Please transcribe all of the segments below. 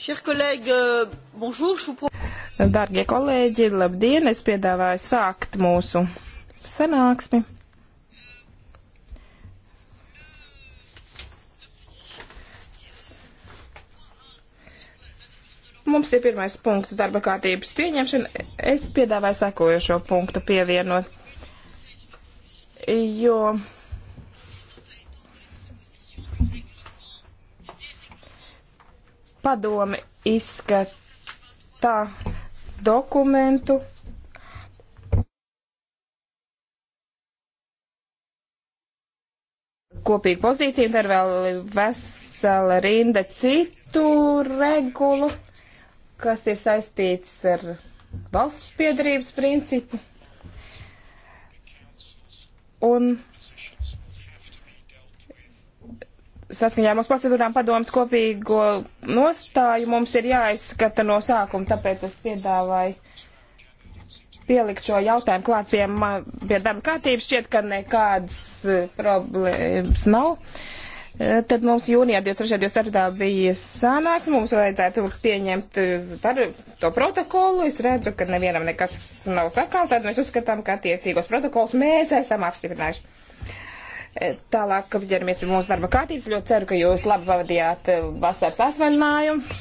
Chers collègues, euh, bonjour, je vous propose. Dargie kolēģi, labdien, es piedāvāju sākt mūsu sanāksmi. Mums ir pirmais punkts darba kārtības pieņemšana. Es piedāvāju sekojošo punktu pievienot, jo Padome izskata dokumentu. Kopīga pozīcija, tad vēl vesela rinda citu regulu, kas ir saistīts ar valsts piedarības principu. Un saskaņā ar mūsu procedūrām padomas kopīgo nostāju mums ir jāizskata no sākuma, tāpēc es piedāvāju pielikt šo jautājumu klāt pie, pie darba kārtības, šķiet, ka nekādas e, problēmas nav. E, tad mums jūnijā 23. 24. bija sanāks, mums vajadzētu pieņemt e, tar, to protokolu. Es redzu, ka nevienam nekas nav sakāms, tad mēs uzskatām, ka attiecīgos protokols mēs esam apstiprinājuši. Tālāk ķeramies pie mūsu darba kārtības. Ļoti ceru, ka jūs labi pavadījāt eh, vasaras atvaļinājumu.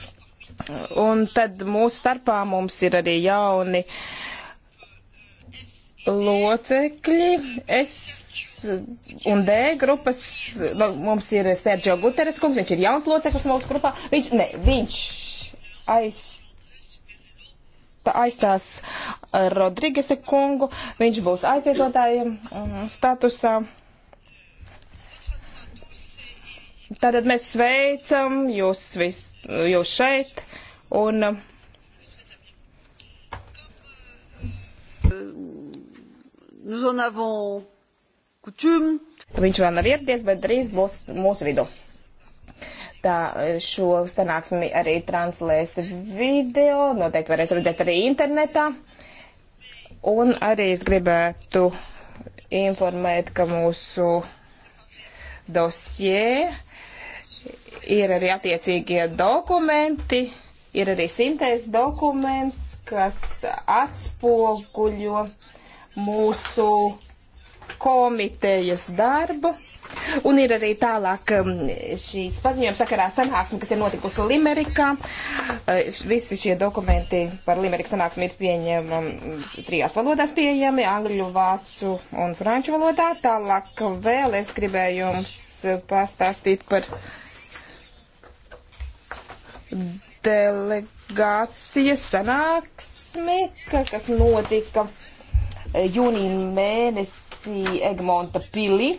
Un tad mūsu starpā mums ir arī jauni locekļi. Es un D grupas, nu, mums ir Sergio Guteres kungs, viņš ir jauns loceklis mūsu grupā. Viņš, ne, viņš aiz, aizstās eh, Rodrigese kungu, viņš būs aizvietotājiem um, statusā. Uh, Tātad mēs sveicam jūs, vis, jūs šeit un. Nous en avons coutume. Viņš vēl nav ieradies, bet drīz būs mūsu vidū. Tā šo sanāksmi arī translēs video, noteikti varēs redzēt arī internetā. Un arī es gribētu informēt, ka mūsu dosie ir arī attiecīgie dokumenti, ir arī sintēzes dokuments, kas atspoguļo mūsu komitejas darbu. Un ir arī tālāk um, šīs paziņojuma sakarā sanāksme, kas ir notikusi Limerikā. Uh, visi šie dokumenti par Limerikas sanāksmi ir pieņemami um, trijās valodās pieejami - angļu, vācu un franču valodā. Tālāk vēl es gribēju jums uh, pastāstīt par uh, delegācijas sanāksmi, kas notika e, jūnija mēnesī Egmonta pilī.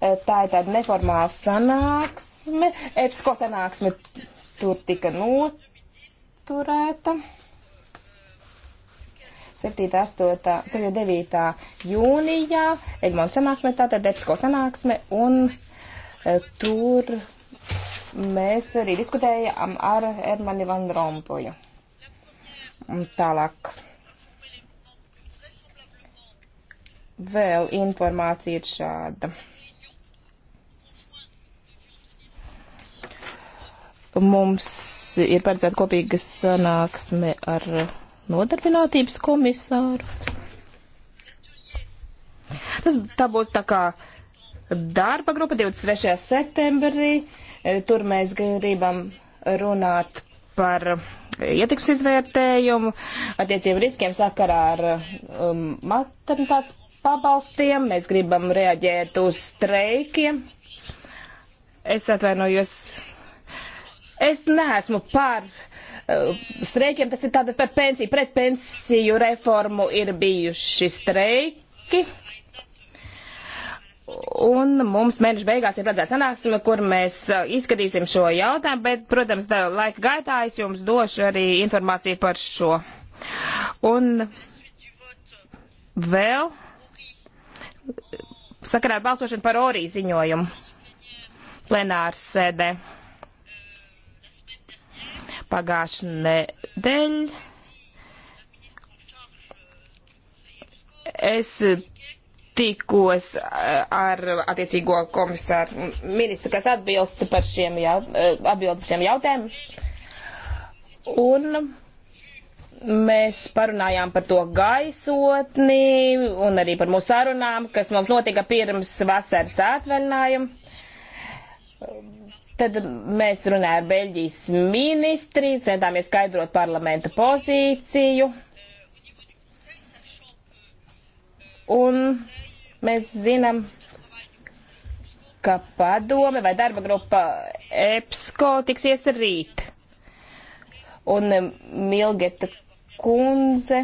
E, tā ir tāda neformāla sanāksme, EPSCO sanāksme tur tika noturēta. 7, 8, 7, 9 jūnijā Egmonta sanāksme, tātad EPSCO sanāksme, un e, tur mēs arī diskutējām ar Ermani Van Rompuju. Tālāk. Vēl informācija ir šāda. Mums ir paredzēta kopīga sanāksme ar nodarbinātības komisāru. Tas, tā būs tā kā darba grupa 23. septembrī. Uh, E, tur mēs gribam runāt par ietekmes izvērtējumu, attiecību riskiem sakarā ar um, maternitātes pabalstiem. Mēs gribam reaģēt uz streikiem. Es atvainojos. Es neesmu par uh, streikiem, tas ir tāda par pensiju, pret pensiju reformu ir bijuši streiki. Un mums mēneša beigās ir paredzēta sanāksme, kur mēs eh, izskatīsim šo jautājumu, bet, protams, laika gaitā es jums došu arī informāciju par šo. Un vēl sakarā ar balsošanu par orī ziņojumu plenārs sēdē. Pagājušā nedēļa es tikos eh, ar attiecīgo komisāru ministru, kas atbilst par šiem, jā, eh, atbild par šiem jautājumiem. Un mēs parunājām par to gaisotni un arī par mūsu sarunām, kas mums notika pirms vasaras atvaļinājuma. Tad mēs runājām ar Beļģijas ministri, centāmies skaidrot parlamenta pozīciju Un mēs zinām, ka padome vai darba grupa EPSCO tiksies rīt. Un um, Milgeta kundze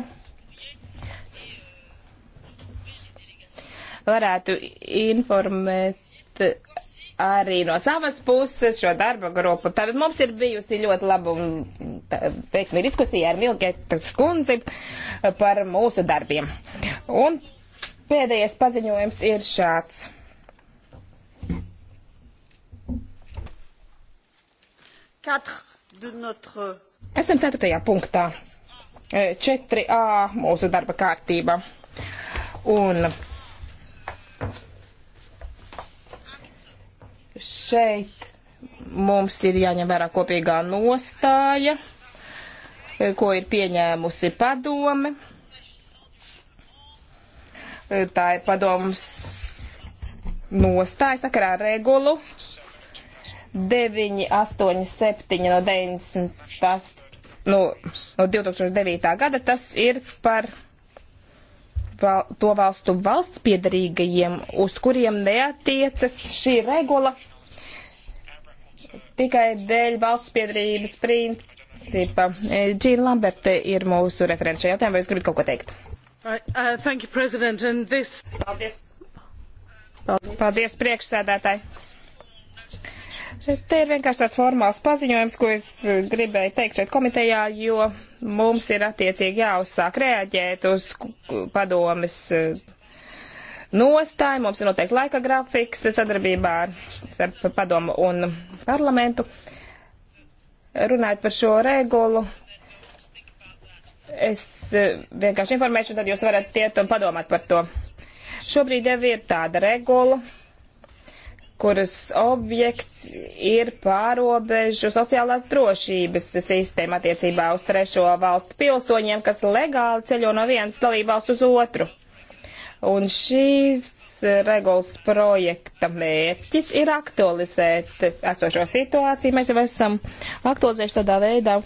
varētu informēt arī no savas puses šo darba grupu. Tātad mums ir bijusi ļoti laba un veiksmīga diskusija ar Milgetas kundzi par mūsu darbiem. Un Pēdējais paziņojums ir šāds. Notre... Esam ceturtajā punktā. 4a e, mūsu darba kārtība. Un šeit mums ir jāņem vērā kopīgā nostāja, e, ko ir pieņēmusi padome. Tā ir padomus nostāja sakarā ar regulu 987 no 90. Tas, nu, no 2009. gada tas ir par val, to valstu valsts piedarīgajiem, uz kuriem neatiecas šī regula tikai dēļ valsts piedarības principa. Džīna Lamberte ir mūsu referenča jautājuma, vai jūs gribat kaut ko teikt? Uh, you, this... Paldies. Paldies. Paldies priekšsēdētāji. Te ir vienkārši tāds formāls paziņojums, ko es gribēju teikt šeit komitejā, jo mums ir attiecīgi jāuzsāk reaģēt uz padomes eh, nostāju, mums ir noteikti laika grafiks sadarbībā ar, ar padomu un parlamentu. Runājot par šo regulu, Es eh, vienkārši informēšu, tad jūs varat iet un padomāt par to. Šobrīd jau ir tāda regula, kuras objekts ir pārobežu sociālās drošības sistēma attiecībā uz trešo valstu pilsoņiem, kas legāli ceļo no vienas dalībās uz otru. Un šīs regulas projekta mērķis ir aktualizēt esošo situāciju. Mēs jau esam aktualizējuši tādā veidā,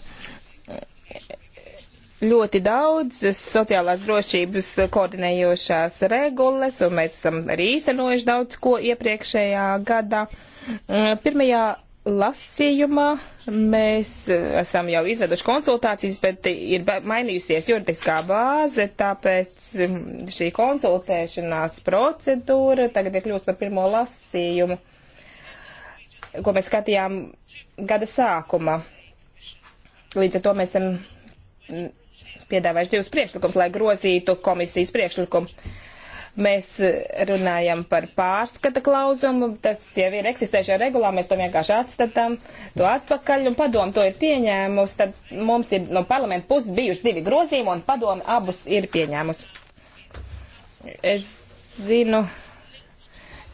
ļoti daudz sociālās drošības koordinējošās regulas, un mēs esam arī īstenojuši daudz ko iepriekšējā gadā. Mm, pirmajā lasījumā mēs esam jau izveduši konsultācijas, bet ir mainījusies juridiskā bāze, tāpēc mm, šī konsultēšanās procedūra tagad ir kļūst par pirmo lasījumu, ko mēs skatījām gada sākuma. Līdz ar to mēs esam mm, piedāvājuši divus priekšlikumus, lai grozītu komisijas priekšlikumu. Mēs runājam par pārskata klauzumu, tas jau ir eksistēšajā regulā, mēs to vienkārši atstatām, to atpakaļ un padomu to ir pieņēmusi, tad mums ir no parlamenta puses bijuši divi grozījumi un padomu abus ir pieņēmusi. Es zinu,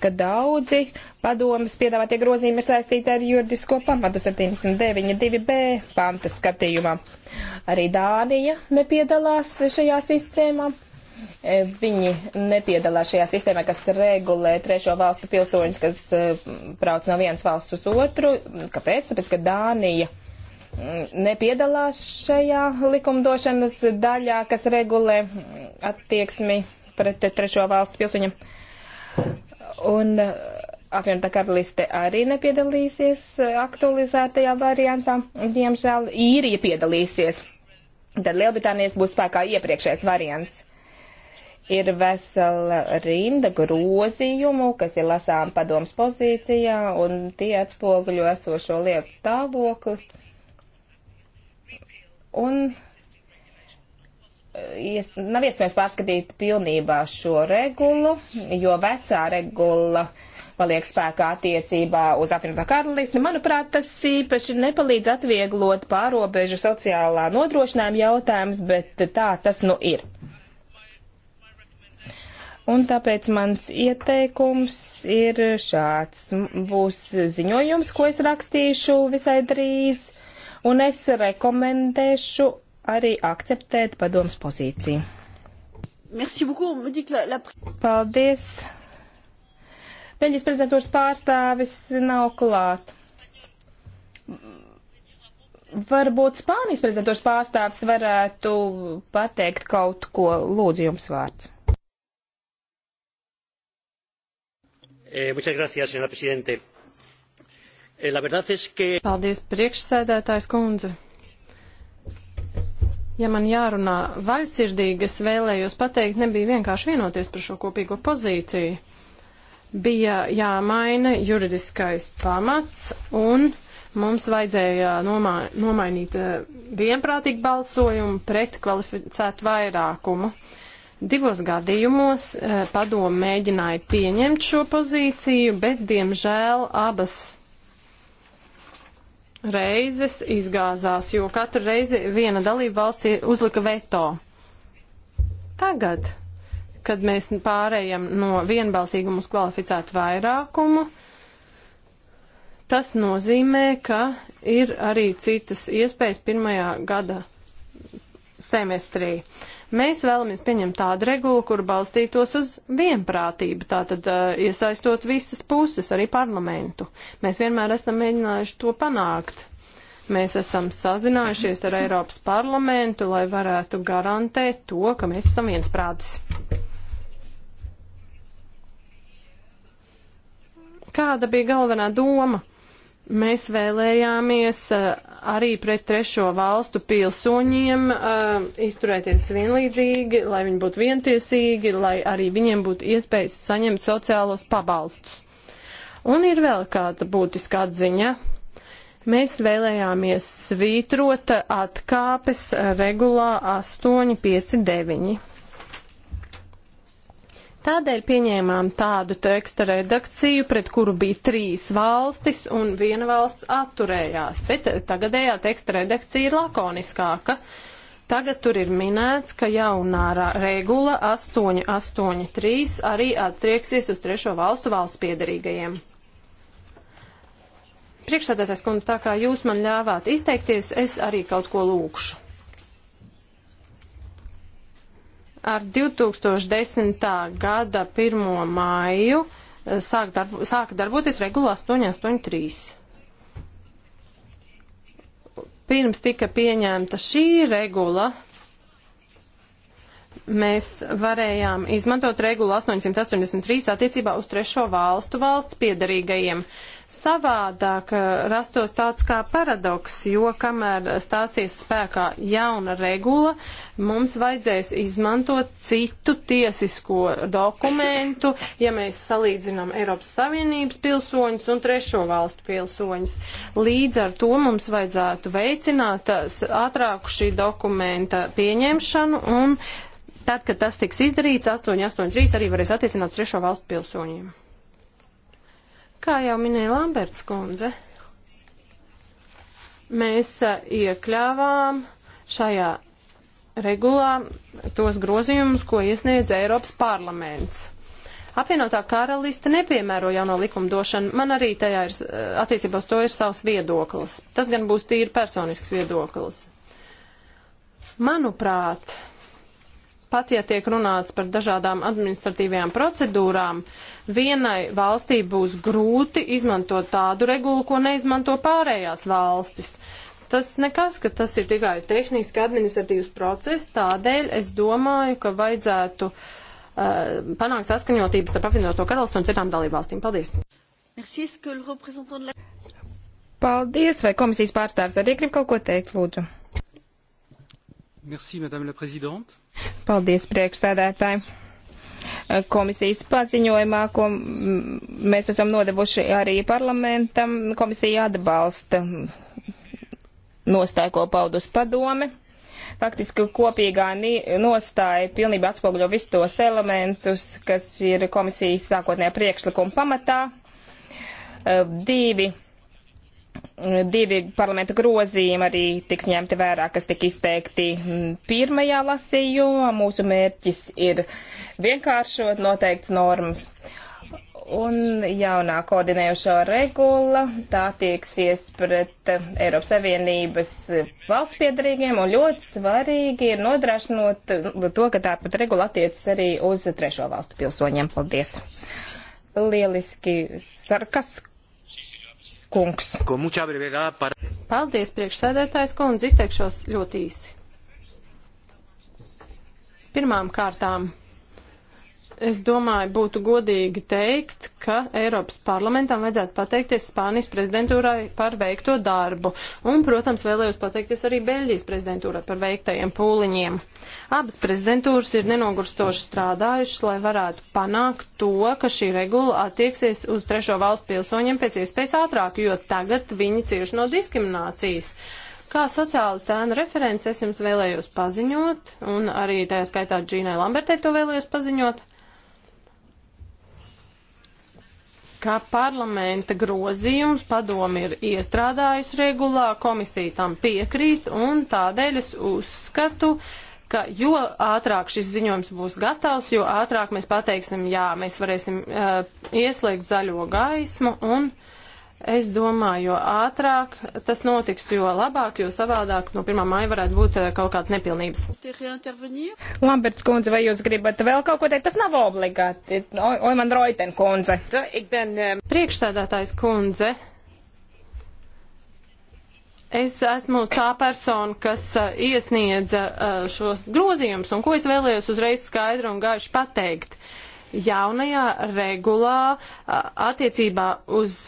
ka daudzi Padomas piedāvātie grozījumi ir saistīti ar juridisko pamatu 79.2b panta skatījumā. Arī Dānija nepiedalās šajā sistēmā. E, viņi nepiedalās šajā sistēmā, kas regulē trešo valstu pilsoņus, kas e, brauc no vienas valsts uz otru. Kāpēc? Tāpēc, ka Dānija mm, nepiedalās šajā likumdošanas daļā, kas regulē mm, attieksmi pret trešo valstu pilsoņiem. Un e, apvienotā karaliste arī nepiedalīsies eh, aktualizētajā variantā. Diemžēl īrija piedalīsies. Tad Lielbritānijas būs spēkā iepriekšējais variants. Ir vesela rinda grozījumu, kas ir lasām padoms pozīcijā, un tie atspoguļo esošo lietu stāvokli. Un eh, ies, nav iespējams pārskatīt pilnībā šo regulu, jo vecā regula uh, paliek spēkā attiecībā uz apvienotā karalisti, manuprāt, tas īpaši nepalīdz atvieglot pārobežu sociālā nodrošinājuma jautājums, bet tā tas nu ir. Un tāpēc mans ieteikums ir šāds. Būs ziņojums, ko es rakstīšu visai drīz, un es rekomendēšu arī akceptēt padoms pozīciju. Merci beaucoup. On me dit que la, la... Paldies. Beļģijas prezidentūras pārstāvis nav klāt. Varbūt Spānijas prezidentūras pārstāvis varētu pateikt kaut ko. Lūdzu, jums vārds. Eh, eh, Paldies, priekšsēdētājs kundze. Ja man jārunā vaļsirdīgi, es vēlējos pateikt, nebija vienkārši vienoties par šo kopīgo pozīciju bija jāmaina juridiskais pamats un mums vajadzēja nomā, nomainīt eh, vienprātīgu balsojumu pret kvalificētu vairākumu. Divos gadījumos eh, padomu mēģināja pieņemt šo pozīciju, bet diemžēl abas reizes izgāzās, jo katru reizi viena dalība valsts uzlika veto. Tagad kad mēs pārējam no vienbalsīguma uz kvalificētu vairākumu, tas nozīmē, ka ir arī citas iespējas pirmajā gada semestrī. Mēs vēlamies pieņemt tādu regulu, kur balstītos uz vienprātību, tātad uh, iesaistot visas puses, arī parlamentu. Mēs vienmēr esam mēģinājuši to panākt. Mēs esam sazinājušies ar Eiropas parlamentu, lai varētu garantēt to, ka mēs esam viensprātis. Kāda bija galvenā doma? Mēs vēlējāmies eh, arī pret trešo valstu pilsoņiem eh, izturēties vienlīdzīgi, lai viņi būtu vientiesīgi, lai arī viņiem būtu iespējas saņemt sociālos pabalstus. Un ir vēl kāda būtiska atziņa. Mēs vēlējāmies svītrot atkāpes regulā 859. Tādēļ pieņēmām tādu teksta redakciju, pret kuru bija trīs valstis un viena valsts atturējās, bet eh, tagadējā teksta redakcija ir lakoniskāka. Tagad tur ir minēts, ka jaunā regula 883 arī attieksies uz trešo valstu valsts piedarīgajiem. Priekšstādātais kundze, tā kā jūs man ļāvāt izteikties, es arī kaut ko lūkšu. ar 2010. gada 1. māju eh, sāk darbu, sāka darboties regula 883. Pirms tika pieņemta šī regula, mēs varējām izmantot regulu 883 attiecībā uz trešo valstu valsts piedarīgajiem. Uh, Savādāk eh, rastos tāds kā paradoks, jo kamēr stāsies spēkā jauna regula, mums vajadzēs izmantot citu tiesisko dokumentu, ja mēs salīdzinām Eiropas Savienības pilsoņus un trešo valstu pilsoņus. Līdz ar to mums vajadzētu veicināt eh, ātrāku šī dokumenta pieņemšanu un tad, kad tas tiks izdarīts, 883 arī varēs attiecināt uz trešo valstu pilsoņiem. Kā jau minēja Lamberts kundze, mēs iekļāvām šajā regulā tos grozījumus, ko iesniedz Eiropas parlaments. Apvienotā karaliste nepiemēro jauno likumdošanu. Man arī tajā ir, attiecībā uz to ir savs viedoklis. Tas gan būs tīri personisks viedoklis. Manuprāt, pat ja tiek runāts par dažādām administratīvajām procedūrām, vienai valstī būs grūti izmantot tādu regulu, ko neizmanto pārējās valstis. Tas nekas, ka tas ir tikai tehniski administratīvs process, tādēļ es domāju, ka vajadzētu uh, panākt saskaņotības starp apvienoto karalistu un citām dalībvalstīm. Paldies! Paldies, vai komisijas pārstāvs arī grib kaut ko teikt, lūdzu? Merci, madame la prezidente. Paldies, priekšsēdētāji. Komisijas paziņojumā, ko mēs esam nodevuši arī parlamentam, komisija atbalsta nostāju, ko paudus padome faktiski kopīgā nostāja pilnībā atspoguļo visus tos elementus, kas ir komisijas sākotnējā priekšlikuma pamatā. Divi divi parlamenta grozījumi arī tiks ņemti vērā, kas tika izteikti mm, pirmajā lasījumā. Mūsu mērķis ir vienkāršot noteikts normas. Un jaunā koordinējošā regula tā tieksies pret Eiropas Savienības valsts piedarīgiem, un ļoti svarīgi ir nodrošinot to, ka tāpat regula attiecas arī uz trešo valstu pilsoņiem. Paldies! Lieliski sarkas kungs. Paldies, priekšsēdētājs kundze, izteikšos ļoti īsi. Pirmām kārtām Es domāju, būtu godīgi teikt, ka Eiropas parlamentam vajadzētu pateikties Spānijas prezidentūrai par veikto darbu. Un, protams, vēlējos pateikties arī Beļģijas prezidentūrai par veiktajiem pūliņiem. Abas prezidentūras ir nenogurstoši strādājušas, lai varētu panākt to, ka šī regula attieksies uz trešo valstu pilsoņiem pēc iespējas ātrāk, jo tagad viņi cieši no diskriminācijas. Kā sociālistu ēnu referents es jums vēlējos paziņot, un arī tajā skaitā Džīnai Lambertei to vēlējos paziņot ka parlamenta grozījums padomi ir iestrādājusi regulā, komisija tam piekrīt, un tādēļ es uzskatu, ka jo ātrāk šis ziņojums būs gatavs, jo ātrāk mēs pateiksim, jā, mēs varēsim uh, ieslēgt zaļo gaismu un uh, Es domāju, jo ātrāk tas notiks, jo labāk, jo savādāk no 1. māja varētu būt eh, kaut kāds nepilnības. Lamberts kundze, vai jūs gribat vēl kaut ko teikt? Tas nav obligāti. Oi, man Roiten kundze. Priekšstādātājs kundze. Es esmu tā persona, kas eh, iesniedza eh, šos grozījumus, un ko es vēlējos uzreiz skaidru un gaišu pateikt. Jaunajā regulā attiecībā uz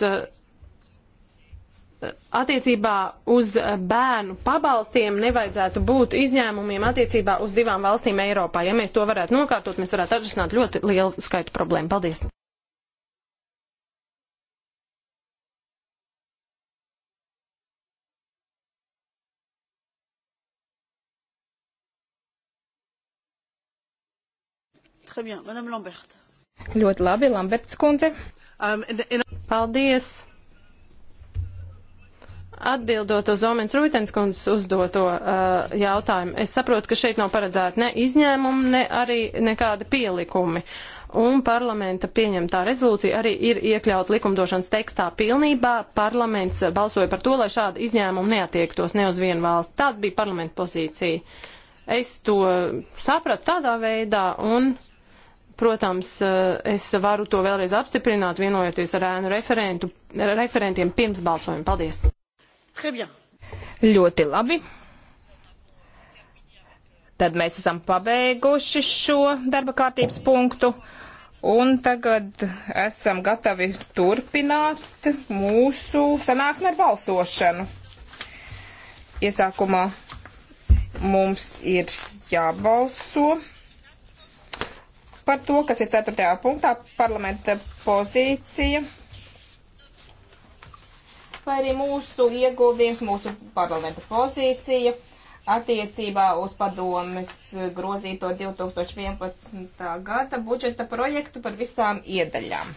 attiecībā uz bērnu pabalstiem nevajadzētu būt izņēmumiem attiecībā uz divām valstīm Eiropā. Ja mēs to varētu nokārtot, mēs varētu atrisināt ļoti lielu skaitu problēmu. Paldies! Bien, Ļoti labi, Lamberts kundze. Um, in, in... Paldies! Atbildot uz Omens Rūtenskundas uzdoto uh, jautājumu, es saprotu, ka šeit nav paredzēta ne izņēmumi, ne arī nekādi pielikumi. Un parlamenta pieņemtā rezolūcija arī ir iekļaut likumdošanas tekstā pilnībā. Parlaments balsoja par to, lai šādi izņēmumi neatiektos ne uz vienu valsti. Tāda bija parlamenta pozīcija. Es to sapratu tādā veidā un protams, uh, es varu to vēlreiz apstiprināt, vienojoties ar ēnu referentiem pirms balsojuma. Paldies! Ļoti labi. Tad mēs esam pabeiguši šo darba kārtības punktu. Un tagad esam gatavi turpināt mūsu sanāksmi ar balsošanu. Iesākumā mums ir jābalso par to, kas ir 4. punktā parlamenta pozīcija vai arī mūsu ieguldījums, mūsu parlamenta pozīcija attiecībā uz padomes grozīto 2011. gada budžeta projektu par visām iedaļām.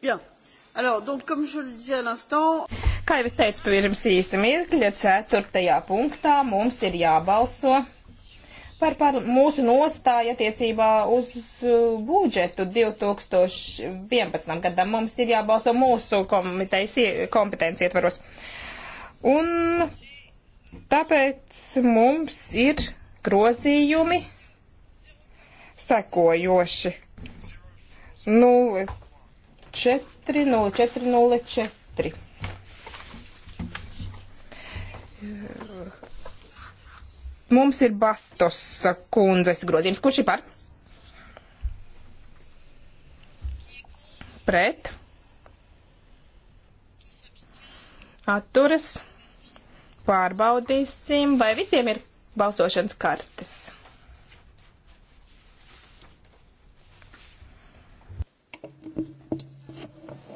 Bien. Alors, donc, comme je le disais à l'instant... Kā jau es teicu pirms īsa mirkļa, ceturtajā punktā mums ir jābalso par, par mūsu nostāju attiecībā uz uh, budžetu 2011. gadam. Mums ir jābalso mūsu komitejas kompetenci ietvaros. Un tāpēc mums ir grozījumi sekojoši. 0, nu, 400404. Mums ir Bastos kundzes grozījums. Kurš ir par? Pret. Atturas. Pārbaudīsim, vai visiem ir balsošanas kartes.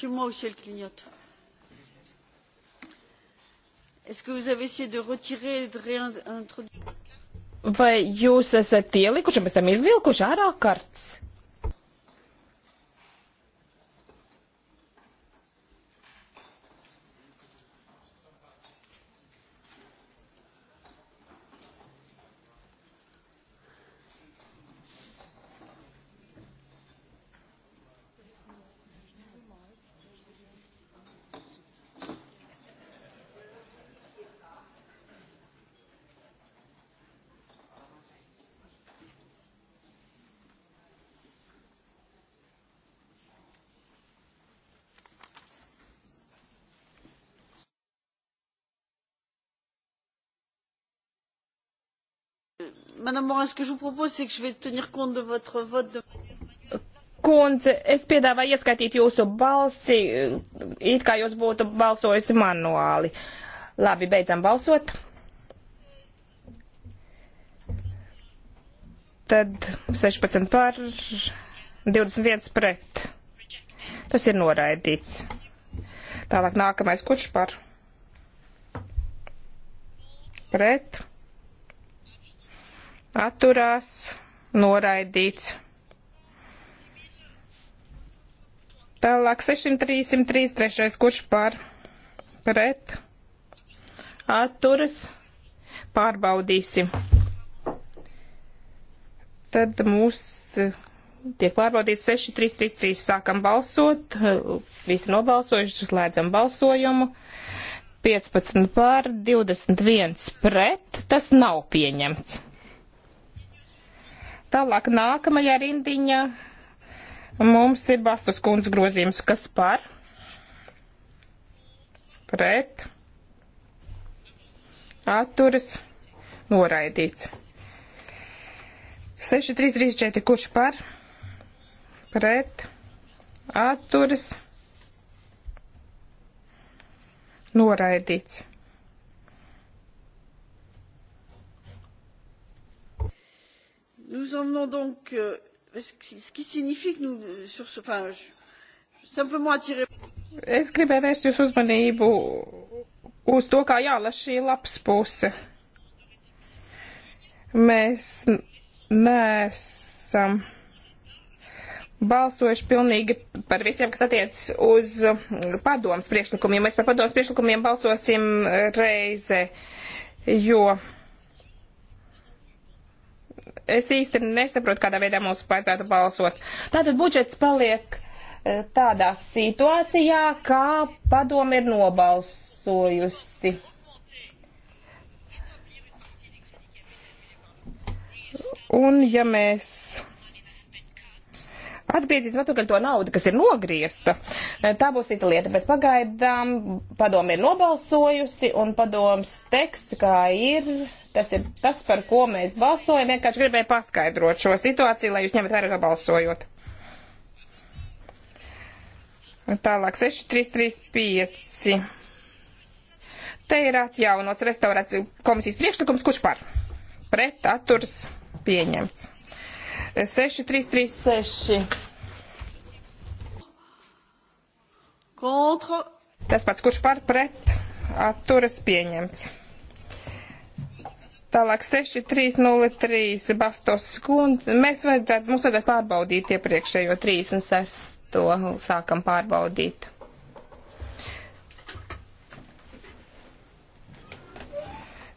Chez moi aussi, elle clignote. Est-ce que vous avez essayé de retirer et de réintroduire? Vai jūs esat ielikuši un pēc tam izvilkuši ārā kartes? Madame Morin, ce que je vous propose, c'est que je vais tenir compte de votre vote de Kundze, es piedāvāju ieskaitīt jūsu balsi, eh, it kā jūs būtu balsojusi manuāli. Labi, beidzam balsot. Tad 16 par, 21 pret. Tas ir noraidīts. Tālāk nākamais, kurš par? Pret atturās, noraidīts. Tālāk 6333, kurš par pret atturas pārbaudīsim. Tad mūs eh, tiek pārbaudīts 6333, sākam balsot, visi nobalsojuši, slēdzam balsojumu. 15 pār 21 pret, tas nav pieņemts. Tālāk nākamajā rindiņā mums ir Bastas kundzes grozījums, kas par pret atturas noraidīts. 6334, kurš par pret atturas noraidīts. nous en venons donc euh, ce qui signifie que nous euh, sur ce enfin je, simplement attirer Es gribēju vērst jūsu uzmanību uz to, kā jālas šī labs puse. Mēs neesam balsojuši pilnīgi par visiem, kas attiec uz mm, padomas priekšlikumiem. Mēs par padomas priekšlikumiem balsosim e, reize, jo. Uh, es īsti nesaprotu, kādā veidā mums vajadzētu balsot. Tātad budžets paliek e, tādā situācijā, kā padomi ir nobalsojusi. Un ja mēs atgriezīsim atpakaļ to naudu, kas ir nogriezta, e, tā būs cita lieta. Bet pagaidām padomi ir nobalsojusi un padoms teksts, kā ir, Tas ir tas, par ko mēs balsojam. Vienkārši gribēju paskaidrot šo situāciju, lai jūs ņemat vērā balsojot. Tālāk 6335. Te ir atjaunots restaurācijas komisijas priekšlikums, kurš par pret atturs pieņemts. 6336. Kontra. Tas pats, kurš par pret atturas pieņemts. Tālāk 6303 Bastos skundze. Mēs vajadzētu, mums vajadzētu pārbaudīt iepriekšējo 36. sākam pārbaudīt.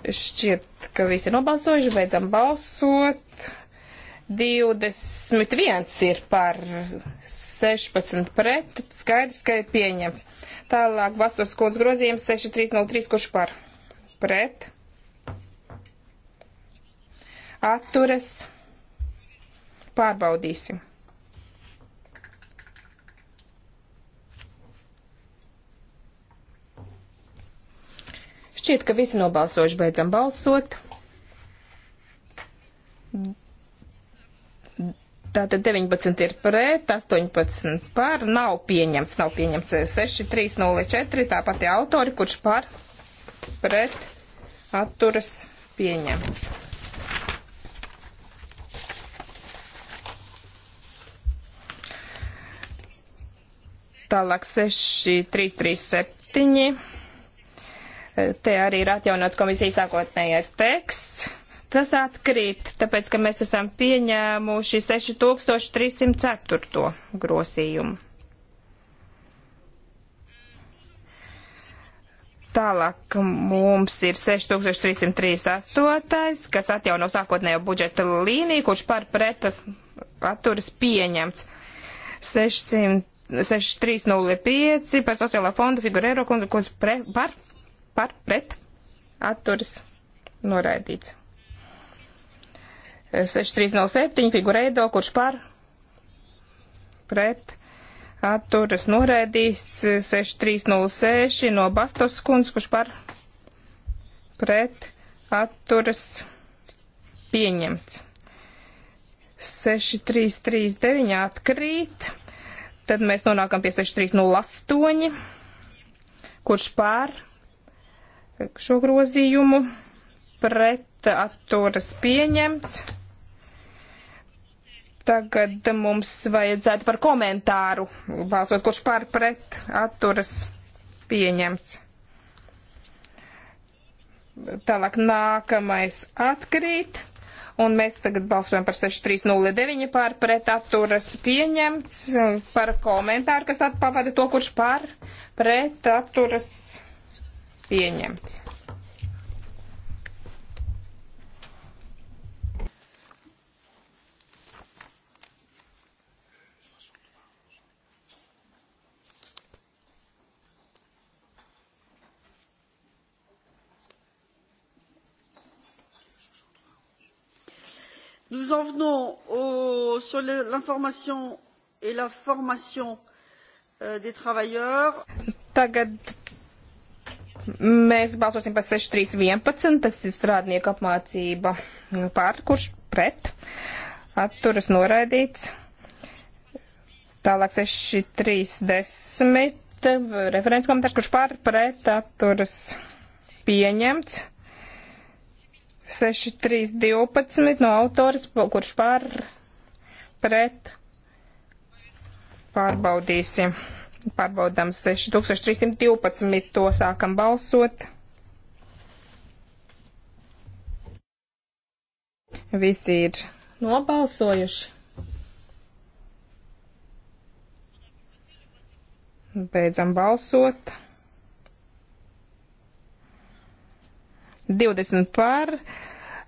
Šķiet, ka visi ir nobalsojuši, beidzam balsot. 21 ir par 16 pret, skaidrs, ka ir pieņemts. Tālāk Bastos skundze grozījums 6303, kurš par pret atturas pārbaudīsim. Šķiet, ka visi nobalsojuši beidzam balsot. Tātad 19 ir pret, 18 par, nav pieņemts, nav pieņemts 6304, tā pati autori, kurš par, pret, atturas, pieņemts. Tālāk 6337. E, te arī ir atjaunots komisijas sākotnējais teksts. Tas atkrīt, tāpēc, ka mēs esam pieņēmuši 6304. grosījumu. Tālāk mums ir 6338, kas atjauno sākotnējo budžeta līniju, kurš par pret atturas pieņemts. 600 6305 par sociālā fonda figurēro kundu, kurš pre, par, par, pret, atturas, noraidīts. 6307 figurēdo, kurš par, pret, atturas, noraidīts. 6306 no Bastos kunds, kurš par, pret, atturas, pieņemts. 6339 atkrīt. Tad mēs nonākam pie 6308, kurš pār šo grozījumu pret atturas pieņemts. Tagad mums vajadzētu par komentāru balsot, kurš pār pret atturas pieņemts. Tālāk nākamais atkrīt. Un mēs tagad balsojam par 6309 pār pret atturas pieņemts, par komentāru, kas atpavada to, kurš pār pret atturas pieņemts. nous en venons au, sur l'information et la formation euh, des travailleurs. Tagad mēs balsosim par 6311, tas ir strādnieku apmācība par, kurš pret, atturas noraidīts. Tālāk 6310, referents komentārs, kurš par, pret, atturas pieņemts. 6312 no autors, kurš pār pret pārbaudīsim. Pārbaudām 6312, to sākam balsot. Visi ir nobalsojuši. Beidzam balsot. 20 par,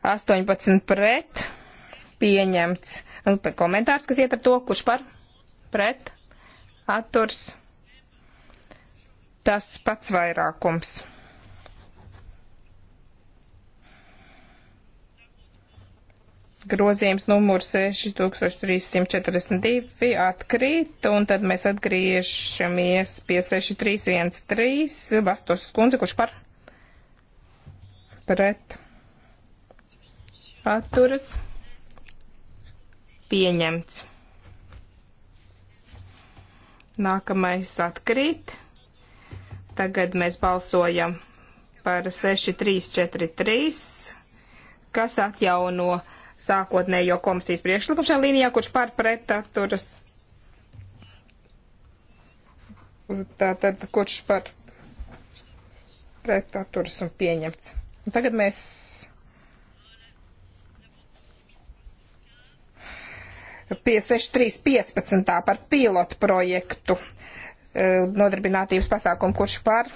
18 pret, pieņemts. Un par komentārs, kas iet ar to, kurš par, pret, atturs, tas pats vairākums. grozījums numurs 6342 atkrīt, un tad mēs atgriežamies pie 6313 Bastos skundze, kurš par pret atturas pieņemts. Nākamais atkrīt. Tagad mēs balsojam par 6343, kas atjauno sākotnējo komisijas priekšlikumu šajā līnijā, kurš par pret atturas. Tātad, kurš par pret atturas un pieņemts. Un nu, tagad mēs pie 6315 par pilotu projektu eh, nodarbinātības pasākumu, kurš par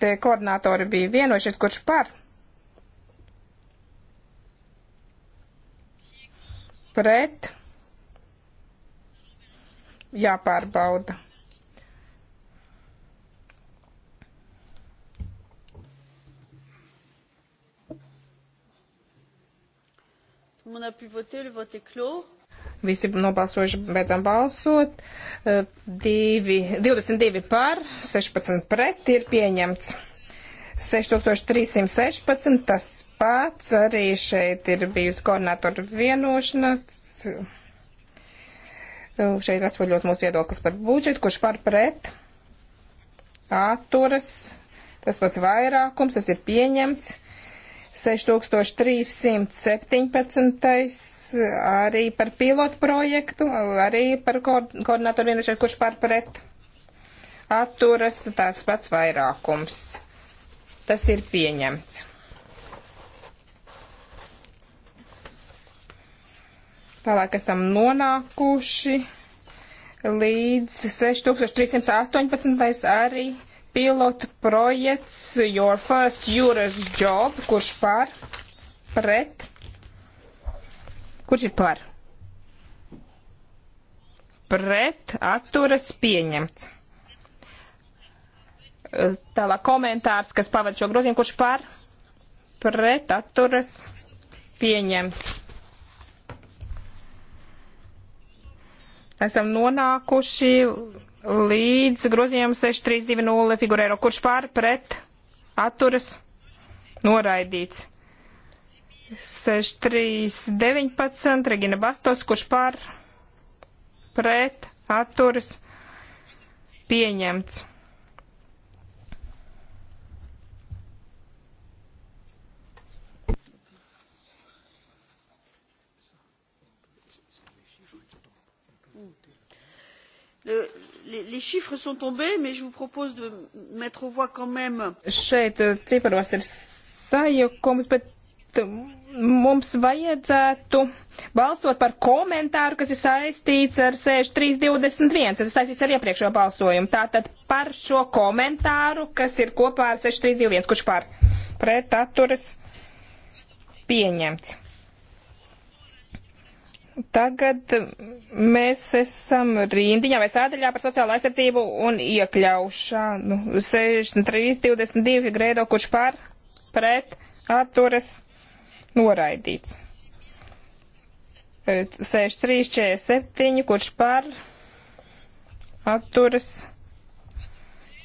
te koordinātori bija vienojušies, kurš par pret jāpārbauda. Visi nobalsojuši beidzām balsot. 2, eh, 22 par, 16 pret ir pieņemts. 6316, tas pats arī šeit ir bijusi koordinātoru vienošanās. Eh, šeit atspoļot mūsu viedoklis par budžetu, kurš par pret atturas. Tas pats vairākums, tas ir pieņemts. 6317. arī par pilotu projektu, arī par ko koordinātoru vienošanu, kurš pār pret atturas tāds pats vairākums. Tas ir pieņemts. Tālāk esam nonākuši līdz 6318. arī pilotu projekts Your First Jurors Job, kurš par, pret, kurš ir par, pret, atturas pieņemts. Tālāk komentārs, kas pavada šo grozījumu, kurš par, pret, atturas pieņemts. Esam nonākuši līdz grozījumam 6320 figurēro, kurš pār pret atturas noraidīts. 6319 Regina Bastos, kurš pār pret atturas pieņemts. Le, les chiffres sont tombés, mais je vous propose de mettre aux voix quand même. Šeit eh, ciparos ir sajukums, bet eh, mums vajadzētu balsot par komentāru, kas ir saistīts ar 6321, kas ir saistīts ar iepriekšējo balsojumu. Tātad par šo komentāru, kas ir kopā ar 6321, kurš par pret atturas pieņemts. Tagad mēs esam rindiņā vai sādaļā par sociālo aizsardzību un iekļaušanu. 63, 22 grēdo, kurš par, pret, atturas, noraidīts. 63, 47, kurš par, atturas,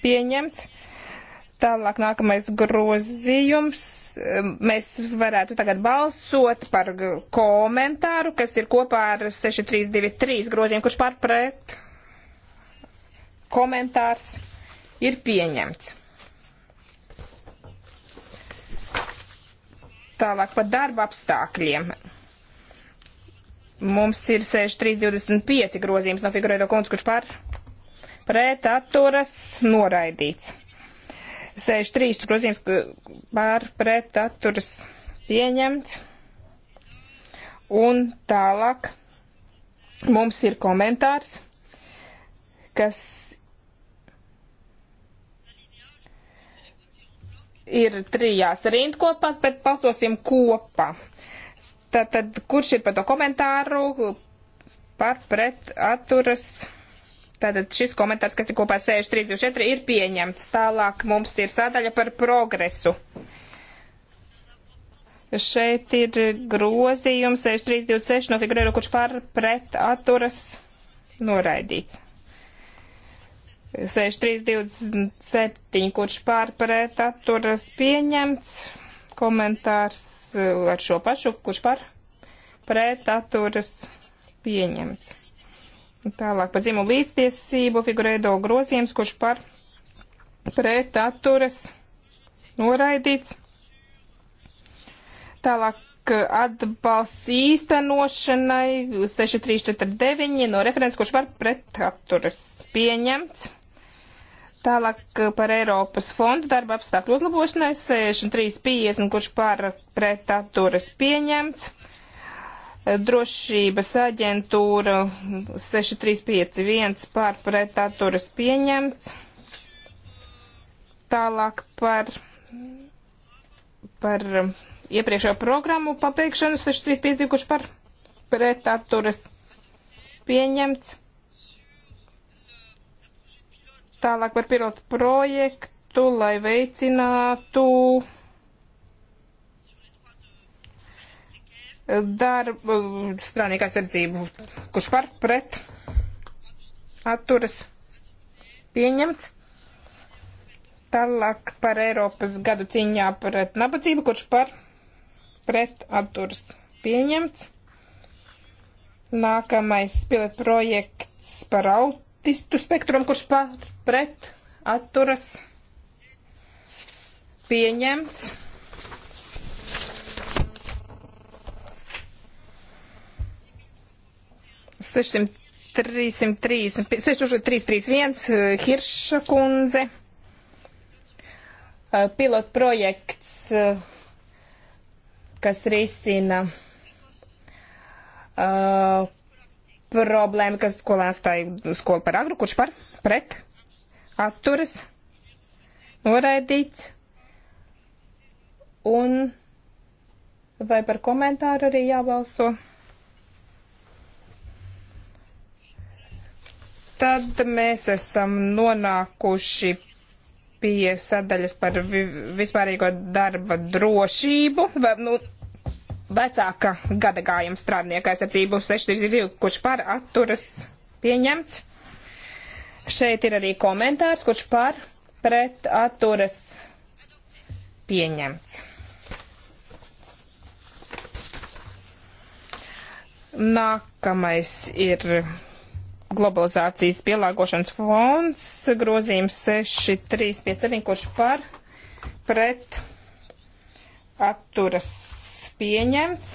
pieņemts. Tālāk nākamais grozījums. Mēs varētu tagad balsot par komentāru, kas ir kopā ar 6323 grozījumu, kurš pārpret komentārs ir pieņemts. Tālāk par darba apstākļiem. Mums ir 6325 grozījums no figurēto kundz, kurš par pret atturas noraidīts. 63 grozījums pār pret atturas pieņemts. Un tālāk mums ir komentārs, kas ir trijās rindkopās, bet balsosim kopā. Tātad, kurš ir par to komentāru, par pret atturas pieņemts? Tātad šis komentārs, kas ir kopā 634, ir pieņemts. Tālāk mums ir sādaļa par progresu. Šeit ir grozījums 6326 no figurēru, kurš pār pret atturas noraidīts. 6327, kurš pār pret atturas pieņemts. Komentārs uh, ar šo pašu, kurš pār pret atturas pieņemts. Tālāk par dzimumu līdztiesību figurēdo grozījums, kurš par pret atturas noraidīts. Tālāk eh, atbalsts īstenošanai 6349 no referents, kurš var pret atturas pieņemts. Tālāk eh, par Eiropas fondu darba apstākļu uzlabošanai 6350, kurš par pret atturas pieņemts drošības aģentūra 6351 par pretaturas pieņemts. Tālāk par, par iepriekšējo programmu pabeigšanu 6352, kurš par pretaturas pieņemts. Tālāk par pilotu projektu, lai veicinātu darba, strādnieka aizsardzību. Kurš par pret atturas pieņemts? Tālāk par Eiropas gadu cīņā pret nabadzību, kurš par pret atturas pieņemts. Nākamais pilot projekts par autistu spektrum, kurš par pret atturas pieņemts. 600. 6331 nu, eh, Hirša kundze. Eh, Pilot projekts, eh, kas risina uh, problēmu, kas skolā atstāja skolu par agru, kurš par pret atturas noraidīts. Un vai par komentāru arī jābalso? Tad mēs esam nonākuši pie sadaļas par vi vispārīgo darba drošību. Vai, nu, vecāka gadagājuma strādnieka aizsardzību 632, kurš par atturas pieņemts. Šeit ir arī komentārs, kurš par pret atturas pieņemts. Nākamais ir globalizācijas pielāgošanas fonds, grozījums 6357, kurš par pret atturas pieņemts.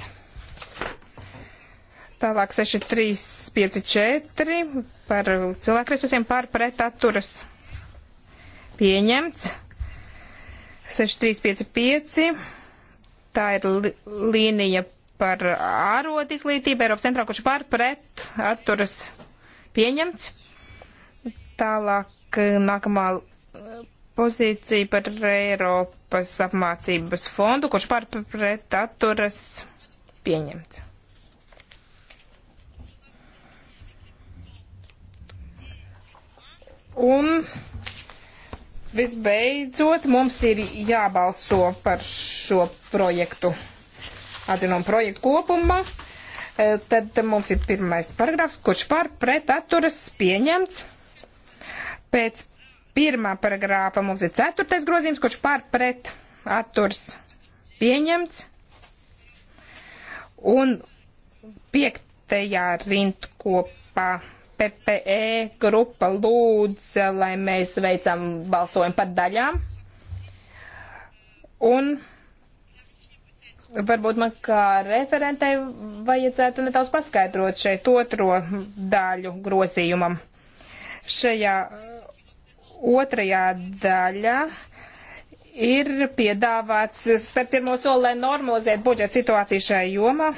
Tālāk 6354 par cilvēkresursiem par pret atturas pieņemts. 6355 tā ir li līnija par ārodu izglītību Eiropas centrā, kurš par pret atturas pieņemts pieņemts. Tālāk eh, nākamā eh, pozīcija par Eiropas apmācības fondu, kurš pārpret atturas pieņemts. Un visbeidzot mums ir jābalso par šo projektu, atzinumu projektu kopumā. Tad mums ir pirmais paragrāfs, kurš par pret atturas pieņemts. Pēc pirmā paragrāfa mums ir ceturtais grozījums, kurš par pret atturas pieņemts. Un piektajā rindkopā PPE grupa lūdza, lai mēs veicam balsojumu par daļām. Un varbūt man kā referentei vajadzētu nedaudz paskaidrot šeit otro daļu grozījumam. Šajā otrajā daļā ir piedāvāts spērt pirmo soli, lai normalizētu budžeta situāciju šajā jomā.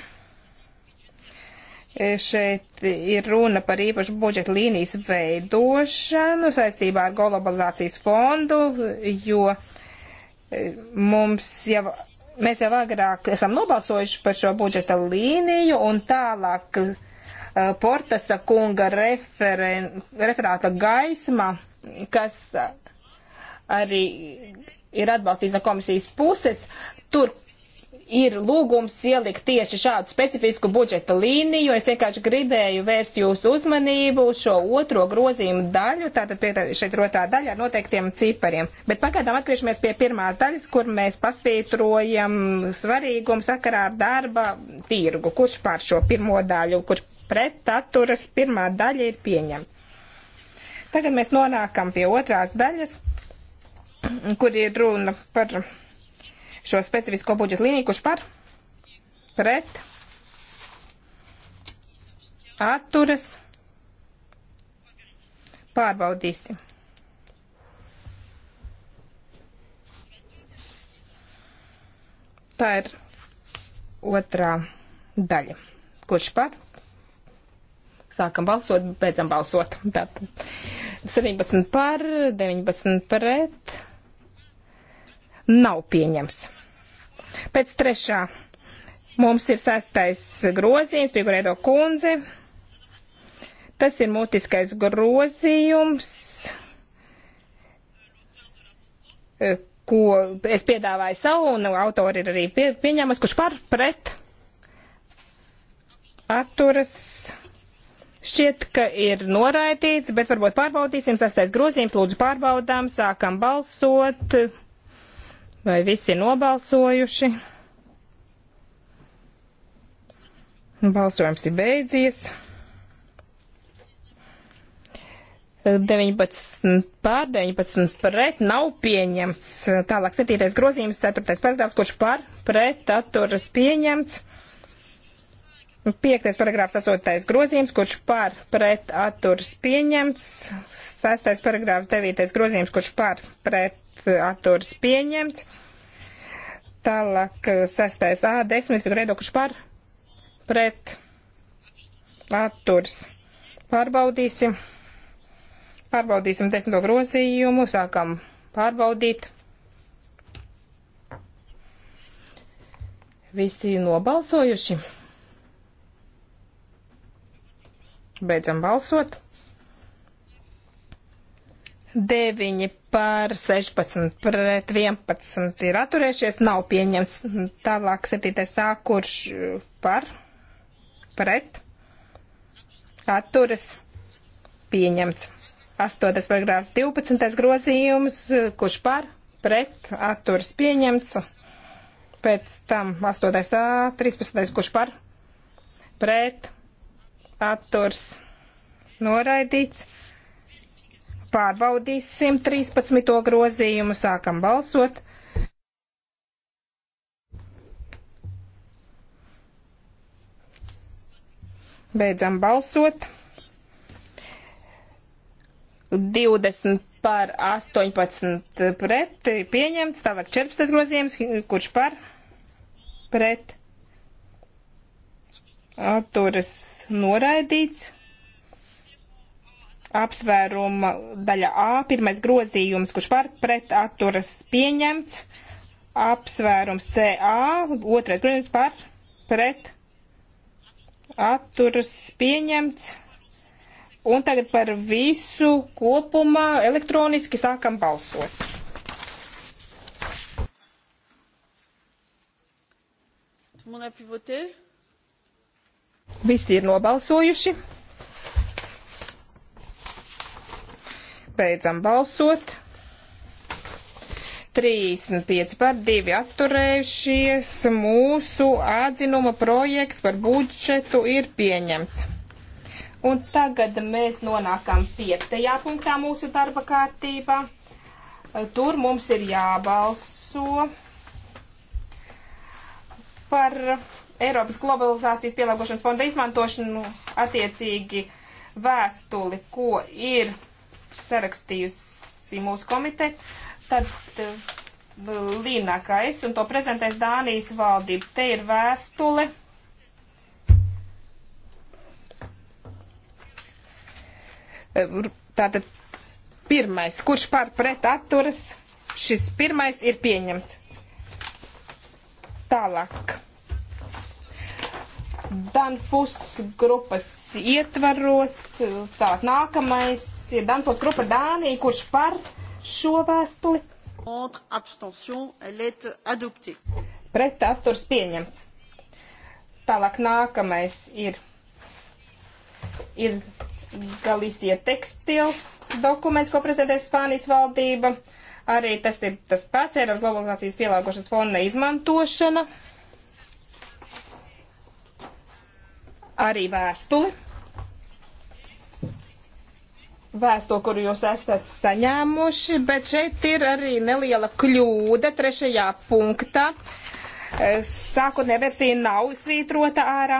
E, šeit ir runa par īpašu budžeta līnijas veidošanu saistībā ar globalizācijas fondu, jo e, mums jau mēs jau agrāk esam nobalsojuši par šo budžeta līniju un tālāk uh, Portasa kunga referen, referāta gaisma, kas arī ir atbalstīts no komisijas puses, tur ir lūgums ielikt tieši šādu specifisku budžeta līniju. Es vienkārši gribēju vērst jūsu uzmanību uz šo otro grozījumu daļu, tātad pie tā, šeit ir otrā daļa ar noteiktiem cipariem. Bet pagaidām atgriežamies pie pirmās daļas, kur mēs pasvītrojam svarīgumu sakarā ar darba tirgu. Kurš pār šo pirmo daļu, kurš pret atturas pirmā daļa ir pieņemta. Tagad mēs nonākam pie otrās daļas, kur ir runa par šo specifisko budžeta līniju, kurš par pret atturas pārbaudīsim. Tā ir otrā daļa. Kurš par? Sākam balsot, beidzam balsot. Tātad 17 par, 19 pret nav pieņemts. Pēc trešā mums ir sastais grozījums, Figurēdo kundze. Tas ir mutiskais grozījums, e, ko es piedāvāju savu, un autori ir arī pie, pieņēmas, kurš par pret atturas. Šķiet, ka ir noraidīts, bet varbūt pārbaudīsim. Sastais grozījums, lūdzu pārbaudām, sākam balsot. Vai visi nobalsojuši? Nu, balsojums ir beidzies. 19 pār 19 pret nav pieņemts. Tālāk 7. grozījums, 4. paragrāfs, kurš pār pret atturas pieņemts. Piektais paragrāfs, astotais grozījums, kurš par pret atturs pieņemts. Sestais paragrāfs, devītais grozījums, kurš par pret atturs pieņemts. Tālāk sestais A, desmit figurēdo, kurš par pret atturs. Pārbaudīsim. Pārbaudīsim desmito grozījumu, sākam pārbaudīt. Visi nobalsojuši. Beidzam balsot. 9 par 16 pret 11 ir atturējušies, nav pieņemts. Tālāk 7. sā, kurš par, pret, atturas, pieņemts. 8. paragrāfs 12. grozījums, kurš par, pret, atturas, pieņemts. Pēc tam 8. sā, 13. kurš par, pret, atturas atturs noraidīts. Pārbaudīsim 13. grozījumu, sākam balsot. Beidzam balsot. 20 par 18 pret pieņemts, tālāk 14 grozījums, kurš par pret atturas noraidīts. Apsvēruma daļa A, pirmais grozījums, kurš par pret atturas pieņemts. Apsvērums CA, otrais grozījums par pret atturas pieņemts. Un tagad par visu kopumā elektroniski sākam balsot. Mon a pu voter? Visi ir nobalsojuši. Beidzam balsot. 35 par 2 atturējušies. Mūsu atzinuma projekts par budžetu ir pieņemts. Un tagad mēs nonākam piektajā punktā mūsu darba kārtībā. Tur mums ir jābalso par Eiropas globalizācijas pielāgošanas fonda izmantošanu attiecīgi vēstuli, ko ir sarakstījusi mūsu komiteja, tad eh, līnākais, un to prezentēs Dānijas valdība. Te ir vēstule. Eh, tātad pirmais, kurš par pret atturas, šis pirmais ir pieņemts. Tālāk. Danfus grupas ietvaros. Tā, nākamais ir Danfus grupa Dānija, kurš par šo vēstuli. Pret atturs pieņemts. Tālāk nākamais ir, ir Galicija tekstila dokuments, ko prezentēs Spānijas valdība. Arī tas ir tas pats Eiropas globalizācijas pielāgošanas fonda izmantošana. Uh, arī vēstuli. Vēstuli, kuru jūs esat saņēmuši, bet šeit ir arī neliela kļūda trešajā punktā. Sākotnē versija nav svītrota ārā.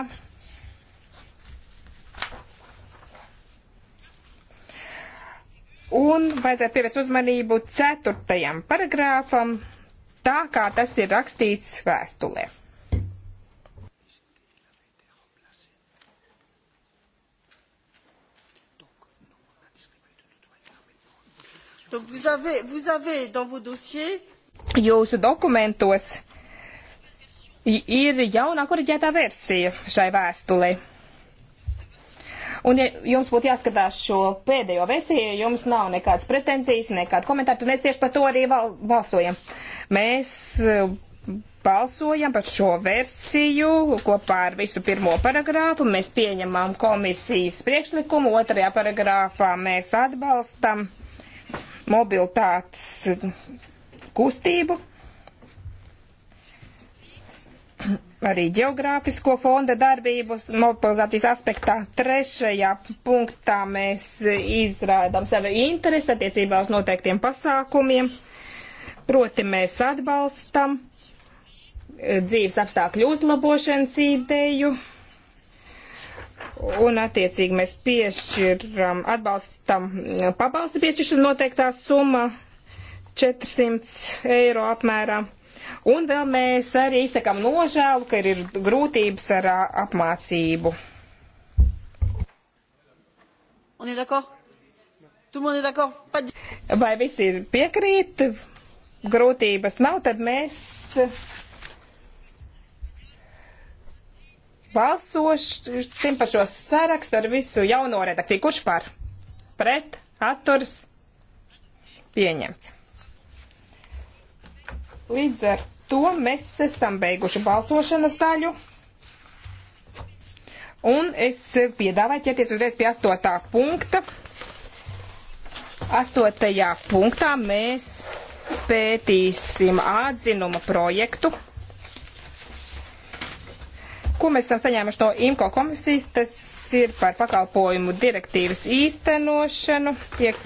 Un vajadzētu pievērst uzmanību ceturtajam paragrāfam, tā kā tas ir rakstīts vēstulē. Donc vous avez, vous avez dans vos dossiers. Jūsu dokumentos ir jaunā koriģētā versija šai vēstulē. Un, ja jums būtu jāskatās šo pēdējo versiju, ja jums nav nekādas pretenzijas, nekāda komentāra, tad mēs tieši par to arī balsojam. Mēs eh, balsojam par šo versiju kopā ar visu pirmo paragrāfu. Mēs pieņemam komisijas priekšlikumu, otrajā paragrāfā mēs atbalstam mobilitātes kustību, arī geogrāfisko fonda darbību mobilizācijas aspektā. Trešajā punktā mēs izrādām savu interesi attiecībā uz noteiktiem pasākumiem, proti mēs atbalstam eh, dzīves apstākļu uzlabošanas ideju, un attiecīgi mēs piešķiram atbalstam pabalstu piešķiršanu noteiktā summa 400 eiro apmērā. Un vēl mēs arī izsakam nožēlu, ka ir grūtības ar apmācību. Vai visi ir piekrīt? Grūtības nav, tad mēs Balsosim par šo sarakstu ar visu jauno redakciju. Kurš par? Pret, atturs, pieņemts. Līdz ar to mēs esam beiguši balsošanas daļu. Un es piedāvāju ķerties uzreiz pie astotā punkta. Astotajā punktā mēs pētīsim atzinuma projektu ko mēs esam saņēmuši no IMCO komisijas, tas ir par pakalpojumu direktīvas īstenošanu. Iek,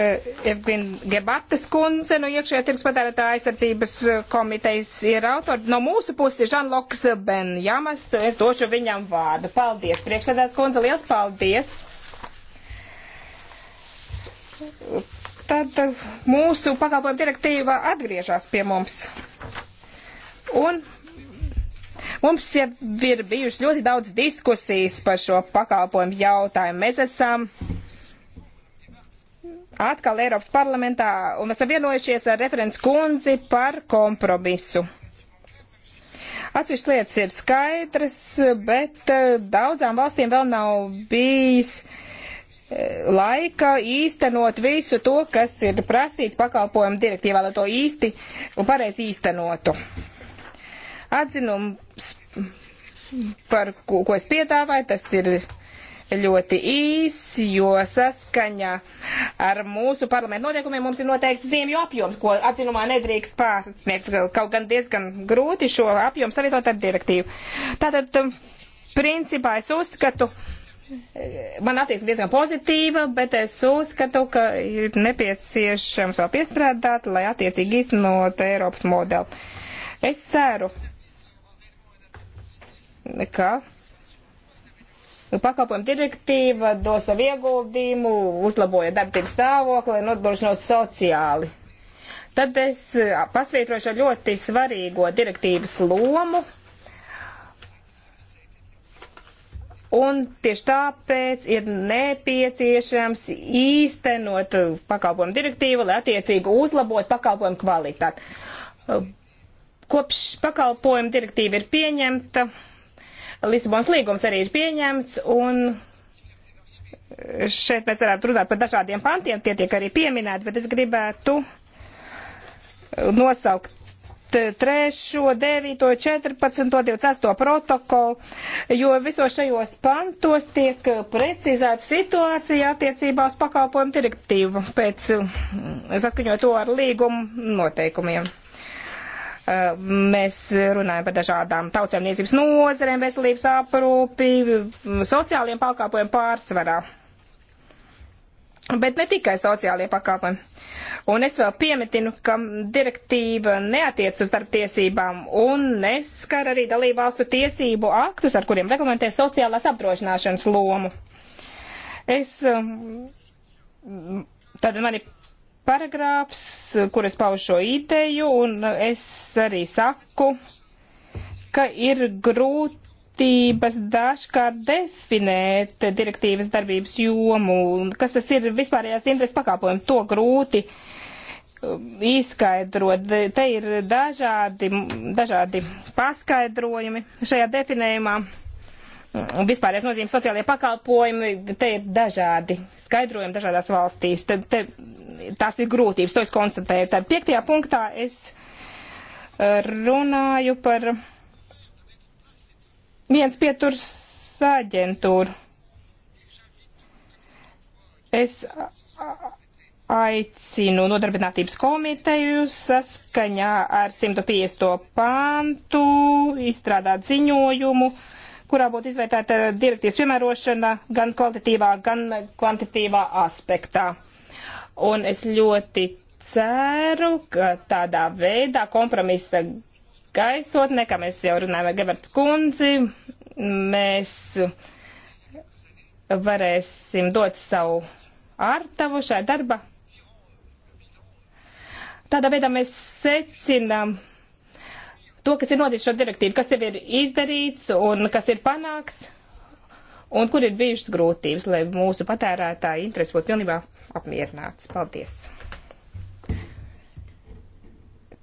e, Evglīna Gebates kundze no iekšējā tirgus patērētāja aizsardzības e, komitejas ir autori. No mūsu puses ir Žanloks Benjamas. Es došu viņam vārdu. Paldies, priekšsēdētājs kundze, liels paldies! Tad e, mūsu pakalpojuma direktīva atgriežas pie mums. Un Mums jau ir bijušas ļoti daudz diskusijas par šo pakalpojumu jautājumu. Mēs esam atkal Eiropas parlamentā un esam vienojušies ar referents kundzi par kompromisu. Atsevišķas lietas ir skaidras, bet eh, daudzām valstīm vēl nav bijis eh, laika īstenot visu to, kas ir prasīts pakalpojumu direktīvā, lai to īsti un pareizi īstenotu. Atzinums, par ko, ko es piedāvāju, tas ir ļoti īs, jo saskaņā ar mūsu parlamentu noteikumiem mums ir noteikts ziemju apjoms, ko atzinumā nedrīkst pārsniegt, kaut gan diezgan grūti šo apjomu savietot ar direktīvu. Tātad, um, principā es uzskatu, man attieksme diezgan pozitīva, bet es uzskatu, ka ir nepieciešams vēl piestrādāt, lai attiecīgi iznot Eiropas modeli. Es ceru, ka pakalpojumu direktīva dos savu ieguldījumu, uzlaboja darbības stāvokli, nodrošinot sociāli. Tad es pasvītrošu ļoti svarīgo direktīvas lomu. Un tieši tāpēc ir nepieciešams īstenot pakalpojumu direktīvu, lai attiecīgi uzlabot pakalpojumu kvalitāti. Kopš pakalpojumu direktīva ir pieņemta, Lisabonas līgums arī ir pieņemts, un šeit mēs varētu runāt par dažādiem pantiem, tie tiek arī pieminēti, bet es gribētu nosaukt 3., 9., 14., 28. protokolu, jo visos šajos pantos tiek precizēta situācija attiecībā uz pakalpojumu direktīvu pēc saskaņot to ar līgumu noteikumiem. Mēs runājam par dažādām tautsēmniecības nozarēm, veselības aprūpi, sociāliem pakalpojumiem pārsvarā. Bet ne tikai sociālie pakalpojumi. Un es vēl piemetinu, ka direktīva neatiec uz darbtiesībām un neskar arī dalībvalstu tiesību aktus, ar kuriem reglamentē sociālās apdrošināšanas lomu. Es, um, tad man ir paragrāfs, kur es paušu šo ideju, un es arī saku, ka ir grūtības dažkārt definēt direktīvas darbības jomu, un kas tas ir vispārējās intereses pakāpojumi, to grūti um, izskaidrot. Te ir dažādi, dažādi paskaidrojumi šajā definējumā vispārējais nozīmes sociālajie pakalpojumi, te ir dažādi skaidrojumi dažādās valstīs. Tad te, tās ir grūtības, to es koncentrēju. Tad piektajā punktā es eh, runāju par viens pieturs aģentūru. Es aicinu nodarbinātības komiteju saskaņā ar 150. pantu izstrādāt ziņojumu, uh, kurā būtu izvērtēta direktīvas piemērošana gan kvalitatīvā, gan kvantitīvā aspektā. Un es ļoti ceru, ka tādā veidā kompromisa gaisotnē, kā mēs jau runājam ar Geberts kundzi, mēs varēsim dot savu ārtavu šai darba. Tādā veidā mēs secinām, to, kas ir noticis šo direktīvu, kas jau ir izdarīts un kas ir panākts, un kur ir bijušas grūtības, lai mūsu patērētāji interesi būtu pilnībā apmierināts. Paldies!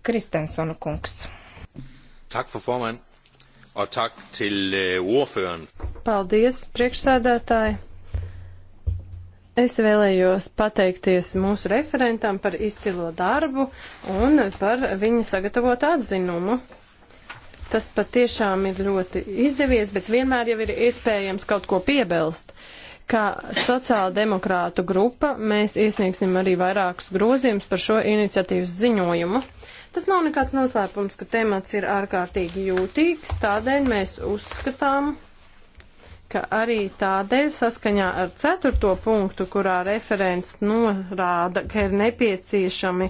Kristensona kungs. Tak for formand, og tak til øh, ordføreren. Paldies, priekšsēdētāji. Es vēlējos pateikties mūsu referentam par izcilo darbu un par viņa sagatavotu atzinumu. Tas patiešām ir ļoti izdevies, bet vienmēr jau ir iespējams kaut ko piebilst. Kā sociāldemokrātu grupa mēs iesniegsim arī vairākus grozījumus par šo iniciatīvas ziņojumu. Tas nav nekāds noslēpums, ka temats ir ārkārtīgi jūtīgs, tādēļ mēs uzskatām, ka arī tādēļ saskaņā ar ceturto punktu, kurā referents norāda, ka ir nepieciešami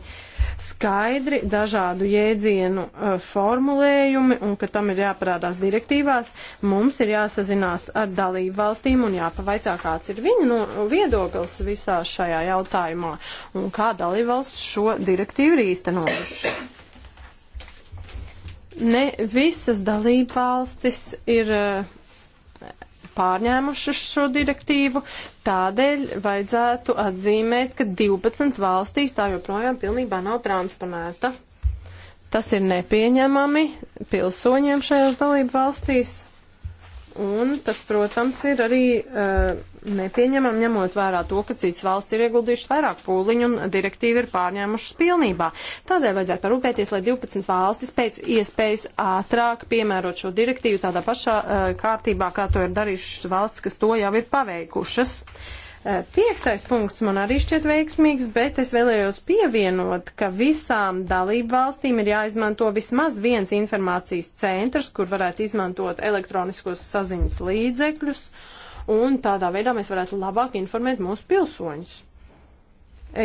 skaidri dažādu jēdzienu uh, formulējumi un ka tam ir jāparādās direktīvās, mums ir jāsazinās ar dalību valstīm un jāpavaicā, kāds ir viņu no, viedoklis visā šajā jautājumā un kā dalību valsts šo direktīvu ir īstenojuši ne visas dalībvalstis ir uh, pārņēmušas šo direktīvu, tādēļ vajadzētu atzīmēt, ka 12 valstīs tā joprojām pilnībā nav transponēta. Tas ir nepieņemami pilsoņiem šajās dalību valstīs. Un tas, protams, ir arī uh, nepieņemam, ņemot vērā to, ka citas valsts ir ieguldījušas vairāk pūliņu un direktīvi ir pārņēmušas pilnībā. Tādēļ vajadzētu parūpēties, lai 12 valstis pēc iespējas ātrāk piemērot šo direktīvu tādā pašā uh, kārtībā, kā to ir darījušas valsts, kas to jau ir paveikušas. Uh, Eh, piektais punkts man arī šķiet veiksmīgs, bet es vēlējos pievienot, ka visām dalību valstīm ir jāizmanto vismaz viens informācijas centrs, kur varētu izmantot elektroniskos saziņas līdzekļus, un tādā veidā mēs varētu labāk informēt mūsu pilsoņus.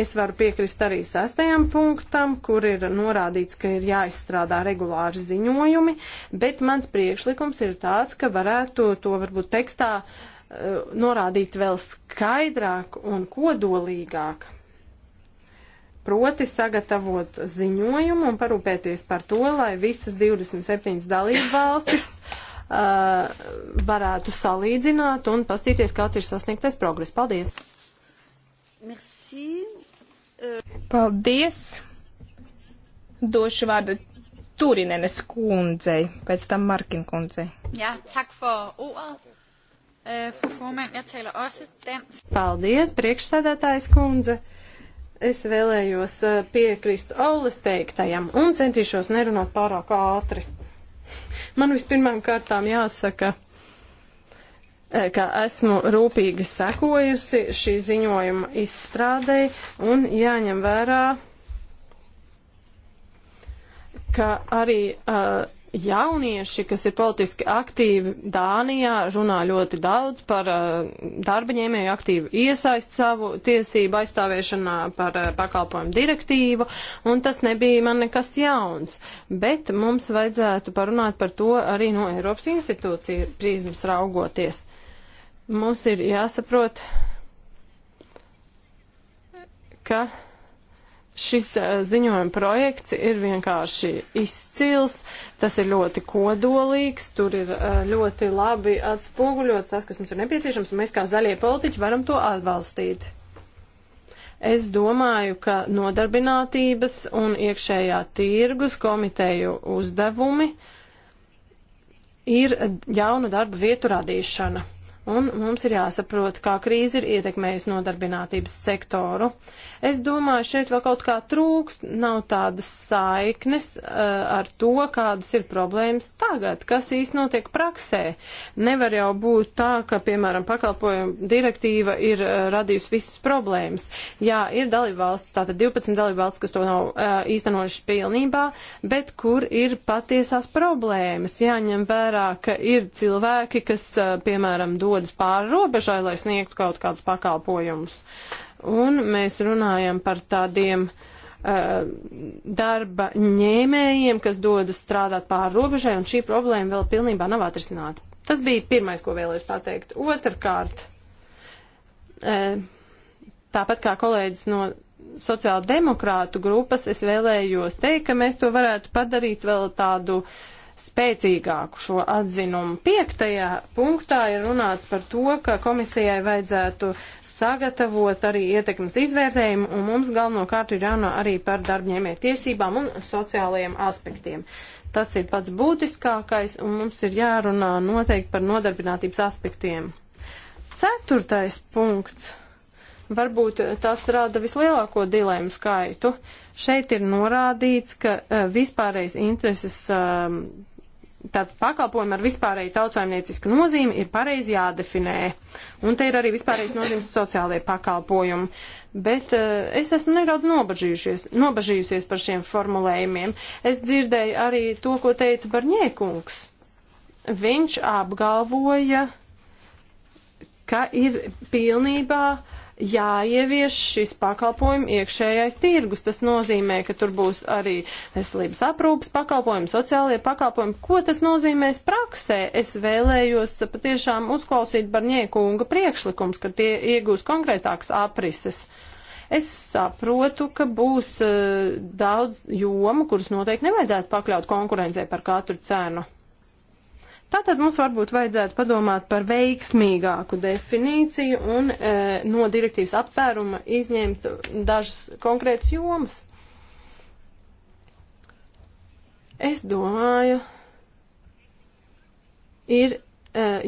Es varu piekrist arī sastajam punktam, kur ir norādīts, ka ir jāizstrādā regulāri ziņojumi, bet mans priekšlikums ir tāds, ka varētu to varbūt tekstā uh, Eh, norādīt vēl skaidrāk un kodolīgāk. Proti sagatavot ziņojumu un parūpēties par to, lai visas 27 dalību valstis uh, eh, varētu salīdzināt un pastīties, kāds ir sasniegtais progress. Paldies! Merci. Paldies! Došu vārdu Turinenes kundzei, pēc tam Markin kundzei. Jā, ja, tak for ordet. Øh, fru formand, jeg taler også dansk. Paldies, priekšsēdētājs kundze. Es vēlējos eh, piekrist Olas teiktajam un centīšos nerunāt pārāk ātri. Man vispirmām kārtām jāsaka, eh, ka esmu rūpīgi sekojusi šī ziņojuma izstrādei un jāņem vērā, ka arī uh, jaunieši, kas ir politiski aktīvi Dānijā, runā ļoti daudz par uh, darbaņēmēju aktīvu iesaist savu tiesību aizstāvēšanā par uh, pakalpojumu direktīvu, un tas nebija man nekas jauns. Bet mums vajadzētu parunāt par to arī no Eiropas institūciju prizmas raugoties. Mums ir jāsaprot, ka Šis ziņojuma projekts ir vienkārši izcils, tas ir ļoti kodolīgs, tur ir ļoti labi atspoguļots tas, kas mums ir nepieciešams, un mēs kā zaļie politiķi varam to atbalstīt. Es domāju, ka nodarbinātības un iekšējā tirgus komiteju uzdevumi ir jaunu darbu vietu radīšana. Un mums ir jāsaprot, kā krīze ir ietekmējusi nodarbinātības sektoru. Uh, Es domāju, šeit vēl kaut kā trūkst, nav tādas saiknes uh, ar to, kādas ir problēmas tagad, kas īsti notiek praksē. Nevar jau būt tā, ka, piemēram, pakalpojuma direktīva ir uh, radījusi visas problēmas. Jā, ir dalībvalsts, tātad 12 dalībvalsts, kas to nav uh, eh, īstenojuši pilnībā, bet kur ir patiesās problēmas. Jāņem vērā, ka ir cilvēki, kas, uh, piemēram, dodas pāri robežai, lai sniegtu kaut kādus pakalpojumus. Uh, un mēs runājam par tādiem uh, darba ņēmējiem, kas dodas strādāt pāri robežai, un šī problēma vēl pilnībā nav atrisināta. Tas bija pirmais, ko vēlējos pateikt. Otrakārt, uh, eh, tāpat kā kolēģis no sociāla demokrātu grupas, es vēlējos teikt, ka mēs to varētu padarīt vēl tādu uh, spēcīgāku šo atzinumu. Piektajā punktā ir runāts par to, ka komisijai vajadzētu sagatavot arī ietekmes izvērtējumu, un mums galvenokārt ir jāno arī par darbņēmēju tiesībām un sociālajiem aspektiem. Tas ir pats būtiskākais, un mums ir jārunā noteikti par nodarbinātības aspektiem. Ceturtais punkts varbūt tas rada vislielāko dilēmu skaitu. Šeit ir norādīts, ka e, vispārējais intereses. E, tātad pakalpojumi ar vispārēju tautsājumniecisku nozīmi ir pareizi jādefinē. Un te ir arī vispārējais nozīmes sociālajie pakalpojumi. Bet uh, es esmu nedaudz nobažījusies, nobažījusies par šiem formulējumiem. Es dzirdēju arī to, ko teica Barņēkungs. Viņš apgalvoja, ka ir pilnībā uh, jāievieš šis pakalpojumu iekšējais tirgus. Tas nozīmē, ka tur būs arī veselības aprūpas pakalpojumi, sociālie pakalpojumi. Ko tas nozīmēs praksē? Es vēlējos patiešām uzklausīt Barņēkunga priekšlikums, ka tie iegūs konkrētāks aprises. Es saprotu, ka būs uh, daudz jomu, kuras noteikti nevajadzētu pakļaut konkurencei par katru cenu. Tātad mums varbūt vajadzētu padomāt par veiksmīgāku definīciju un e, no direktīvas aptvēruma izņemt dažas konkrētas jomas. Es domāju, ir e,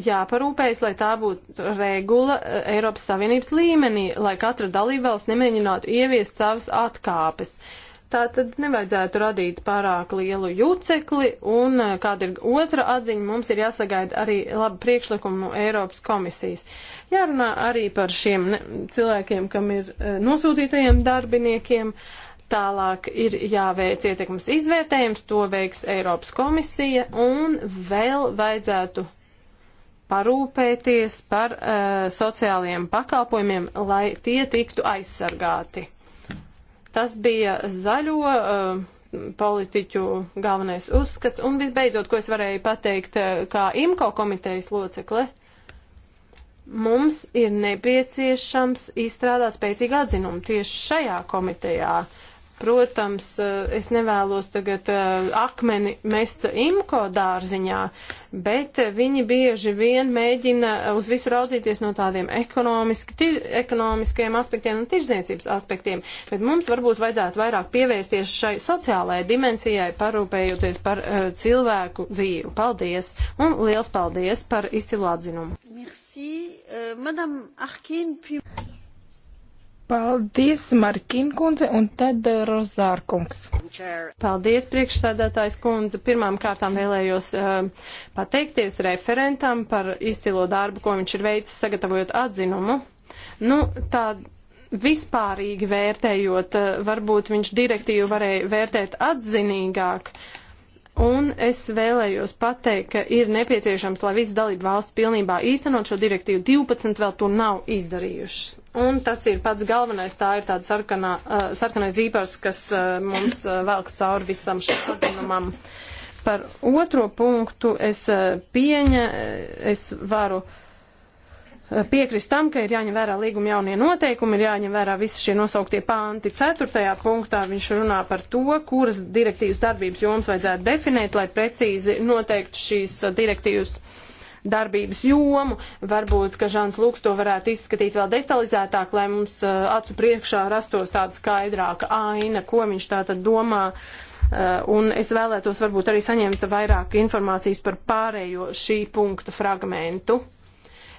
jāparūpējas, lai tā būtu regula e, Eiropas Savienības līmenī, lai katra dalībvalsts nemēģinātu ieviest savas atkāpes. Uh, Tā tad nevajadzētu radīt pārāk lielu jucekli, un eh, kāda ir otra atziņa, mums ir jāsagaida arī laba priekšlikuma no Eiropas komisijas. Jārunā arī par šiem ne, cilvēkiem, kam ir eh, nosūtītajiem darbiniekiem. Tālāk ir jāveic ietekmes izvērtējums, to veiks Eiropas komisija, un vēl vajadzētu parūpēties par uh, sociālajiem pakalpojumiem, lai tie tiktu aizsargāti. Tas bija zaļo uh, politiķu galvenais uzskats. Un visbeidzot, ko es varēju pateikt uh, kā IMCO komitejas locekle, mums ir nepieciešams izstrādāt spēcīgu atzinumu tieši šajā komitejā. Uh, Protams, eh, es nevēlos tagad eh, akmeni mest imko dārziņā, bet viņi bieži vien mēģina eh, uz visu raudzīties no tādiem ekonomiski, tir, ekonomiskiem aspektiem un tirzniecības aspektiem. Bet mums varbūt vajadzētu vairāk pievērsties šai sociālajai dimensijai, parūpējoties par uh, cilvēku dzīvi. Paldies! Un liels paldies par izcilu atzinumu! Merci, uh, Madame Arkin, puis... Paldies, Markina kundze, un tad eh, Rozāra kungs. Paldies, priekšsēdētājs kundze. Pirmām kārtām vēlējos uh, pateikties referentam par izcilo darbu, ko viņš ir veicis sagatavojot atzinumu. Nu, tā vispārīgi vērtējot, eh, varbūt viņš direktīvu varēja vērtēt atzinīgāk. Uh, Un es vēlējos pateikt, ka ir nepieciešams, lai visas dalība valsts pilnībā īstenot šo direktīvu. 12 vēl to nav izdarījušas. Un tas ir pats galvenais, tā ir tāds sarkanā, uh, sarkanais zīpars, kas uh, mums uh, velks cauri visam šim ordinumam. Par otro punktu es uh, pieņa, es varu. Uh, piekrist tam, ka ir jāņem vērā līguma jaunie noteikumi, ir jāņem vērā visi šie nosauktie pānti. Ceturtajā punktā viņš runā par to, kuras direktīvas darbības joms vajadzētu definēt, lai precīzi noteiktu šīs direktīvas darbības jomu. Varbūt, ka Žāns Lūks to varētu izskatīt vēl detalizētāk, lai mums uh, acu priekšā rastos tāda skaidrāka aina, ko viņš tā tad domā. Uh, un es vēlētos varbūt arī saņemt vairāk informācijas par pārējo šī punkta fragmentu.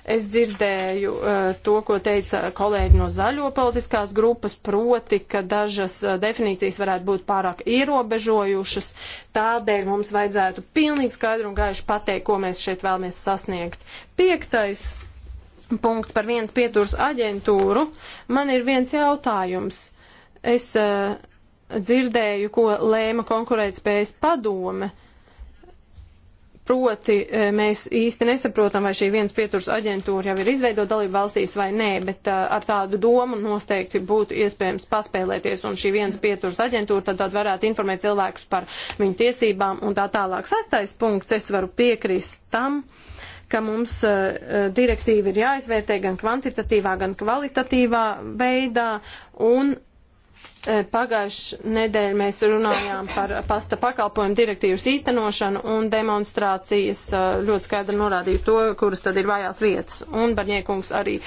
Es dzirdēju uh, to, ko teica kolēģi no zaļo politiskās grupas, proti, ka dažas uh, definīcijas varētu būt pārāk ierobežojušas. Tādēļ mums vajadzētu pilnīgi skaidru un gaišu pateikt, ko mēs šeit vēlamies sasniegt. Piektais punkts par viens pieturs aģentūru. Man ir viens jautājums. Es uh, dzirdēju, ko lēma konkurētspējas padome. Uh, Proti, e, mēs īsti nesaprotam, vai šī viens pieturs aģentūra jau ir izveidota dalību valstīs vai nē, bet e, ar tādu domu noteikti būtu iespējams paspēlēties, un šī viens pieturs aģentūra tad, tad varētu informēt cilvēkus par viņu tiesībām un tā tālāk. Sastais punkts, es varu piekrist tam ka mums uh, direktīva ir jāizvērtē gan kvantitatīvā, gan kvalitatīvā veidā, un E, Pagājušajā nedēļā mēs runājām par pasta pakalpojumu direktīvas īstenošanu un demonstrācijas e, ļoti skaidri norādīja to, kuras tad ir vājās vietas. Un Barņiekungs arī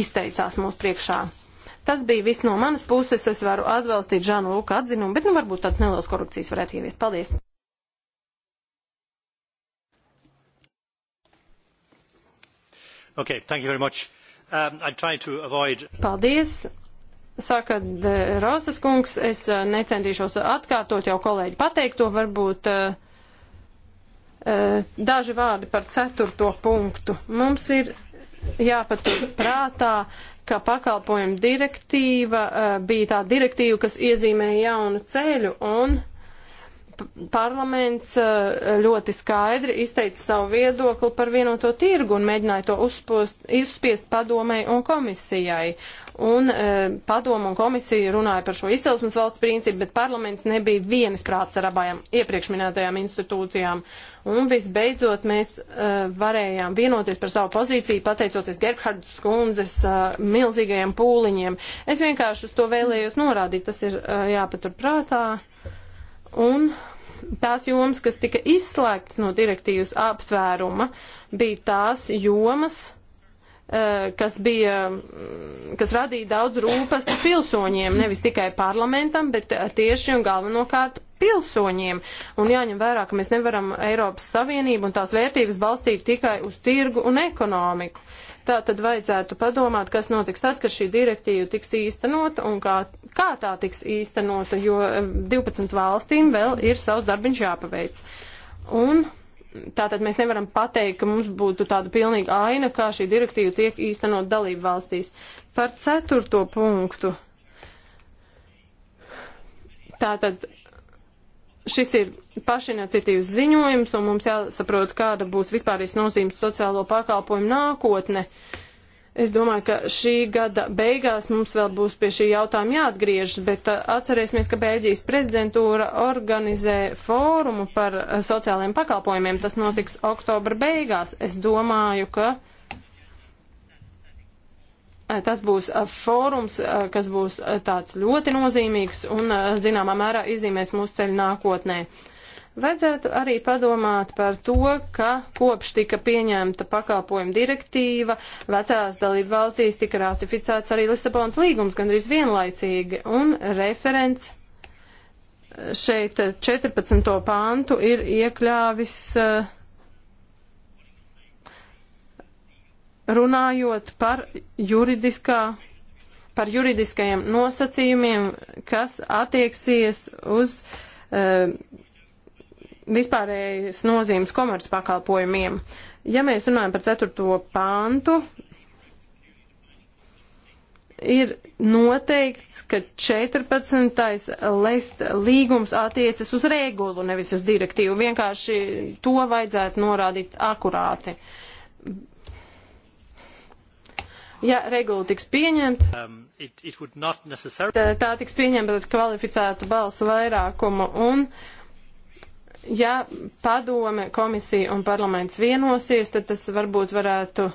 izteicās mūsu priekšā. Tas bija viss no manas puses. Es varu atbalstīt Žanu Luku atzinumu, bet nu varbūt tāds neliels korupcijas varētu ieviest. Paldies! Okay, thank you very much. Um, I try to avoid. Paldies! Saka Rosas kungs, es eh, necentīšos atkārtot jau kolēģi pateikto, varbūt uh, uh, daži vārdi par ceturto punktu. Mums ir jāpatur prātā, ka pakalpojuma direktīva uh, bija tā direktīva, kas iezīmēja jaunu ceļu un parlaments ļoti skaidri izteica savu viedokli par vienoto tirgu un mēģināja to uzspost, izspiest padomai un komisijai un e, padomu un komisija runāja par šo izcelsmes valsts principu, bet parlaments nebija vienisprāts ar abām iepriekš minētajām institūcijām. Un visbeidzot mēs e, varējām vienoties par savu pozīciju, pateicoties Gerhardas skundzes e, milzīgajiem pūliņiem. Es vienkārši uz to vēlējos norādīt, tas ir e, jāpatur prātā. Un tās jomas, kas tika izslēgtas no direktīvas aptvēruma, bija tās jomas, Eh, kas bija, mm, kas radīja daudz rūpes pilsoņiem, nevis tikai parlamentam, bet eh, tieši un galvenokārt pilsoņiem. Un jāņem vērā, ka mēs nevaram Eiropas Savienību un tās vērtības balstīt tikai uz tirgu un ekonomiku. Tā tad vajadzētu padomāt, kas notiks tad, kad šī direktīva tiks īstenota un kā, kā tā tiks īstenota, jo 12 eh, valstīm vēl ir savs darbiņš jāpaveic. Un tātad mēs nevaram pateikt, ka mums būtu tāda pilnīga aina, kā šī direktīva tiek īstenot dalību valstīs. Par ceturto punktu. Tātad šis ir pašiniciatīvas ziņojums, un mums jāsaprot, kāda būs vispārīs nozīmes sociālo pakalpojumu nākotne. Uh, Es domāju, ka šī gada beigās mums vēl būs pie šī jautājuma jāatgriežas, bet uh, atcerēsimies, ka Bēļģijas prezidentūra organizē fórumu par uh, sociālajiem pakalpojumiem. Tas notiks oktobra beigās. Es domāju, ka uh, tas būs fórums, kas būs tāds ļoti nozīmīgs un zināmā mērā izzīmēs mūsu ceļu nākotnē. Vajadzētu arī padomāt par to, ka kopš tika pieņemta pakalpojuma direktīva, vecās dalību valstīs tika ratificēts arī Lisabonas līgums gandrīz vienlaicīgi, un referents šeit 14. pāntu ir iekļāvis eh, runājot par juridiskā par juridiskajiem nosacījumiem, kas attieksies uz uh, vispārējas nozīmes komercpakalpojumiem. Ja mēs runājam par ceturto pāntu, ir noteikts, ka 14. lest līgums attiecas uz regulu, nevis uz direktīvu. Vienkārši to vajadzētu norādīt akurāti. Ja regula tiks pieņemta, um, it, it necessarily... tā tiks pieņemta pēc kvalificētu balsu vairākumu un uh, ja padome, komisija un parlaments vienosies, tad tas varbūt varētu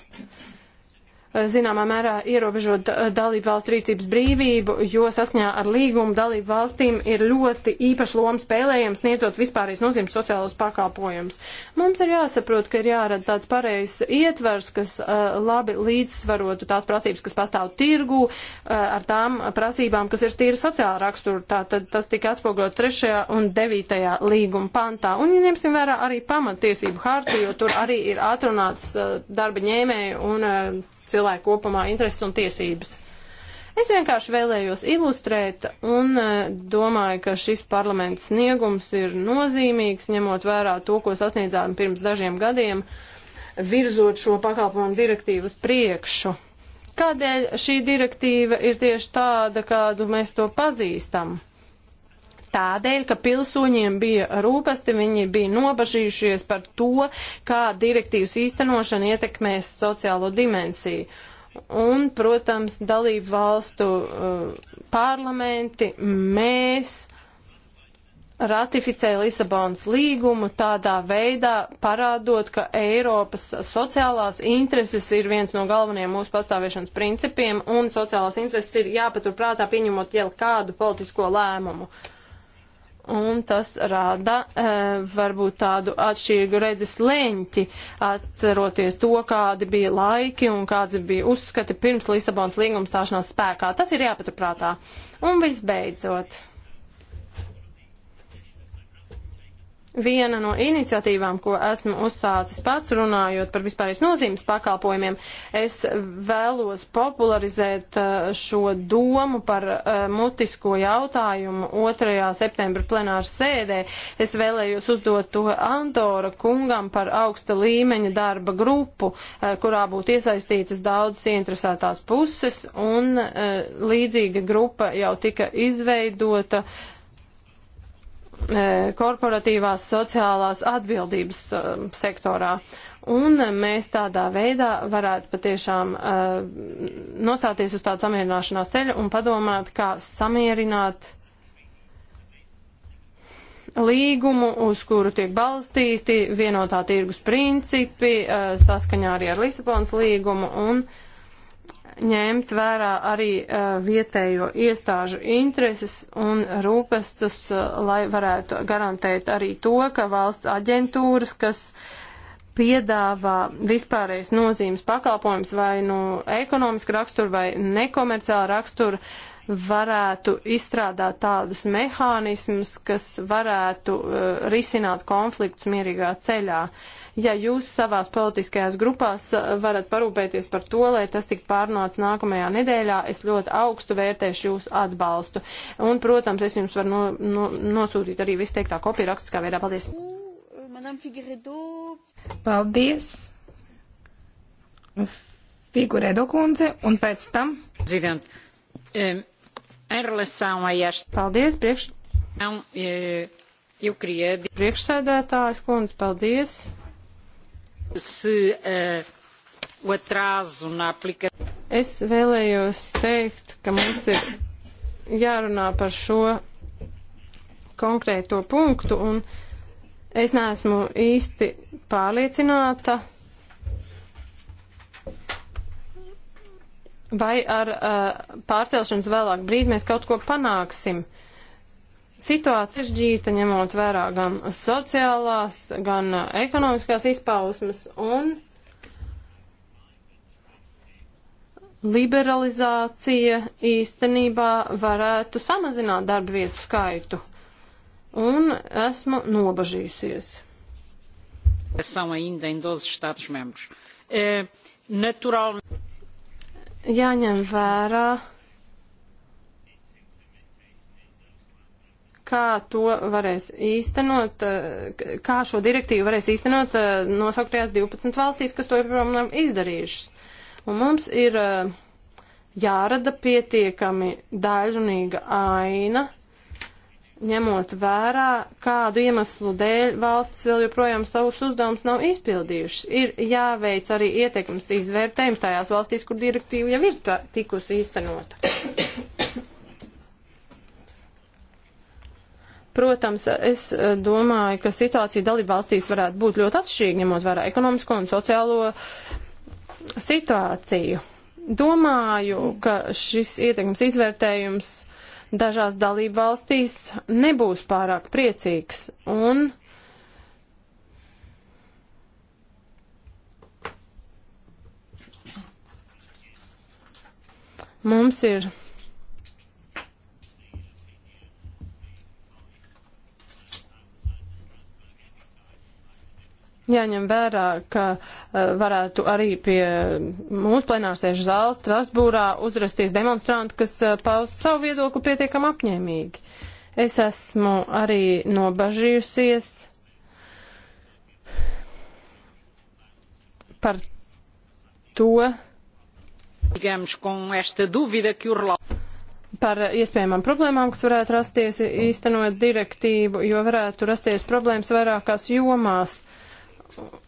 zināmā mērā ierobežot eh, dalību valstu rīcības brīvību, jo saskaņā ar līgumu dalību valstīm ir ļoti īpaša loma spēlējama sniedzot vispārējais nozīmes sociālos pakalpojumus. Mums ir jāsaprot, ka ir jārada tāds pareizs ietvers, kas uh, labi līdzsvarotu tās prasības, kas pastāv tirgu, uh, ar tām prasībām, kas ir stīri sociāla rakstura. Tātad tas tika atspoguļots 3. un 9. līguma pantā. Un ja ņemsim vērā arī pamatiesību hartu, jo tur arī ir atrunāts uh, darba ņēmēju un cilvēku kopumā intereses un tiesības. Es vienkārši vēlējos ilustrēt un eh, domāju, ka šis parlaments sniegums ir nozīmīgs, ņemot vērā to, ko sasniedzām pirms dažiem gadiem, virzot šo pakalpojumu direktīvu uz priekšu. Kādēļ šī direktīva ir tieši tāda, kādu mēs to pazīstam? tādēļ, ka pilsoņiem bija rūpesti, viņi bija nobažījušies par to, kā direktīvas īstenošana ietekmēs sociālo dimensiju. Un, protams, dalību valstu uh, parlamenti, mēs ratificēja Lisabonas līgumu tādā veidā, parādot, ka Eiropas sociālās intereses ir viens no galvenajiem mūsu pastāvēšanas principiem, un sociālās intereses ir jāpaturprātā pieņemot jau kādu politisko lēmumu. Uh, un tas rada e, varbūt tādu atšķirīgu redzes leņķi, atceroties to, kādi bija laiki un kādi bija uzskati pirms Lisabonas līguma stāšanās spēkā. Tas ir jāpaturprātā. Un visbeidzot. Viena no iniciatīvām, ko esmu uzsācis pats runājot par vispārējais nozīmes pakalpojumiem, es vēlos popularizēt uh, šo domu par uh, mutisko jautājumu 2. septembra plenāru sēdē. Es vēlējos uzdot to Andora kungam par augsta līmeņa darba grupu, uh, kurā būtu iesaistītas daudzas interesētās puses, un līdzīga grupa jau tika izveidota E, korporatīvās sociālās atbildības e, sektorā. Un mēs tādā veidā varētu patiešām uh, nostāties uz tādu samierināšanās ceļu un padomāt, kā samierināt līgumu, uz kuru tiek balstīti vienotā tirgus principi, uh, saskaņā arī ar Lisabonas līgumu un uh, ņemt vērā arī uh, vietējo iestāžu intereses un rūpestus, uh, lai varētu garantēt arī to, ka valsts aģentūras, kas piedāvā vispārējais nozīmes pakalpojums vai nu ekonomiski raksturu vai nekomerciālu raksturu, varētu izstrādāt tādus mehānismus, kas varētu uh, risināt konfliktus mierīgā ceļā. Uh, ja jūs savās politiskajās grupās eh, varat parūpēties par to, lai tas tik pārnāc nākamajā nedēļā, es ļoti augstu vērtēšu jūsu atbalstu. Un, protams, es jums varu no, no, nosūtīt arī visteiktā kopija rakstiskā veidā. Paldies! Paldies! Figuredo kundze un pēc tam. Zinām, um, em relação a este. Paldies, priekš. Não, eh, eu queria. Priekšsēdētājs kundze, paldies. Se, uh, es vēlējos teikt, ka mums ir jārunā par šo konkrēto punktu, un es neesmu īsti pārliecināta, vai ar uh, pārcelšanas vēlāk brīdi mēs kaut ko panāksim. Uh, Situācija sažģīta, ņemot vērā gan sociālās, gan uh, ekonomiskās izpausmes un liberalizācija īstenībā varētu samazināt darba vietu skaitu. Un esmu nobažījusies. São ainda em 12 Estados-membros. Eh, Naturalmente. Jāņem vērā kā to varēs īstenot, eh, kā šo direktīvu varēs īstenot eh, nosauktajās 12 valstīs, kas to joprojām nav izdarījušas. Un mums ir eh, jārada pietiekami daļrunīga aina, ņemot vērā, kādu iemeslu dēļ valsts vēl joprojām savus uzdevumus nav izpildījušas. Ir jāveic arī ietekmes izvērtējums tajās valstīs, kur direktīva jau ir tā, tikusi īstenota. Protams, es eh, domāju, ka situācija dalība valstīs varētu būt ļoti atšķirīga, ņemot vērā ekonomisko un sociālo situāciju. Domāju, ka šis ietekmes izvērtējums dažās dalību valstīs nebūs pārāk priecīgs un mums ir jāņem vērā, ka uh, varētu arī pie mūsu plenārsēžu zāles Strasbūrā uzrasties demonstranti, kas uh, paust savu viedokli pietiekam apņēmīgi. Es esmu arī nobažījusies par to, par iespējamām problēmām, kas varētu rasties īstenot direktīvu, jo varētu rasties problēmas vairākās jomās.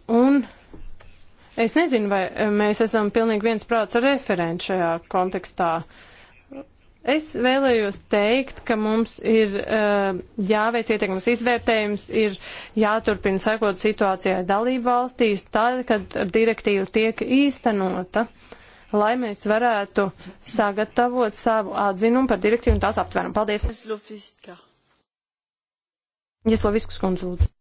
Un es nezinu, vai mēs esam pilnīgi viensprāts ar referentu šajā kontekstā. Es vēlējos teikt, ka mums ir uh, jāveic ietekmes izvērtējums, ir jāturpina sekot situācijai dalību valstīs, tad, kad direktīva tiek īstenota, lai mēs varētu sagatavot savu atzinumu par direktīvu un tās aptverumu. Paldies! Jēsloviskas kundze, lūdzu.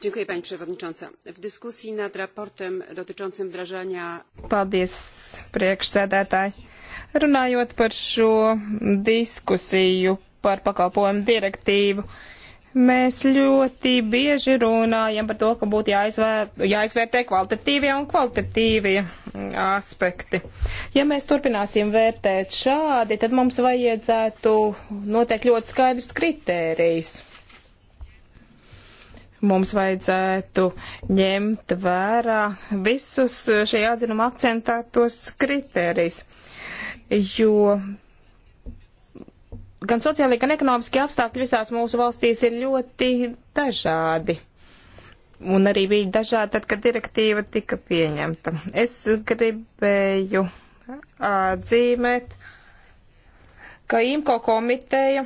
Dziękuję Pani Przewodnicząca. W dyskusji nad raportem dotyczącym wdrażania. Paldies, priekšsēdētāji. Runājot par šo diskusiju par pakalpojumu direktīvu, mēs ļoti bieži runājam par to, ka būtu jāizvēr, jāizvērtē kvalitatīvie un kvalitatīvie mm, aspekti. Ja mēs turpināsim vērtēt šādi, tad mums vajadzētu noteikt ļoti skaidrus kritērijus mums vajadzētu ņemt vērā visus šī atzinuma akcentētos kriterijus, jo gan sociālie, gan ekonomiskie apstākļi visās mūsu valstīs ir ļoti dažādi. Un arī bija dažādi tad, kad direktīva tika pieņemta. Es gribēju atzīmēt, ka IMCO komiteja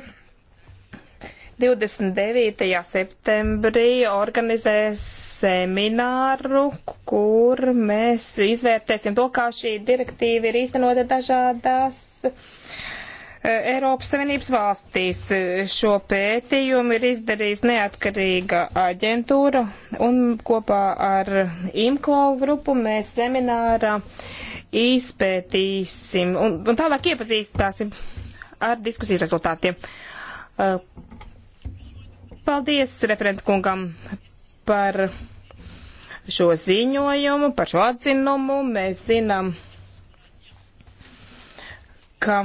29. septembrī organizēs semināru, kur mēs izvērtēsim to, kā šī direktīva ir īstenota dažādās e, Eiropas Savienības valstīs. Šo pētījumu ir izdarījis neatkarīga aģentūra un kopā ar IMCLO grupu mēs seminārā izpētīsim un, un tālāk iepazīstāsim ar diskusijas rezultātiem. E, Paldies referentkungam par šo ziņojumu, par šo atzinumu. Mēs zinām, ka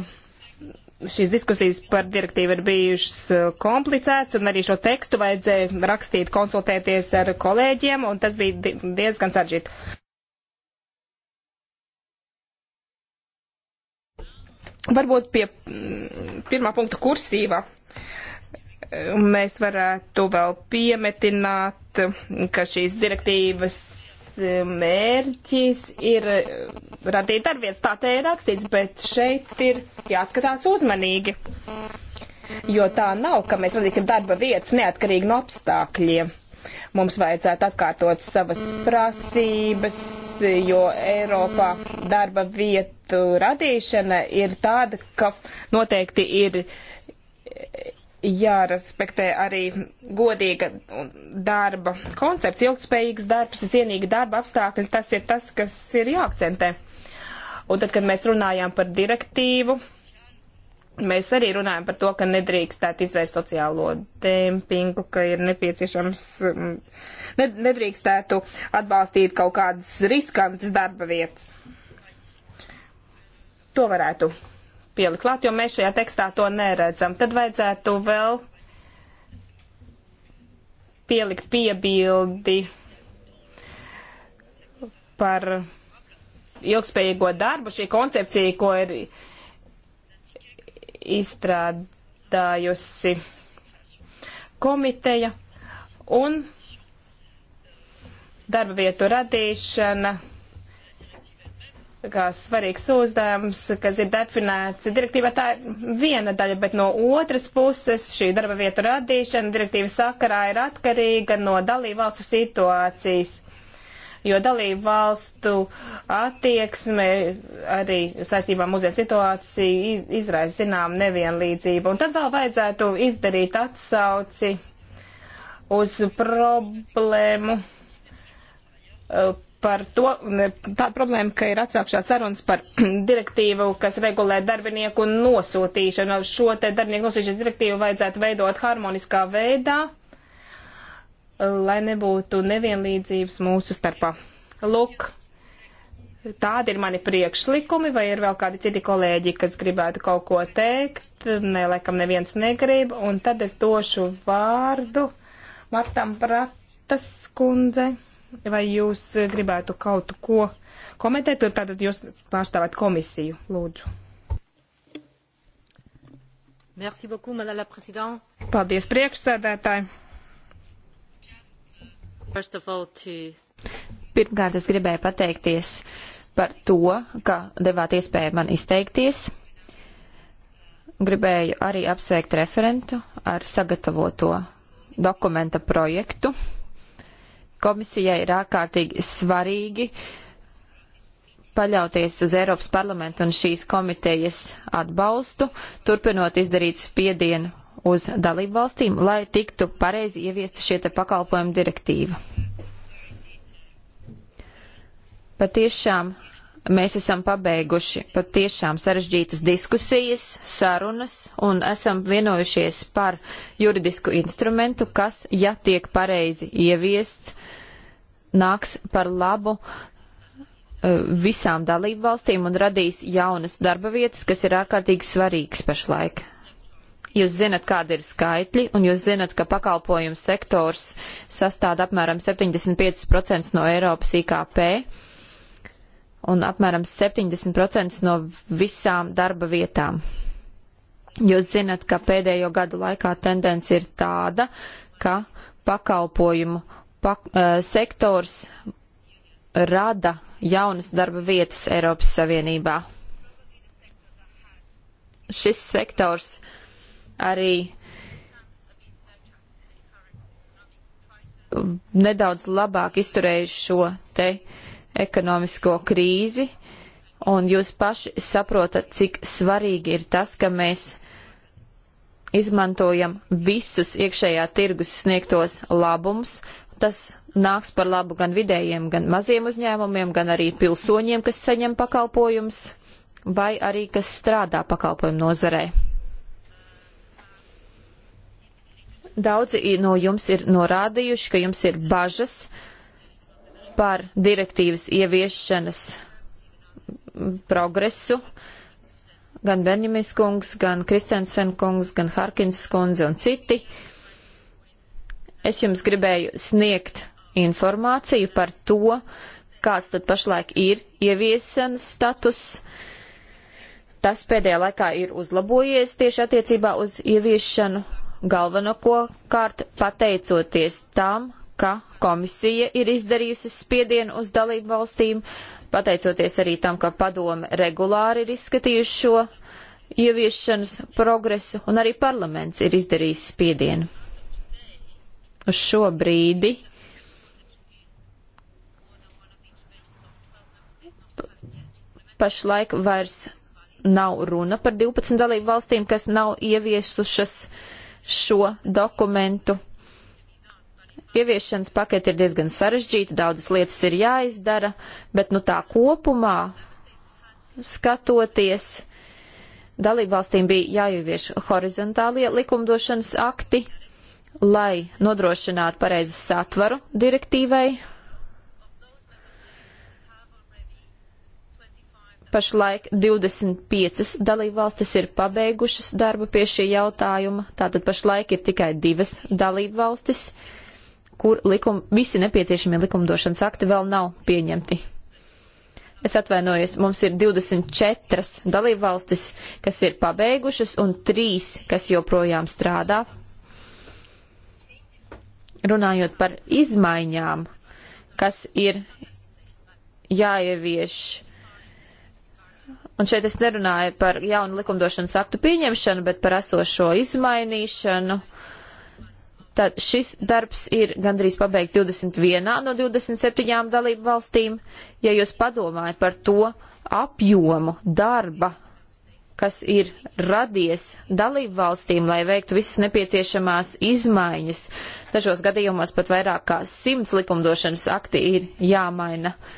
šīs diskusijas par direktīvu ir bijušas uh, komplicētas, un arī šo tekstu vajadzēja rakstīt, konsultēties ar kolēģiem, un tas bija diezgan saržģīti. Varbūt pie mm, pirmā punkta kursīva mēs varētu vēl piemetināt, ka šīs direktīvas mērķis ir radīt darbvietas. Tā te ir rakstīts, bet šeit ir jāskatās uzmanīgi. Jo tā nav, ka mēs radīsim darba vietas neatkarīgi no apstākļiem. Mums vajadzētu atkārtot savas prasības, jo Eiropā darba vietu radīšana ir tāda, ka noteikti ir jārespektē arī godīga darba koncepts, ilgspējīgs darbs, cienīgi darba apstākļi. Tas ir tas, kas ir jāakcentē. Un tad, kad mēs runājām par direktīvu, mēs arī runājam par to, ka nedrīkstētu izvērst sociālo dempingu, ka ir nepieciešams, mm, nedrīkstētu atbalstīt kaut kādas riskantas darba vietas. To varētu pielikt klāt, jo mēs šajā tekstā to neredzam. Tad vajadzētu vēl pielikt piebildi par ilgspējīgo darbu, šī koncepcija, ko ir izstrādājusi komiteja un darba vietu radīšana kā svarīgs uzdevums, kas ir definēts direktīvā, tā ir viena daļa, bet no otras puses šī darba vietu radīšana direktīvas sakarā ir atkarīga no dalību valstu situācijas, jo dalību valstu attieksme arī saistībām uz vienu situāciju izraisa zinām nevienlīdzību. Un tad vēl vajadzētu izdarīt atsauci uz problēmu par to, tāda problēma, ka ir atsākšās sarunas par direktīvu, kas regulē darbinieku nosūtīšanu. Šo te darbinieku nosūtīšanas direktīvu vajadzētu veidot harmoniskā veidā, lai nebūtu nevienlīdzības mūsu starpā. Lūk, tādi ir mani priekšlikumi, vai ir vēl kādi citi kolēģi, kas gribētu kaut ko teikt. Nē, laikam neviens negrib, un tad es došu vārdu Martam Pratas kundzei vai jūs gribētu kaut ko komentēt? Tātad jūs pārstāvāt komisiju, lūdzu. Merci beaucoup, madame la présidente. Paldies, priekšsēdētāji. First of all, to... Pirmkārt, es gribēju pateikties par to, ka devāt iespēju man izteikties. Gribēju arī apsveikt referentu ar sagatavoto dokumenta projektu komisijai ir ārkārtīgi svarīgi paļauties uz Eiropas parlamentu un šīs komitejas atbalstu, turpinot izdarīt spiedienu uz dalību valstīm, lai tiktu pareizi ieviesta šie te pakalpojumi direktīva. Patiešām Mēs esam pabeiguši patiešām sarežģītas diskusijas, sarunas un esam vienojušies par juridisku instrumentu, kas, ja tiek pareizi ieviests, nāks par labu eh, visām dalību valstīm un radīs jaunas darba vietas, kas ir ārkārtīgi svarīgs pašlaik. Jūs zinat, kāda ir skaitļi, un jūs zinat, ka pakalpojumu sektors sastāda apmēram 75% no Eiropas IKP un apmēram 70% no visām darba vietām. Jūs zinat, ka pēdējo gadu laikā tendence ir tāda, ka pakalpojumu pak eh, sektors rada jaunas darba vietas Eiropas Savienībā. Šis sektors arī nedaudz labāk izturējuši šo te uh, ekonomisko krīzi, un jūs paši saprotat, cik svarīgi ir tas, ka mēs izmantojam visus iekšējā tirgus sniegtos labumus. Tas nāks par labu gan vidējiem, gan maziem uzņēmumiem, gan arī pilsoņiem, kas saņem pakalpojumus, vai arī kas strādā pakalpojumu nozarē. Daudzi no jums ir norādījuši, ka jums ir bažas par direktīvas ieviešanas progresu. Gan Benjamis kungs, gan Kristensen kungs, gan Harkins kundze un citi. Es jums gribēju sniegt informāciju par to, kāds tad pašlaik ir ieviešanas status. Tas pēdējā laikā ir uzlabojies tieši attiecībā uz ieviešanu galvenokārt pateicoties tam, ka komisija ir izdarījusi spiedienu uz dalību valstīm, pateicoties arī tam, ka padome regulāri ir izskatījuši šo ieviešanas progresu, un arī parlaments ir izdarījis spiedienu. Uz šo brīdi pašlaik vairs nav runa par 12 dalību valstīm, kas nav ieviesušas šo dokumentu Ieviešanas paketi ir diezgan sarežģīti, daudzas lietas ir jāizdara, bet nu tā kopumā skatoties, dalībvalstīm bija jāievieš horizontālie likumdošanas akti, lai nodrošinātu pareizu satvaru direktīvai. Pašlaik 25 dalībvalstis ir pabeigušas darbu pie šī jautājuma, tātad pašlaik ir tikai divas dalībvalstis. valstis kur likum, visi nepieciešamie likumdošanas akti vēl nav pieņemti. Es atvainojos, mums ir 24 dalībvalstis, kas ir pabeigušas un 3, kas joprojām strādā. Runājot par izmaiņām, kas ir jāievieš Un šeit es nerunāju par jaunu likumdošanas aktu pieņemšanu, bet par esošo izmainīšanu Tad šis darbs ir gandrīz pabeigts 21 no 27 dalību valstīm. Ja jūs padomājat par to apjomu darba, kas ir radies dalību valstīm, lai veiktu visas nepieciešamās izmaiņas, dažos gadījumos pat vairāk kā simts likumdošanas akti ir jāmaina. Uh,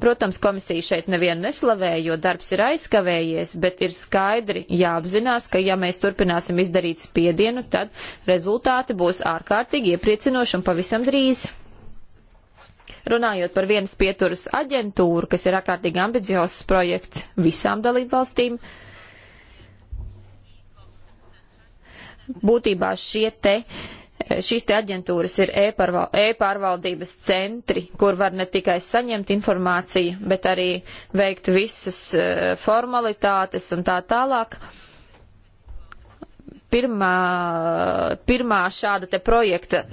Protams, komisija šeit nevienu neslavē, jo darbs ir aizkavējies, bet ir skaidri jāapzinās, ka ja mēs turpināsim izdarīt spiedienu, tad rezultāti būs ārkārtīgi iepriecinoši un pavisam drīz. Runājot par vienas pieturas aģentūru, kas ir ārkārtīgi ambiciozs projekts visām dalībvalstīm, būtībā šie te uh, Eh, šīs te aģentūras ir e-pārvaldības e centri, kur var ne tikai saņemt informāciju, bet arī veikt visas eh, formalitātes un tā tālāk. Pirmā, pirmā šāda te projekta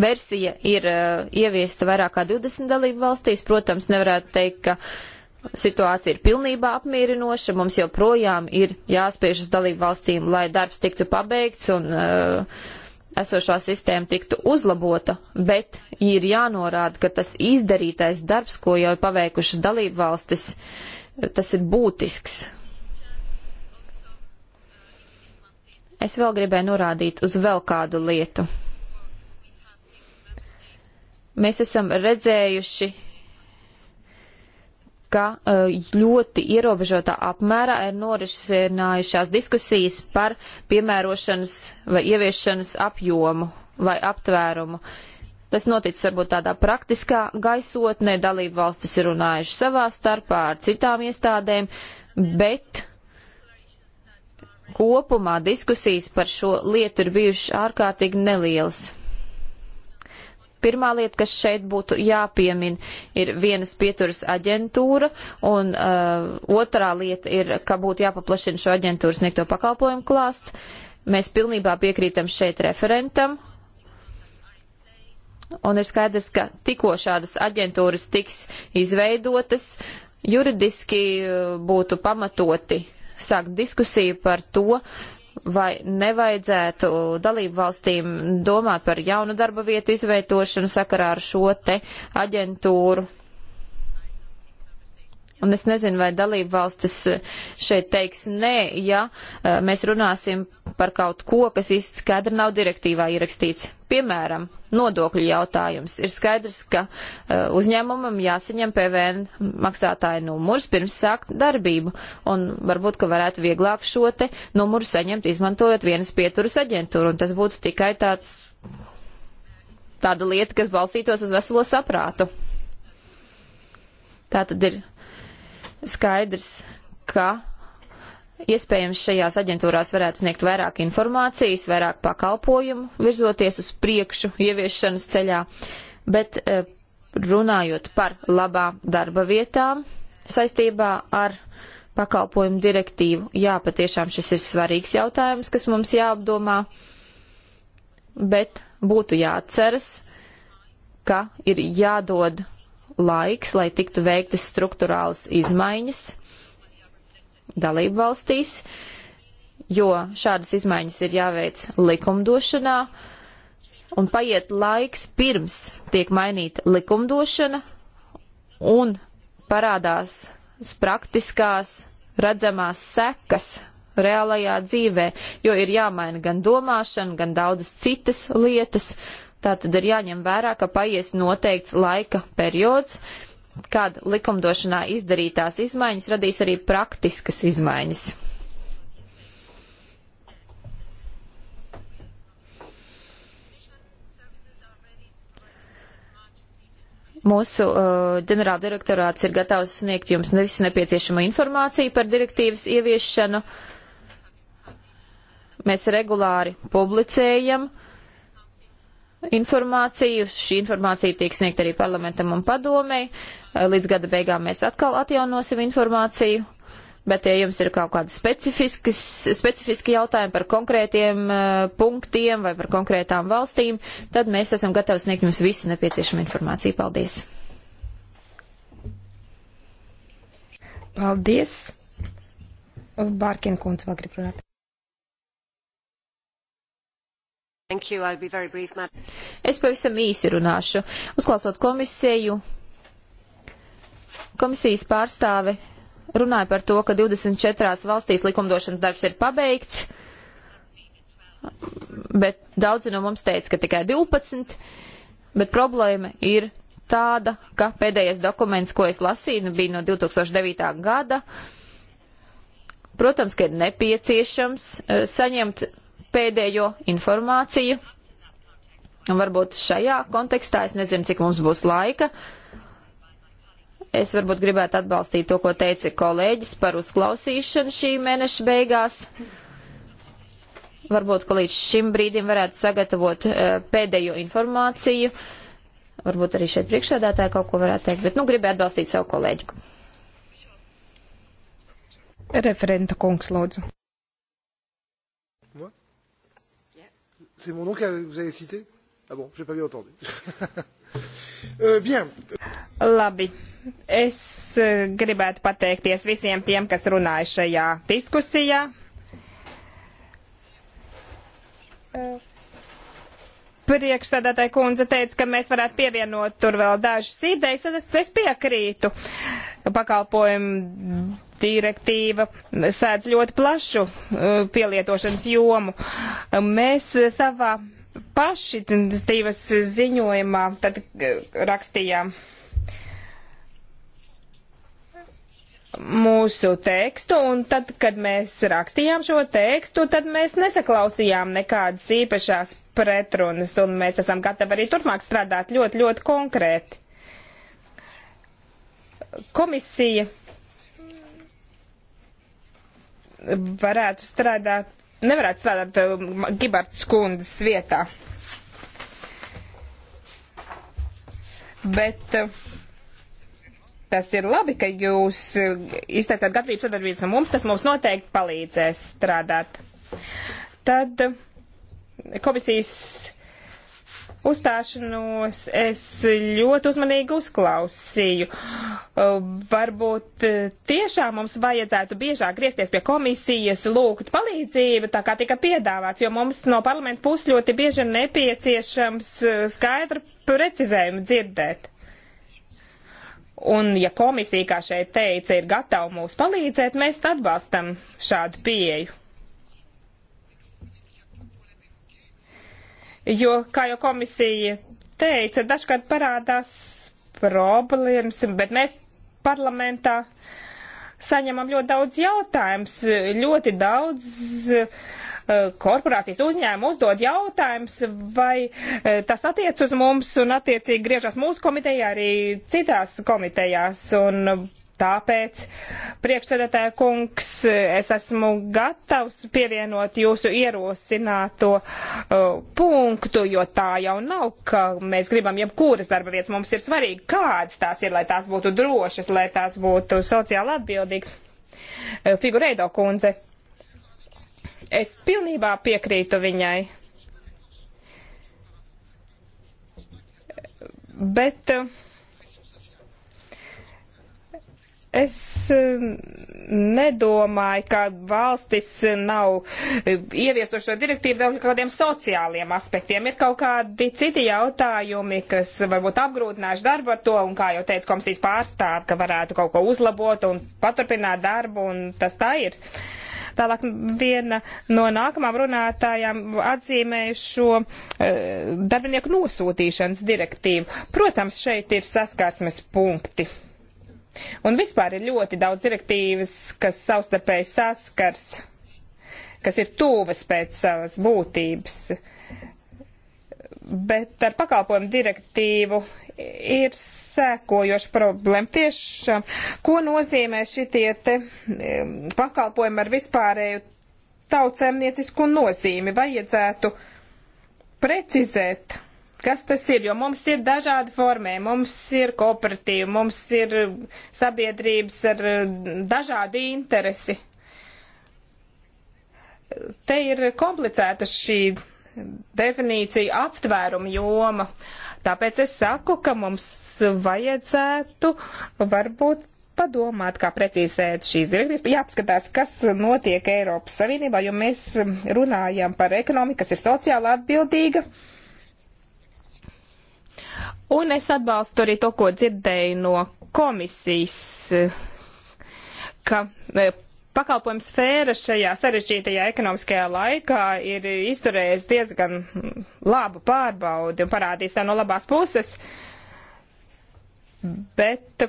versija ir eh, ieviesta vairāk kā 20 dalību valstīs. Protams, nevarētu teikt, ka situācija ir pilnībā apmierinoša, mums joprojām ir jāspiež uz dalību valstīm, lai darbs tiktu pabeigts un uh, esošā sistēma tiktu uzlabota, bet ir jānorāda, ka tas izdarītais darbs, ko jau ir paveikušas dalību valstis, tas ir būtisks. Es vēl gribēju norādīt uz vēl kādu lietu. Mēs esam redzējuši ka eh, ļoti ierobežotā apmērā ir norisinājušās diskusijas par piemērošanas vai ieviešanas apjomu vai aptvērumu. Tas noticis varbūt tādā praktiskā gaisotnē, dalību valstis ir runājuši savā starpā ar citām iestādēm, bet kopumā diskusijas par šo lietu ir bijušas ārkārtīgi nelielas. Pirmā lieta, kas šeit būtu jāpiemin, ir vienas pieturas aģentūra, un uh, otrā lieta ir, ka būtu jāpaplašina šo aģentūru sniegto pakalpojumu klāsts. Mēs pilnībā piekrītam šeit referentam. Un ir skaidrs, ka tikko šādas aģentūras tiks izveidotas, juridiski uh, būtu pamatoti sākt diskusiju par to, uh, vai nevajadzētu dalību valstīm domāt par jaunu darba vietu izveidošanu sakarā ar šo te aģentūru. Un es nezinu, vai dalību valstis šeit teiks nē, ja eh, mēs runāsim par kaut ko, kas īsti skaidri nav direktīvā ierakstīts. Piemēram, nodokļu jautājums. Ir skaidrs, ka uh, uzņēmumam jāsaņem PVN maksātāja numurs pirms sākt darbību, un varbūt, ka varētu vieglāk šo te numuru saņemt, izmantojot vienas pieturas aģentūru, un tas būtu tikai tāds, tāda lieta, kas balstītos uz veselo saprātu. Tā tad ir skaidrs, ka Iespējams, šajās aģentūrās varētu sniegt vairāk informācijas, vairāk pakalpojumu, virzoties uz priekšu ieviešanas ceļā, bet e, runājot par labām darba vietām saistībā ar pakalpojumu direktīvu, jā, patiešām šis ir svarīgs jautājums, kas mums jāapdomā, bet būtu jāatceras, ka ir jādod laiks, lai tiktu veiktas struktūrāls izmaiņas dalību valstīs, jo šādas izmaiņas ir jāveic likumdošanā, un paiet laiks pirms tiek mainīta likumdošana, un parādās praktiskās redzamās sekas reālajā dzīvē, jo ir jāmaina gan domāšana, gan daudzas citas lietas. Tā tad ir jāņem vērā, ka paies noteikts laika periods, kad likumdošanā izdarītās izmaiņas radīs arī praktiskas izmaiņas. Mūsu uh, ģenerāldirektorāts ir gatavs sniegt jums visu nepieciešamo informāciju par direktīvas ieviešanu. Mēs regulāri publicējam informāciju. Šī informācija tiek sniegta arī parlamentam un padomei. Līdz gada beigām mēs atkal atjaunosim informāciju. Bet, ja jums ir kaut kādi specifiski jautājumi par konkrētiem uh, punktiem vai par konkrētām valstīm, tad mēs esam gatavi sniegt jums visu nepieciešamo informāciju. Paldies! Paldies! Bārkina kundze vēl grib runāt. Brief, es pavisam īsi runāšu. Uzklausot komisiju, komisijas pārstāve runāja par to, ka 24 valstīs likumdošanas darbs ir pabeigts, bet daudzi no mums teica, ka tikai 12, bet problēma ir tāda, ka pēdējais dokuments, ko es lasīju, nu, bija no 2009. gada. Protams, ka ir nepieciešams eh, saņemt pēdējo informāciju. Un varbūt šajā kontekstā, es nezinu, cik mums būs laika, es varbūt gribētu atbalstīt to, ko teica kolēģis par uzklausīšanu šī mēneša beigās. Varbūt, ka līdz šim brīdim varētu sagatavot eh, pēdējo informāciju. Varbūt arī šeit priekšsēdētāji kaut ko varētu teikt, bet nu gribētu atbalstīt savu kolēģi. Referenta kungs, lūdzu. C'est mon nom que vous avez cité Ah bon, j'ai pas bien entendu. euh, bien. Labi, es eh, gribētu pateikties visiem tiem, kas runāja šajā diskusijā. Uh priekšsēdētāja kundze teica, ka mēs varētu pievienot tur vēl dažas idejas, tad es, es piekrītu. Pakalpojumu direktīva sēdz ļoti plašu uh, pielietošanas jomu. Mēs savā paši dzīves ziņojumā tad uh, rakstījām mūsu tekstu, un tad, kad mēs rakstījām šo tekstu, tad mēs nesaklausījām nekādas īpašās pretrunas, un mēs esam gatavi arī turpmāk strādāt ļoti, ļoti konkrēti. Komisija varētu strādāt, nevarētu strādāt um, Gibarts kundzes vietā. Bet uh, tas ir labi, ka jūs eh, izteicāt gatavību sadarbības ar mums, tas mums noteikti palīdzēs strādāt. Tad eh, komisijas uzstāšanos es ļoti uzmanīgi uzklausīju. Eh, varbūt tiešām mums vajadzētu biežāk griezties pie komisijas, lūgt palīdzību, tā kā tika piedāvāts, jo mums no parlamenta puses ļoti bieži ir nepieciešams skaidru precizējumu dzirdēt. Un ja komisija, kā šeit teica, ir gatava mūs palīdzēt, mēs atbalstam šādu pieeju. Jo, kā jau komisija teica, dažkārt parādās problēmas, bet mēs parlamentā saņemam ļoti daudz jautājums, ļoti daudz uh, Eh, korporācijas uzņēmumi uzdod jautājums, vai eh, tas attiec uz mums un attiecīgi griežas mūsu komitejā arī citās komitejās. Un Tāpēc, priekšsēdētāja kungs, eh, es esmu gatavs pievienot jūsu ierosināto uh, punktu, jo tā jau nav, ka mēs gribam jebkuras darba vietas. Mums ir svarīgi, kādas tās ir, lai tās būtu drošas, lai tās būtu sociāli atbildīgas. Figureido kundze, Es pilnībā piekrītu viņai. Bet eh, es eh, nedomāju, ka valstis nav eh, ieviesuši šo direktīvu vēl kādiem sociāliem aspektiem. Ir kaut kādi citi jautājumi, kas varbūt apgrūtināšu darbu ar to, un kā jau teica komisijas pārstāv, ka varētu kaut ko uzlabot un paturpināt darbu, un tas tā ir. Uh, Tālāk viena no nākamām runātājām atzīmēja šo eh, darbinieku nosūtīšanas direktīvu. Protams, šeit ir saskarsmes punkti. Un vispār ir ļoti daudz direktīvas, kas savstarpēji saskars, kas ir tuvas pēc savas būtības. Uh, bet ar pakalpojumu direktīvu ir sēkojoša problēma. Tiešām, ko nozīmē šitie te pakalpojumi ar vispārēju tautsēmniecisku nozīmi? Vajadzētu precizēt, kas tas ir, jo mums ir dažādi formē, mums ir kooperatīva, mums ir sabiedrības ar dažādi interesi. Te ir komplicēta šī definīciju aptvērumu joma. Tāpēc es saku, ka mums vajadzētu varbūt padomāt, kā precīzēt šīs direktīvas, jāapskatās, kas notiek Eiropas Savienībā, jo mēs runājam par ekonomiku, kas ir sociāli atbildīga. Un es atbalstu arī to, ko dzirdēju no komisijas, ka pakalpojumu sfēra šajā sarežģītajā ekonomiskajā laikā ir izturējis diezgan labu pārbaudi un parādījis tā no labās puses. Bet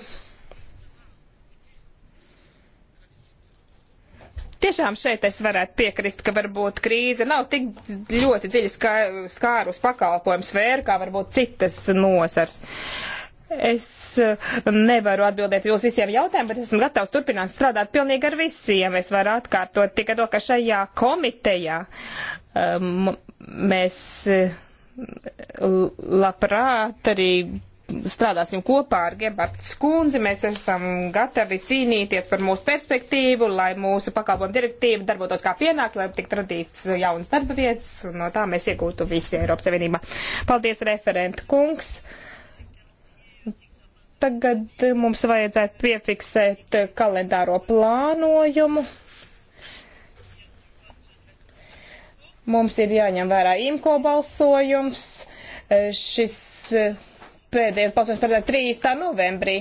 tiešām šeit es varētu piekrist, ka varbūt krīze nav tik ļoti dziļi skārus pakalpojumu sfēru, kā varbūt citas nosars. Uh, Es eh, nevaru atbildēt jūs visiem jautājumiem, bet esmu gatavs turpināt strādāt pilnīgi ar visiem. Es varu atkārtot tikai to, ka šajā komitejā um, mēs eh, labprāt arī strādāsim kopā ar Gebārdu Skundzi. Mēs esam gatavi cīnīties par mūsu perspektīvu, lai mūsu pakalpojumu direktīva darbotos kā pienāks, lai tiktu radīts jauns darba vietas, un no tā mēs iegūtu visi Eiropas Savienībā. Paldies, referenta kungs! tagad eh, mums vajadzētu piefiksēt eh, kalendāro plānojumu. Mums ir jāņem vērā imko balsojums. Eh, šis pēdējais balsojums paredzēts 3. novembrī.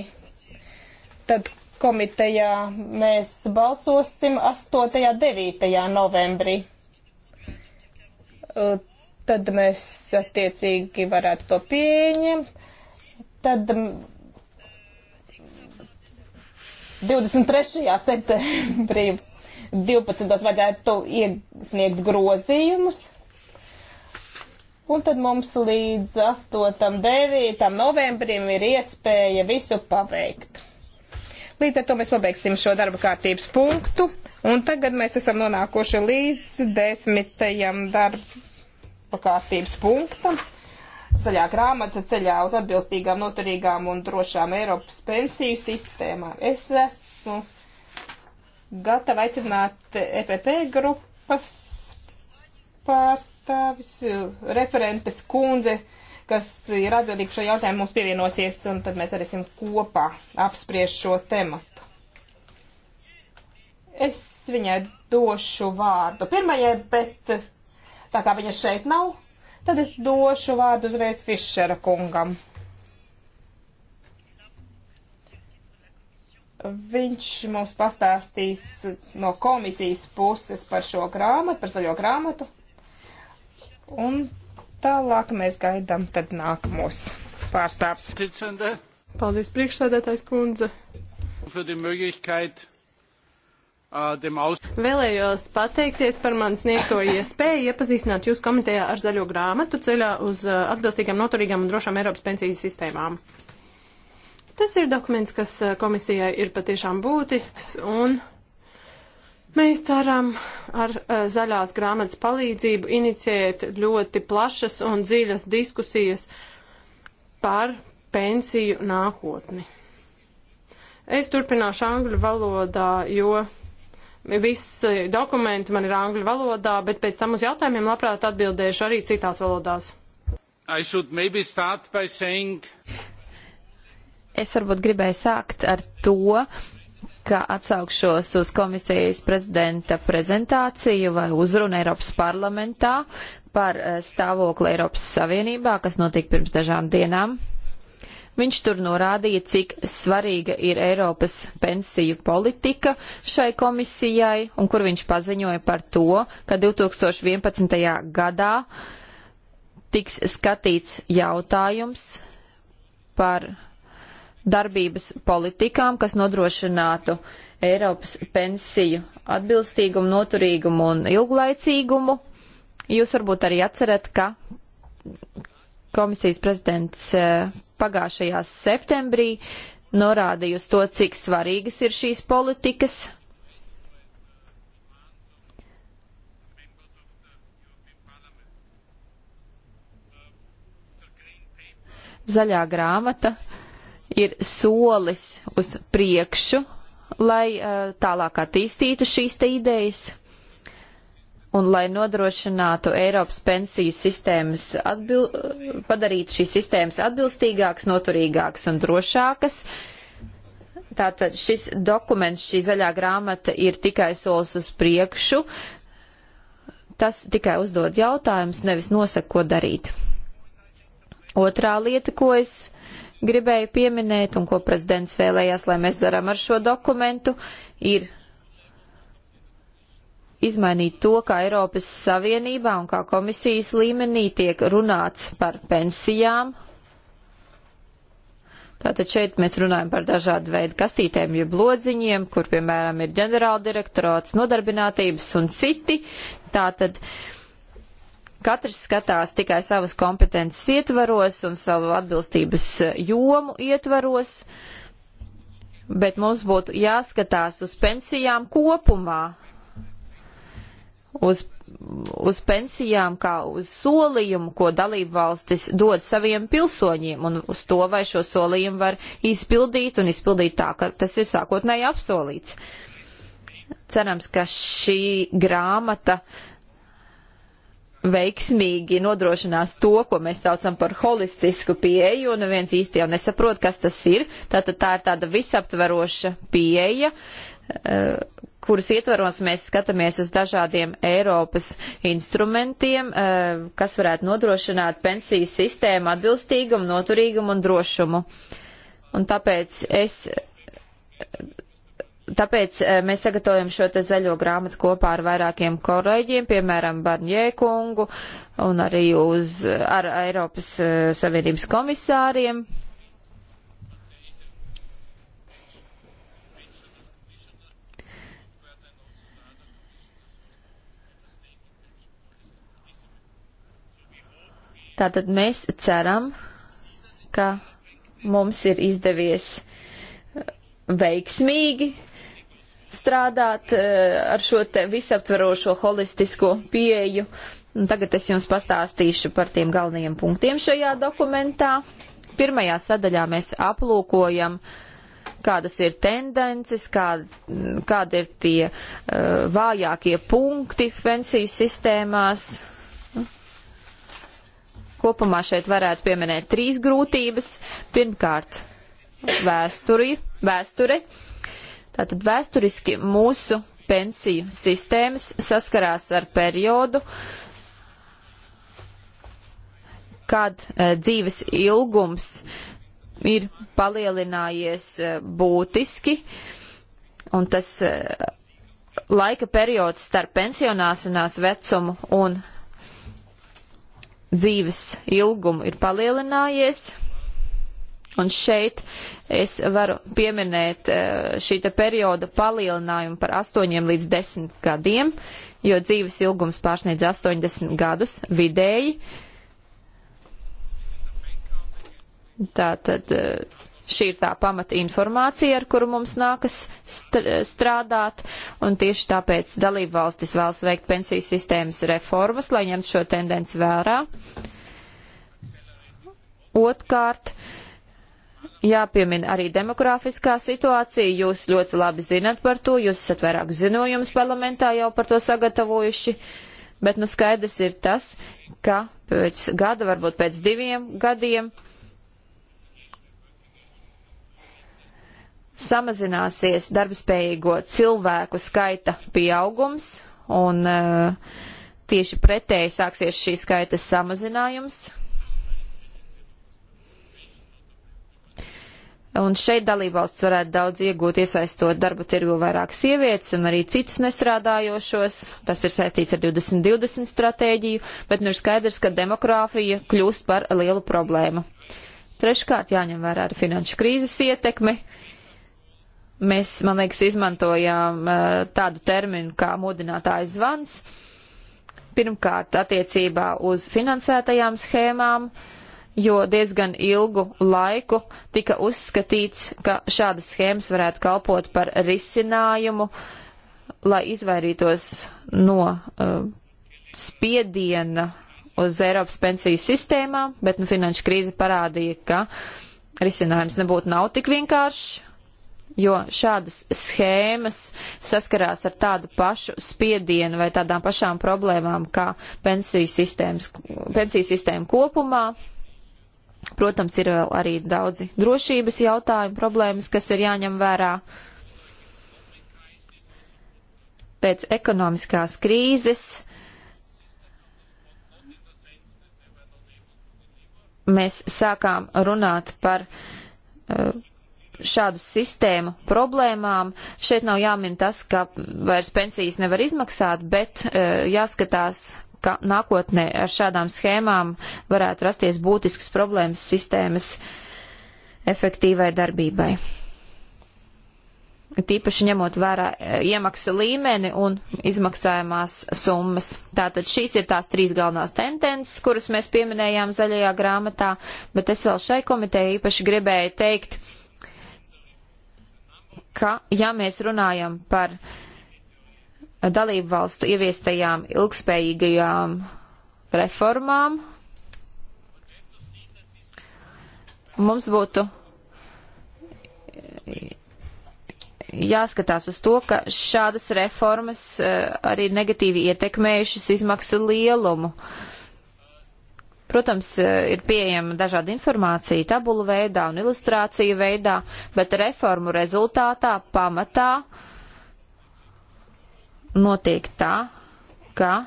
Tad komitejā mēs balsosim 8. 9. novembrī. Tad mēs attiecīgi varētu to pieņemt. Tad mm, 23. septembrī 12. vajadzētu iesniegt grozījumus. Un tad mums līdz 8. 9. novembrim ir iespēja visu paveikt. Līdz ar to mēs pabeigsim šo darba kārtības punktu. Un tagad mēs esam nonākuši līdz desmitajam darba kārtības punktam zaļā grāmata ceļā uz atbilstīgām, noturīgām un drošām Eiropas pensiju sistēmām. Es esmu gatava aicināt EPP grupas pārstāvis, referentes kundze, kas ir atbildīga šo jautājumu, mums pievienosies, un tad mēs varēsim kopā apspriest šo tematu. Es viņai došu vārdu pirmajai, bet tā kā viņa šeit nav, Tad es došu vārdu uzreiz Fišera kungam. Viņš mums pastāstīs no komisijas puses par šo grāmatu, par zaļo grāmatu. Un tālāk mēs gaidām tad nākamos pārstāvs. Paldies priekšsēdētājs kundze. Uh, Vēlējos pateikties par man sniegto iespēju iepazīstināt jūs komitejā ar zaļo grāmatu ceļā uz uh, atbilstīgām, noturīgām un drošām Eiropas pensiju sistēmām. Tas ir dokuments, kas uh, komisijai ir patiešām būtisks un Mēs ceram ar zaļās grāmatas palīdzību inicijēt ļoti plašas un dziļas diskusijas par pensiju nākotni. Es turpināšu angļu valodā, jo Visi dokumenti man ir angļu valodā, bet pēc tam uz jautājumiem labprāt atbildēšu arī citās valodās. Saying... Es varbūt gribēju sākt ar to, ka atsaukšos uz komisijas prezidenta prezentāciju vai uzrunu Eiropas parlamentā par eh, stāvokli Eiropas Savienībā, kas notika pirms dažām dienām. Viņš tur norādīja, cik svarīga ir Eiropas pensiju politika šai komisijai, un kur viņš paziņoja par to, ka 2011. gadā tiks skatīts jautājums par darbības politikām, kas nodrošinātu Eiropas pensiju atbilstīgumu, noturīgumu un ilglaicīgumu. Jūs varbūt arī atcerat, ka komisijas prezidents eh, pagājušajā septembrī norādīja uz to, cik svarīgas ir šīs politikas. Zaļā grāmata ir solis uz priekšu, lai uh, tālāk attīstītu šīs te idejas un lai nodrošinātu Eiropas pensiju sistēmas, atbil, padarīt šīs sistēmas atbilstīgākas, noturīgākas un drošākas. Tātad šis dokuments, šī zaļā grāmata ir tikai solis uz priekšu. Tas tikai uzdod jautājumus, nevis nosaka, ko darīt. Otrā lieta, ko es gribēju pieminēt un ko prezidents vēlējās, lai mēs darām ar šo dokumentu, ir izmainīt to, kā Eiropas Savienībā un kā komisijas līmenī tiek runāts par pensijām. Tātad šeit mēs runājam par dažādu veidu kastītēm, jeb lodziņiem, kur, piemēram, ir ģenerāldirektorāts, nodarbinātības un citi. Tātad katrs skatās tikai savas kompetences ietvaros un savu atbilstības eh, jomu ietvaros, bet mums būtu jāskatās uz pensijām kopumā, uz, uz pensijām kā uz solījumu, ko dalību valstis dod saviem pilsoņiem, un uz to, vai šo solījumu var izpildīt un izpildīt tā, ka tas ir sākotnēji apsolīts. Cerams, ka šī grāmata uh, veiksmīgi nodrošinās to, ko mēs saucam par holistisku pieeju, un neviens īsti jau nesaprot, kas tas ir. Tātad tā ir tāda visaptveroša pieeja, eh, kuras ietvaros mēs skatāmies uz dažādiem Eiropas instrumentiem, eh, kas varētu nodrošināt pensiju sistēmu atbilstīgumu, noturīgumu un drošumu. Un tāpēc es Tāpēc eh, mēs sagatavojam šo te zaļo grāmatu kopā ar vairākiem kolēģiem, piemēram, Barņē kungu un arī uz, ar Eiropas eh, Savienības komisāriem. Tātad mēs ceram, ka mums ir izdevies eh, veiksmīgi strādāt eh, ar šo te visaptverošo holistisko pieeju. Un tagad es jums pastāstīšu par tiem galvenajiem punktiem šajā dokumentā. Pirmajā sadaļā mēs aplūkojam uh, kādas ir tendences, kā, kāda ir tie uh, vājākie punkti pensiju sistēmās. Kopumā šeit varētu pieminēt trīs grūtības. Pirmkārt, vēsturi, vēsture. Tātad vēsturiski mūsu pensiju sistēmas saskarās ar periodu, kad e, dzīves ilgums ir palielinājies e, būtiski, un tas e, laika periods starp pensionāšanās vecumu un dzīves ilgumu ir palielinājies. Un šeit es varu pieminēt eh, šīta perioda palielinājumu par 8 līdz 10 gadiem, jo dzīves ilgums pārsniedz 80 gadus vidēji. Tātad eh, šī ir tā pamata informācija, ar kuru mums nākas strādāt, un tieši tāpēc dalību valstis vēlas veikt pensiju sistēmas reformas, lai ņemtu šo tendenci vērā. Otkārt, uh, Jāpiemina arī demografiskā situācija, jūs ļoti labi zinat par to, jūs esat vairāk zinojums parlamentā jau par to sagatavojuši, bet nu skaidrs ir tas, ka pēc gada, varbūt pēc diviem gadiem samazināsies darbspējīgo cilvēku skaita pieaugums un uh, tieši pretēji sāksies šī skaita samazinājums, Un šeit dalībvalsts varētu daudz iegūt, iesaistot darba tirgu vairāk sievietes un arī citus nestrādājošos. Tas ir saistīts ar 2020 stratēģiju, bet nu ir skaidrs, ka demogrāfija kļūst par lielu problēmu. Treškārt jāņem vērā arī finanšu krīzes ietekme. Mēs, man liekas, izmantojām eh, tādu terminu kā modinātājs zvans. Pirmkārt, attiecībā uz finansētajām schēmām. Uh, jo diezgan ilgu laiku tika uzskatīts, ka šādas schēmas varētu kalpot par risinājumu, lai izvairītos no uh, spiediena uz Eiropas pensiju sistēmām, bet nu, finanšu krīze parādīja, ka risinājums nebūtu nav tik vienkāršs, jo šādas schēmas saskarās ar tādu pašu spiedienu vai tādām pašām problēmām kā pensiju, sistēmas, pensiju sistēma kopumā, Protams, ir uh, arī daudzi drošības jautājumi, problēmas, kas ir jāņem vērā. Pēc ekonomiskās krīzes mēs sākām runāt par uh, šādu sistēmu problēmām. Šeit nav jāmin tas, ka vairs pensijas nevar izmaksāt, bet uh, jāskatās, ka nākotnē ar šādām schēmām varētu rasties būtiskas problēmas sistēmas efektīvai darbībai. Tīpaši ņemot vērā e, iemaksu līmeni un izmaksājumās summas. Tātad šīs ir tās trīs galvenās tendences, kuras mēs pieminējām zaļajā grāmatā, bet es vēl šai komitejai īpaši gribēju teikt, ka ja mēs runājam par uh, dalību valstu ieviestajām ilgspējīgajām reformām, mums būtu jāskatās uz to, ka šādas reformas eh, arī negatīvi ietekmējušas izmaksu lielumu. Protams, eh, ir pieejama dažāda informācija tabulu veidā un ilustrāciju veidā, bet reformu rezultātā pamatā uh, notiek tā, ka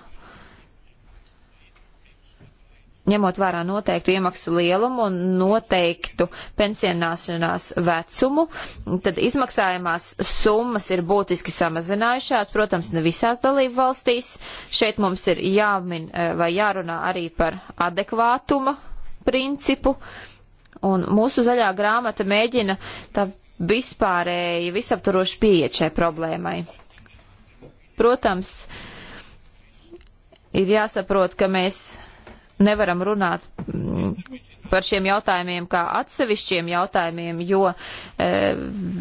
ņemot vērā noteiktu iemaksu lielumu un noteiktu pensionāšanās vecumu, tad izmaksājumās summas ir būtiski samazinājušās, protams, ne visās dalību valstīs. Šeit mums ir jāmin eh, vai jārunā arī par adekvātuma principu, un mūsu zaļā grāmata mēģina tā vispārēji visapturoši pieeja šai problēmai. Protams, ir jāsaprot, ka mēs nevaram runāt mm, par šiem jautājumiem kā atsevišķiem jautājumiem, jo e,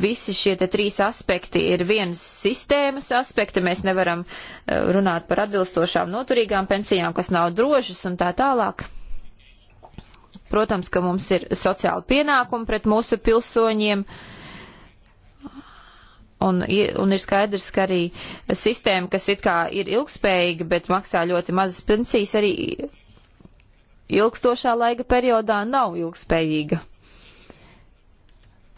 visi šie te trīs aspekti ir vienas sistēmas aspekti. Mēs nevaram e, runāt par atbilstošām noturīgām pensijām, kas nav drošas un tā tālāk. Protams, ka mums ir sociāli pienākumi pret mūsu pilsoņiem. E, Un, un ir skaidrs, ka arī sistēma, kas it kā ir ilgspējīga, bet maksā ļoti mazas pensijas, arī ilgstošā laika periodā nav ilgspējīga.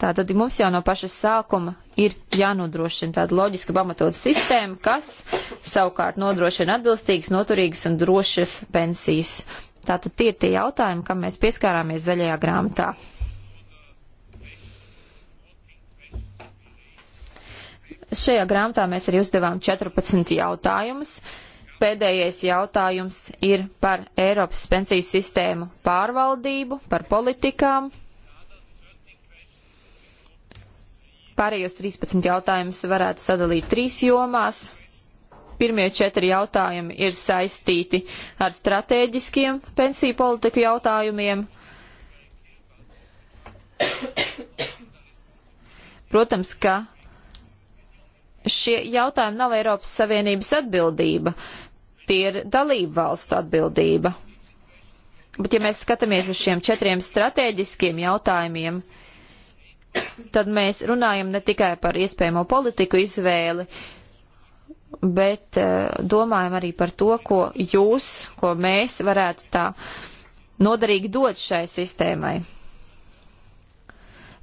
Tātad mums jau no paša sākuma ir jānodrošina tāda loģiska pamatot sistēma, kas savukārt nodrošina atbilstīgas, noturīgas un drošas pensijas. Tātad tie ir tie jautājumi, kam mēs pieskārāmies zaļajā grāmatā. Šajā grāmatā mēs arī uzdevām 14 jautājumus. Pēdējais jautājums ir par Eiropas pensiju sistēmu pārvaldību, par politikām. Pārējos 13 jautājumus varētu sadalīt trīs jomās. Pirmie četri jautājumi ir saistīti ar stratēģiskiem pensiju politiku jautājumiem. Protams, ka šie jautājumi nav Eiropas Savienības atbildība, tie ir dalību valstu atbildība. Bet ja mēs skatāmies uz šiem četriem strateģiskiem jautājumiem, tad mēs runājam ne tikai par iespējamo politiku izvēli, bet eh, domājam arī par to, ko jūs, ko mēs varētu tā noderīgi dot šai sistēmai.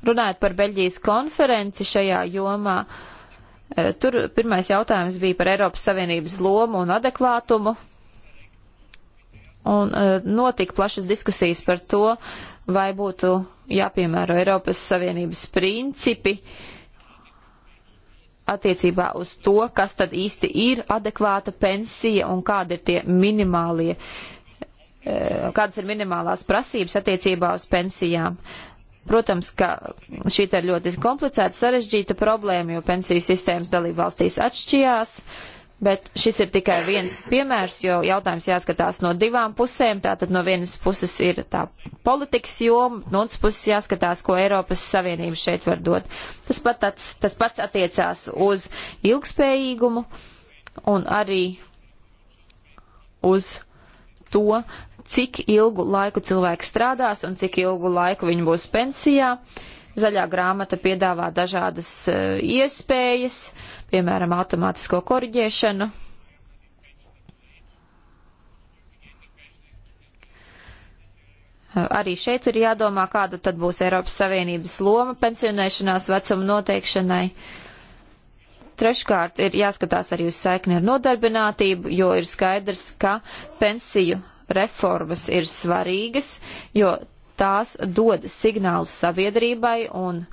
Runājot par Beļģijas konferenci šajā jomā, uh, Eh, tur pirmais jautājums bija par Eiropas Savienības lomu un adekvātumu. Un eh, notika plašas diskusijas par to, vai būtu jāpiemēro Eiropas Savienības principi attiecībā uz to, kas tad īsti ir adekvāta pensija un kādi ir tie minimālie, eh, kādas ir minimālās prasības attiecībā uz pensijām. Protams, ka šī ir ļoti komplicēta, sarežģīta problēma, jo pensiju sistēmas dalība valstīs atšķījās, bet šis ir tikai viens piemērs, jo jautājums jāskatās no divām pusēm. Tātad no vienas puses ir tā politikas joma, no otras puses jāskatās, ko Eiropas Savienība šeit var dot. Tas, pat, tas, tas pats attiecās uz ilgspējīgumu un arī uz to, cik ilgu laiku cilvēki strādās un cik ilgu laiku viņi būs pensijā. Zaļā grāmata piedāvā dažādas e, iespējas, piemēram, automātisko korģēšanu. E, arī šeit ir jādomā, kāda tad būs Eiropas Savienības loma pensionēšanās vecuma noteikšanai. Treškārt ir jāskatās arī uz saikni ar nodarbinātību, jo ir skaidrs, ka pensiju reformas ir svarīgas, jo tās dod signālu sabiedrībai un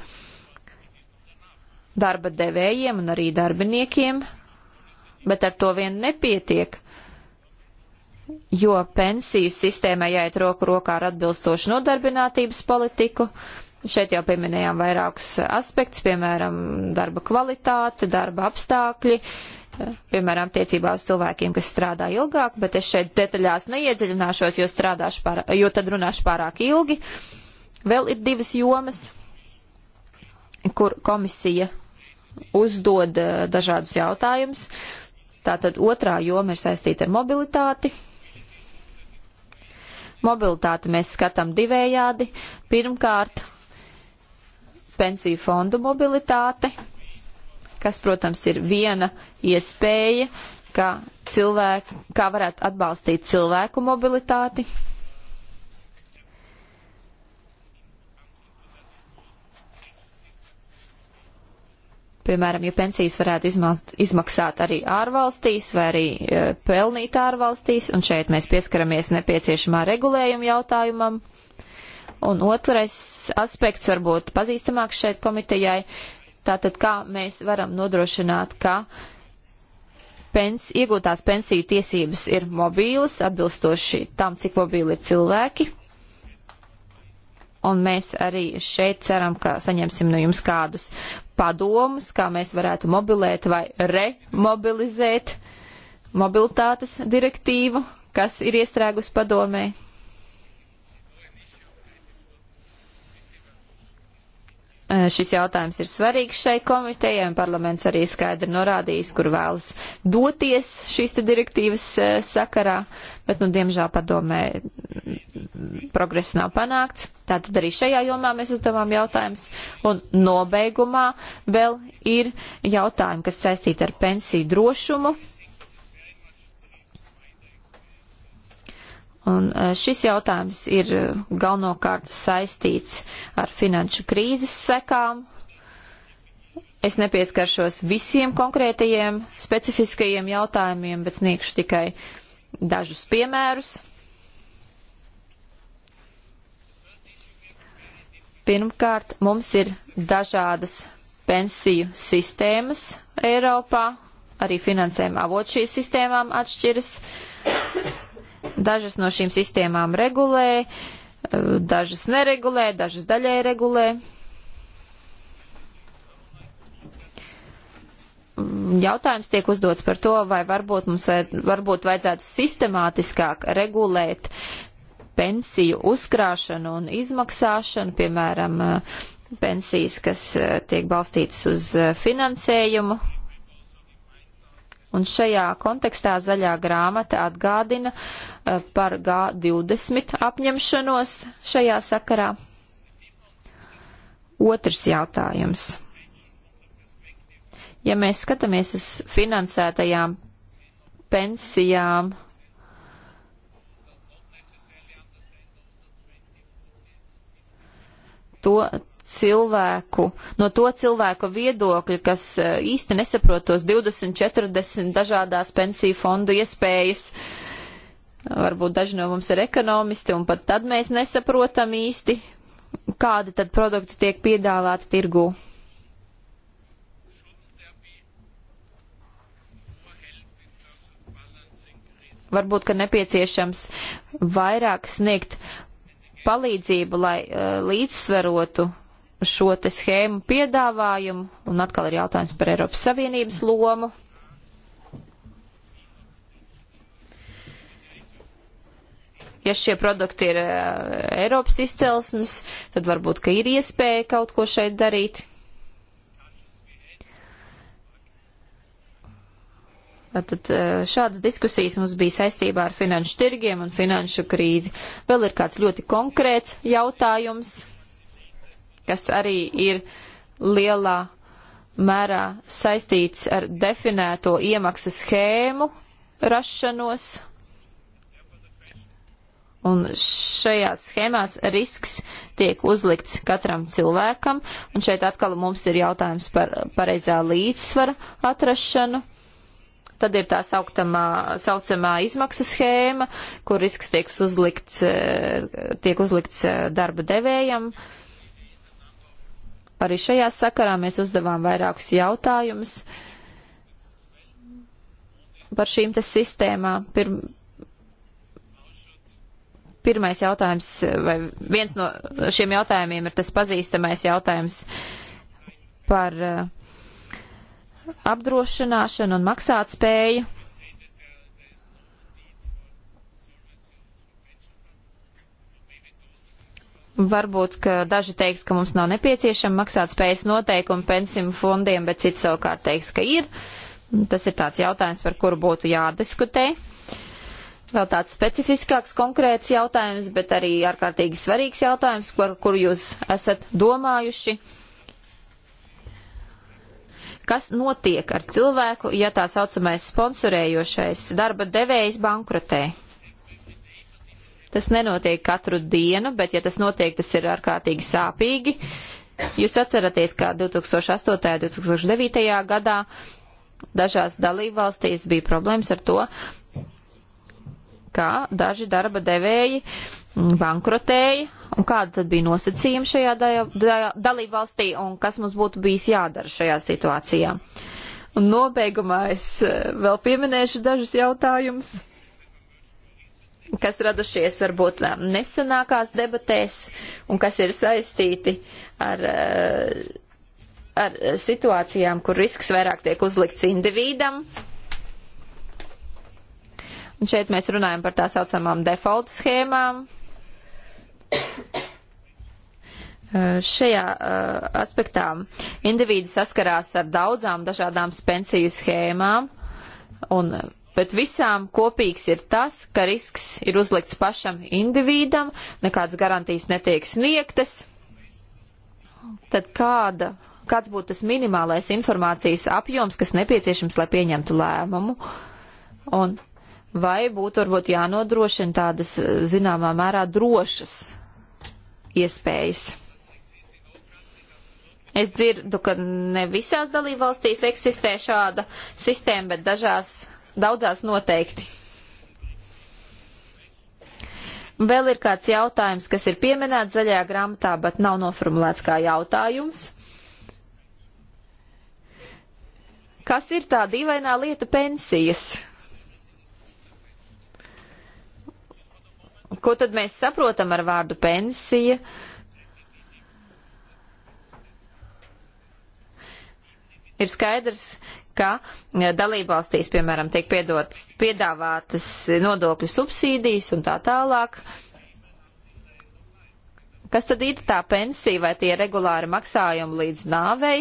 darba devējiem un arī darbiniekiem, bet ar to vien nepietiek, jo pensiju sistēmai jāiet roku rokā ar atbilstošu nodarbinātības politiku. Šeit jau pieminējām vairākus aspektus, piemēram, darba kvalitāte, darba apstākļi, uh, piemēram, attiecībā uz cilvēkiem, kas strādā ilgāk, bet es šeit detaļās neiedziļināšos, jo, pār, jo tad runāšu pārāk ilgi. Vēl ir divas jomas, kur komisija uzdod eh, dažādus jautājumus. Tātad otrā joma ir saistīta ar mobilitāti. Mobilitāti mēs skatām divējādi. Pirmkārt, pensiju fondu mobilitāte, kas, protams, ir viena iespēja, kā, cilvēku, kā varētu atbalstīt cilvēku mobilitāti. Piemēram, ja pensijas varētu izmaksāt arī ārvalstīs vai arī e, pelnīt ārvalstīs, un šeit mēs pieskaramies nepieciešamā regulējuma jautājumam. Un otrais aspekts, varbūt pazīstamāks šeit komitejai, Tātad, kā mēs varam nodrošināt, ka pens, iegūtās pensiju tiesības ir mobīlas, atbilstoši tam, cik mobīli ir cilvēki. Un mēs arī šeit ceram, ka saņemsim no jums kādus padomus, kā mēs varētu mobilēt vai remobilizēt mobilitātes direktīvu, kas ir iestrēgus padomē, Eh, šis jautājums ir svarīgs šai komitejai, un parlaments arī skaidri norādījis, kur vēlas doties šīs te direktīvas eh, sakarā, bet, nu, diemžēl padomē mm, progress nav panākts. Tātad arī šajā jomā mēs uzdevām jautājumus, un nobeigumā vēl ir jautājumi, kas saistīti ar pensiju drošumu Un e, šis jautājums ir e, galvenokārt saistīts ar finanšu krīzes sekām. Es nepieskaršos visiem konkrētajiem specifiskajiem jautājumiem, bet sniegšu tikai dažus piemērus. Pirmkārt, mums ir dažādas pensiju sistēmas Eiropā, arī finansējuma avots šīs sistēmām atšķiras. Dažas no šīm sistēmām regulē, dažas neregulē, dažas daļai regulē. Jautājums tiek uzdots par to, vai varbūt mums varbūt vajadzētu sistemātiskāk regulēt pensiju uzkrāšanu un izmaksāšanu, piemēram, pensijas, kas eh, tiek balstītas uz eh, finansējumu, Un šajā kontekstā zaļā grāmata atgādina eh, par G20 apņemšanos šajā sakarā. Otrs jautājums. Ja mēs skatāmies uz finansētajām pensijām, to cilvēku, no to cilvēku viedokļa, kas e, īsti nesaprot tos 20, 40 dažādās pensiju fondu iespējas. Varbūt daži no mums ir ekonomisti, un pat tad mēs nesaprotam īsti, kādi tad produkti tiek piedāvāti tirgū. Varbūt, ka nepieciešams vairāk sniegt palīdzību, lai uh, līdzsvarotu šo te schēmu piedāvājumu, un atkal ir jautājums par Eiropas Savienības lomu. Ja šie produkti ir eh, Eiropas izcelsmes, tad varbūt, ka ir iespēja kaut ko šeit darīt. Tātad eh, šādas diskusijas mums bija saistībā ar finanšu tirgiem un finanšu krīzi. Vēl ir kāds ļoti konkrēts jautājums kas arī ir lielā mērā saistīts ar definēto iemaksu schēmu rašanos. Un šajās schēmās risks tiek uzlikts katram cilvēkam, un šeit atkal mums ir jautājums par pareizā līdzsvara atrašanu. Tad ir tā sauktamā, saucamā izmaksu schēma, kur risks tiek uzlikts, eh, tiek uzlikts eh, darba devējam. Uh, Arī šajā sakarā mēs uzdevām vairākus jautājumus par šīm te sistēmām. Pir... Pirmais jautājums, vai viens no šiem jautājumiem ir tas pazīstamais jautājums par eh, apdrošināšanu un maksātspēju Varbūt, ka daži teiks, ka mums nav nepieciešama maksātspējas noteikumi pensiju fondiem, bet cits savukārt teiks, ka ir. Tas ir tāds jautājums, par kuru būtu jādiskutē. Vēl tāds specifiskāks konkrēts jautājums, bet arī ārkārtīgi svarīgs jautājums, par kuru jūs esat domājuši. Kas notiek ar cilvēku, ja tā saucamais sponsorējošais darba devējs bankrotē? Tas nenotiek katru dienu, bet ja tas notiek, tas ir ārkārtīgi sāpīgi. Jūs atceraties, kā 2008. un 2009. gadā dažās dalībvalstīs bija problēmas ar to, kā daži darba devēji bankrotēja un kāda tad bija nosacījuma šajā da da dalībvalstī un kas mums būtu bijis jādara šajā situācijā. Un nobeigumā es eh, vēl pieminēšu dažus jautājumus kas radušies varbūt nesenākās debatēs un kas ir saistīti ar, eh, ar situācijām, kur risks vairāk tiek uzlikts individam. Un šeit mēs runājam par tā saucamām default schēmām. Eh, šajā uh, aspektā indivīdi saskarās ar daudzām dažādām pensiju schēmām, un bet visām kopīgs ir tas, ka risks ir uzlikts pašam individam, nekādas garantijas netiek sniegtas. Tad kāda, kāds būtu tas minimālais informācijas apjoms, kas nepieciešams, lai pieņemtu lēmumu? Un vai būtu varbūt jānodrošina tādas zināmā mērā drošas iespējas? Es dzirdu, ka ne visās dalībvalstīs eksistē šāda sistēma, bet dažās daudzās noteikti. Vēl ir kāds jautājums, kas ir pieminēts zaļajā grāmatā, bet nav noformulēts kā jautājums. Kas ir tā dīvainā lieta pensijas? Ko tad mēs saprotam ar vārdu pensija? Ir skaidrs, ka eh, dalībvalstīs, piemēram, tiek piedotas, piedāvātas nodokļu subsīdijas un tā tālāk. Kas tad ir tā pensija vai tie regulāri maksājumi līdz nāvei?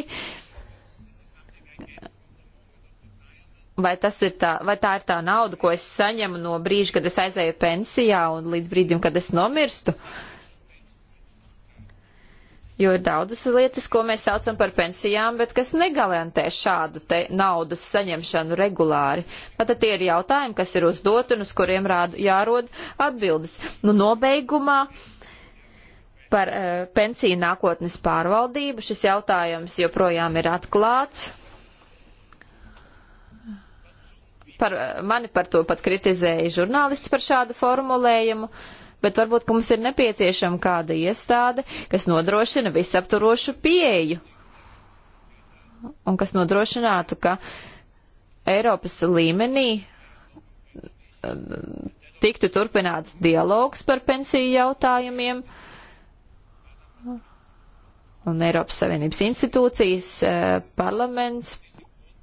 Vai, ir tā, vai tā ir tā nauda, ko es saņemu no brīža, kad es aizēju pensijā un līdz brīdim, kad es nomirstu? Uh, Jo ir daudzas lietas, ko mēs saucam par pensijām, bet kas negarantē šādu te naudas saņemšanu regulāri. Tātad tie ir jautājumi, kas ir uzdot un uz kuriem rādu, jārod atbildes. Nu, nobeigumā par uh, pensiju nākotnes pārvaldību šis jautājums joprojām ir atklāts. Par, eh, mani par to pat kritizēja žurnālisti par šādu formulējumu. Uh, bet varbūt, ka mums ir nepieciešama kāda iestāde, kas nodrošina visapturošu pieeju un kas nodrošinātu, ka Eiropas līmenī um, tiktu turpināts dialogs par pensiju jautājumiem. Un Eiropas Savienības institūcijas, eh, parlaments,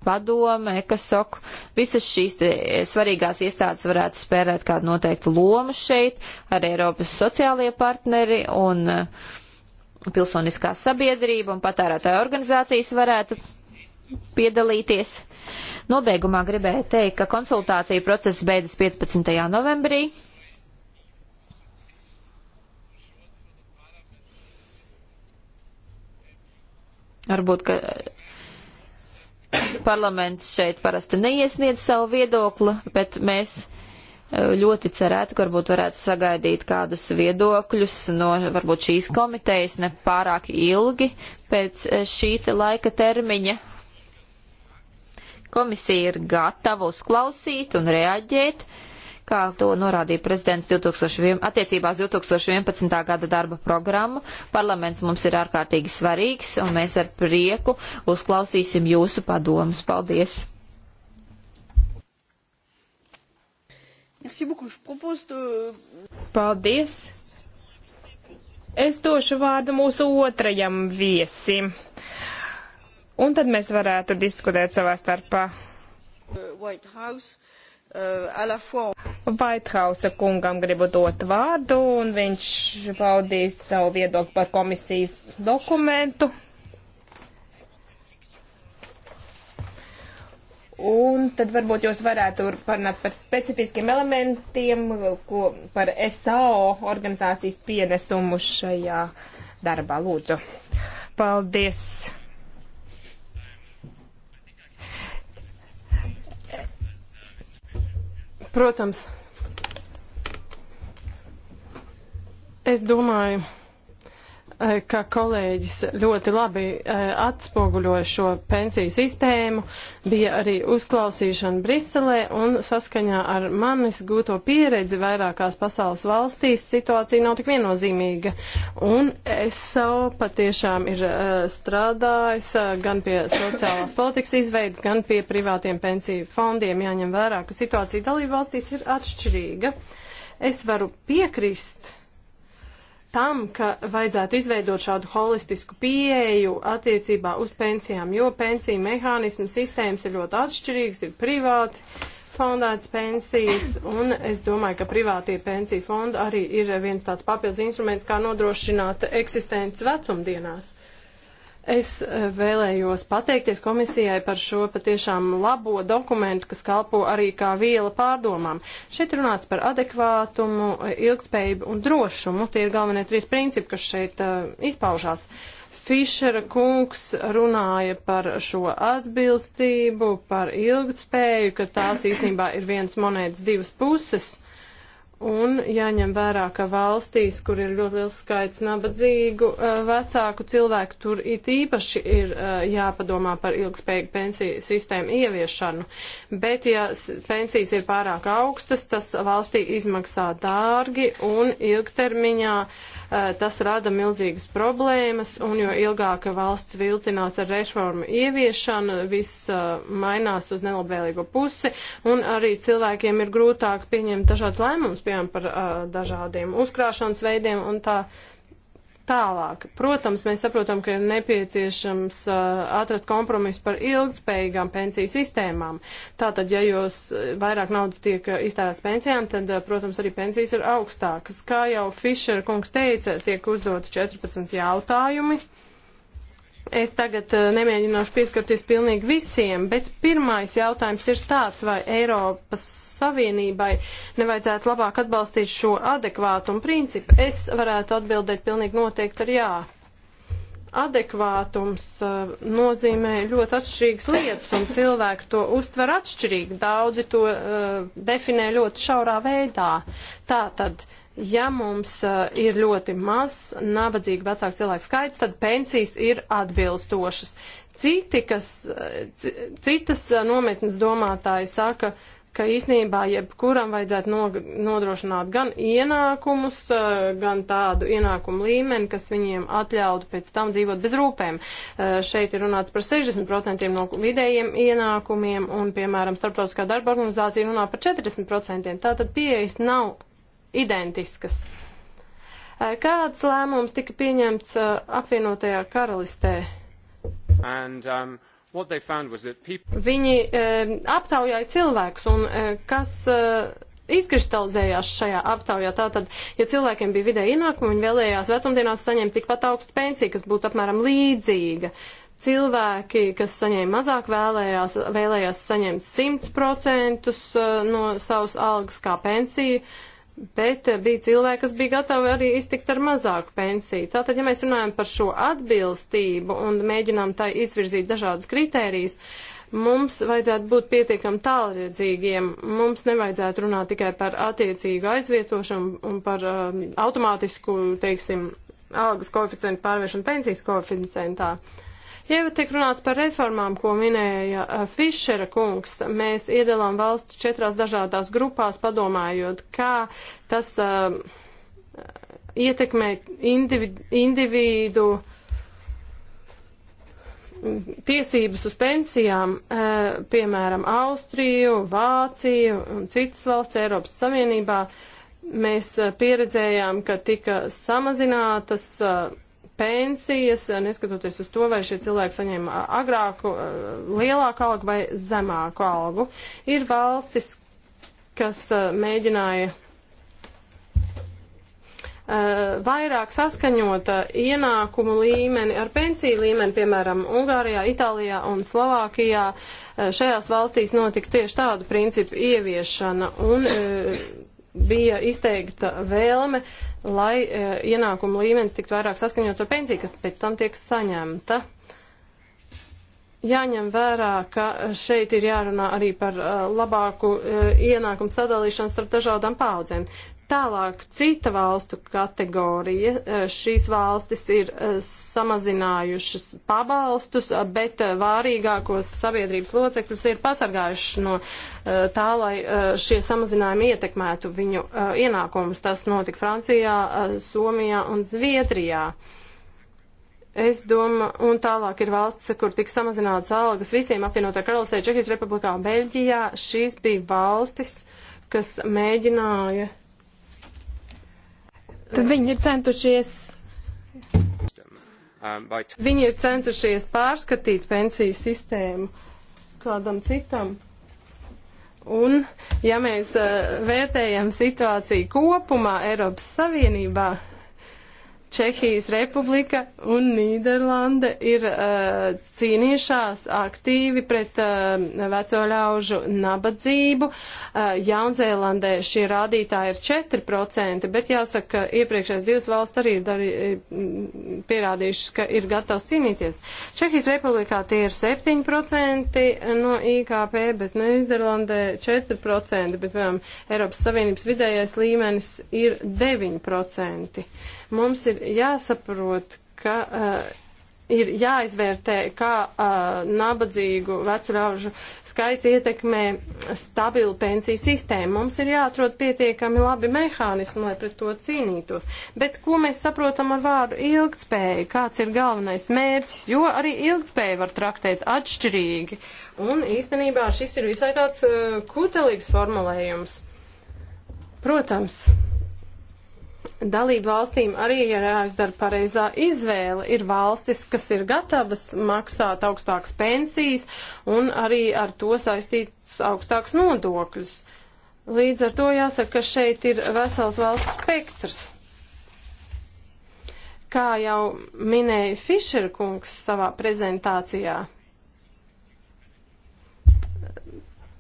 padome, ekasok, visas šīs eh, svarīgās iestādes varētu spēlēt kādu noteiktu lomu šeit, arī Eiropas sociālie partneri un eh, pilsoniskā sabiedrība un patērētāja organizācijas varētu piedalīties. Nobeigumā gribēju teikt, ka konsultācija process beidzas 15. novembrī. Varbūt, ka parlaments šeit parasti neiesniedz savu viedokli, bet mēs e, ļoti cerētu, ka varbūt varētu sagaidīt kādus viedokļus no varbūt šīs komitejas ne pārāk ilgi pēc e, šī te laika termiņa. Komisija ir gatava uzklausīt un reaģēt. Uh, kā to norādīja prezidents 2001, attiecībās 2011. gada darba programmu. Parlaments mums ir ārkārtīgi svarīgs, un mēs ar prieku uzklausīsim jūsu padomus. Paldies! Paldies! Es došu vārdu mūsu otrajam viesim. Un tad mēs varētu diskutēt savā starpā. White House Uh, Vaitrausa kungam gribu dot vārdu, un viņš paudīs savu viedokli par komisijas dokumentu. Un tad varbūt jūs varētu parunāt par specifiskiem elementiem, ko par SAO organizācijas pienesumu šajā darbā. Lūdzu. Paldies. Protams, es domāju, Eh, ka kolēģis ļoti labi eh, atspoguļo šo pensiju sistēmu, bija arī uzklausīšana Briselē un saskaņā ar manis gūto pieredzi vairākās pasaules valstīs situācija nav tik viennozīmīga. Un es savu patiešām ir eh, strādājis gan pie sociālās politikas izveidas, gan pie privātiem pensiju fondiem, jāņem vērā, ka situācija dalību valstīs ir atšķirīga. Es varu piekrist tam, ka vajadzētu izveidot šādu holistisku pieeju attiecībā uz pensijām, jo pensiju mehānismu sistēmas ir ļoti atšķirīgas, ir privāti fondētas pensijas, un es domāju, ka privātie pensiju fondi arī ir viens tāds papildus instruments, kā nodrošināt eksistenci vecumdienās. Es eh, vēlējos pateikties komisijai par šo patiešām labo dokumentu, kas kalpo arī kā viela pārdomām. Šeit runāts par adekvātumu, eh, ilgspējību un drošumu. Tie ir galvenie trīs principi, kas šeit uh, izpaužās. Fišera kungs runāja par šo atbilstību, par ilgtspēju, ka tās īstenībā ir viens monētas divas puses. Un jāņem vērā, ka valstīs, kur ir ļoti liels skaits nabadzīgu eh, vecāku cilvēku, tur it īpaši ir eh, jāpadomā par ilgspējīgu pensiju sistēmu ieviešanu. Bet, ja pensijas ir pārāk augstas, tas valstī izmaksā dārgi un ilgtermiņā uh, Eh, tas rada milzīgas problēmas, un jo ilgāk valsts vilcinās ar reformu ieviešanu, viss eh, mainās uz nelabvēlīgo pusi, un arī cilvēkiem ir grūtāk pieņemt dažādas lēmumus, piemēram, par eh, dažādiem uzkrāšanas veidiem un tā tālāk Tālāk, protams, mēs saprotam, ka ir nepieciešams uh, atrast kompromisu par ilgspējīgām pensiju sistēmām. Tātad, ja jūs uh, vairāk naudas tiek uh, iztērēts pensijām, tad, uh, protams, arī pensijas ir augstākas. Kā jau Fischer kungs teica, tiek uzdot 14 jautājumi. Uh, Es tagad eh, nemēģināšu pieskarties pilnīgi visiem, bet pirmais jautājums ir tāds, vai Eiropas Savienībai nevajadzētu labāk atbalstīt šo adekvātumu principu. Es varētu atbildēt pilnīgi noteikti ar jā. Adekvātums eh, nozīmē ļoti atšķirīgas lietas, un cilvēki to uztver atšķirīgi. Daudzi to uh, definē ļoti šaurā veidā. Tātad. Uh, Ja mums uh, ir ļoti maz nabadzīgu vecāku cilvēku skaits, tad pensijas ir atbilstošas. Citi, kas, eh, citas eh, nometnes domātāji saka, ka īsnībā jebkuram vajadzētu no, nodrošināt gan ienākumus, gan tādu ienākumu līmeni, kas viņiem atļautu pēc tam dzīvot bez rūpēm. Šeit ir runāts par 60% no vidējiem ienākumiem, un, piemēram, starptautiskā darba organizācija runā par 40%. Tātad pieejas nav identiskas. Kāds lēmums tika pieņemts apvienotajā karalistē? And, um, people... Viņi e, aptaujāja cilvēkus, un e, kas e, izkristalizējās šajā aptaujā. Tātad, ja cilvēkiem bija vidēji ienākumi, viņi vēlējās vecumdienās saņemt tikpat augstu pensiju, kas būtu apmēram līdzīga. Cilvēki, kas saņēma mazāk, vēlējās, vēlējās saņemt 100% no savas algas kā pensiju. Uh, bet eh, bija cilvēki, kas bija gatavi arī iztikt ar mazāku pensiju. Tātad, ja mēs runājam par šo atbilstību un mēģinām tai izvirzīt dažādas kritērijas, mums vajadzētu būt pietiekam tālredzīgiem. Mums nevajadzētu runāt tikai par attiecīgu aizvietošanu un par um, automātisku, teiksim, algas koeficientu pārviešanu pensijas koeficientā. Uh, Jau tiek runāts par reformām, ko minēja eh, Fišera kungs. Mēs iedalām valsts četrās dažādās grupās, padomājot, kā tas uh, ietekmē individu, individu tiesības uz pensijām, eh, piemēram, Austriju, Vāciju un citas valsts Eiropas Savienībā, mēs pieredzējām, ka tika samazinātas pensijas, neskatoties uz to, vai šie cilvēki saņēma agrāku, lielāku algu vai zemāku algu. Ir valstis, kas mēģināja vairāk saskaņota ienākumu līmeni ar pensiju līmeni, piemēram, Ungārijā, Itālijā un Slovākijā. Šajās valstīs notika tieši tādu principu ieviešana un e, bija izteikta vēlme, lai e, ienākuma līmenis tiktu vairāk saskaņots ar pensiju, kas pēc tam tiek saņemta. Jāņem vērā, ka šeit ir jārunā arī par uh, labāku uh, ienākumu sadalīšanu starp dažādām paudzēm. Tālāk cita valstu kategorija. Eh, šīs valstis ir eh, samazinājušas pabalstus, eh, bet vārīgākos sabiedrības locekļus ir pasargājuši no tā, lai šie samazinājumi ietekmētu viņu ienākumus. Tas notika Francijā, Somijā un Zviedrijā. Es domāju, un tālāk ir valsts, kur tika samazināts algas visiem apvienotā karalistē, Čehijas republikā, Beļģijā. Šīs bija valstis, kas mēģināja uh, Tad viņi ir centušies. Um, viņi ir centušies pārskatīt pensiju sistēmu kādam citam. Un, ja mēs uh, vērtējam situāciju kopumā Eiropas Savienībā, Čehijas republika un Nīderlanda ir uh, cīnījušās aktīvi pret uh, veco ļaužu nabadzību. Uh, Jaunzēlandē šie rādītāji ir 4%, bet jāsaka, ka iepriekšējās divas valsts arī ir darī, mm, pierādījušas, ka ir gatavs cīnīties. Čehijas republikā tie ir 7% no IKP, bet Nīderlandē 4%, bet, piemēram, Eiropas Savienības vidējais līmenis ir 9%. Mums ir jāsaprot, ka uh, ir jāizvērtē, kā uh, nabadzīgu vecraužu skaits ietekmē stabilu pensiju sistēmu. Mums ir jāatrod pietiekami labi mehānismi, lai pret to cīnītos. Bet ko mēs saprotam ar vārdu ilgtspēju? Kāds ir galvenais mērķis? Jo arī ilgtspēju var traktēt atšķirīgi. Un īstenībā šis ir visai tāds uh, kutelīgs formulējums. Protams dalību valstīm arī ir jāizdara pareizā izvēle. Ir valstis, kas ir gatavas maksāt augstākas pensijas un arī ar to saistīts augstāks nodokļus. Līdz ar to jāsaka, ka šeit ir vesels valsts spektrs. Kā jau minēja Fišerkungs savā prezentācijā,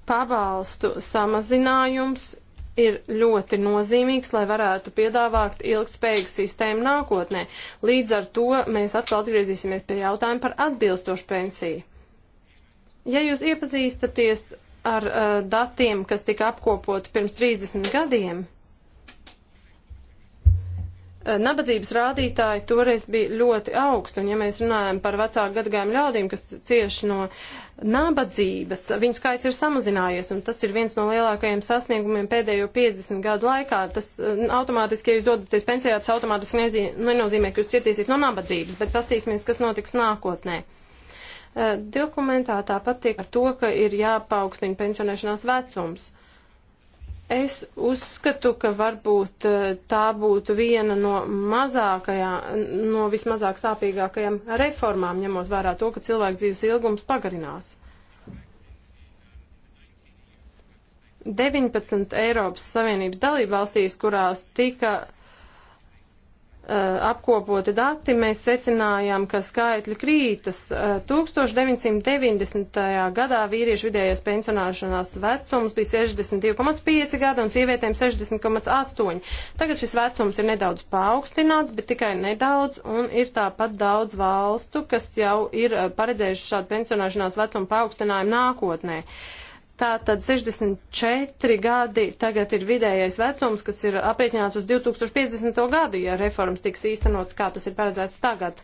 pabalstu samazinājums ir ļoti nozīmīgs, lai varētu piedāvāt ilgspējīgu sistēmu nākotnē. Līdz ar to mēs atkal atgriezīsimies pie jautājuma par atbilstošu pensiju. Ja jūs iepazīstaties ar uh, datiem, kas tika apkopoti pirms 30 gadiem, Eh, nabadzības rādītāji toreiz bija ļoti augsti, un ja mēs runājam par vecāku gadagājumu ļaudīm, kas cieši no nabadzības, viņu skaits ir samazinājies, un tas ir viens no lielākajiem sasniegumiem pēdējo 50 gadu laikā. Tas eh, automātiski, ja jūs dodaties pensijā, tas automātiski nezī, nenozīmē, ka jūs cietīsiet no nabadzības, bet pastīsimies, kas notiks nākotnē. Eh, dokumentā tāpat tiek ar to, ka ir jāpaukstina pensionēšanās vecums. Es uzskatu, ka varbūt eh, tā būtu viena no mazākajā, no vismazāk sāpīgākajām reformām, ņemot vērā to, ka cilvēku dzīves ilgums pagarinās. 19 Eiropas Savienības dalībvalstīs, kurās tika Eh, apkopoti dati, mēs secinājām, ka skaitļi krītas. 1990. Eh, gadā vīriešu vidējais pensionāšanās vecums bija 62,5 gadi un sievietēm 60,8. Tagad šis vecums ir nedaudz paaugstināts, bet tikai nedaudz, un ir tāpat daudz valstu, kas jau ir eh, paredzējuši šādu pensionāšanās vecumu paaugstinājumu nākotnē. Uh, Tātad 64 gadi tagad ir vidējais vecums, kas ir aprieķināts uz 2050. gadu, ja reformas tiks īstenots, kā tas ir paredzēts tagad.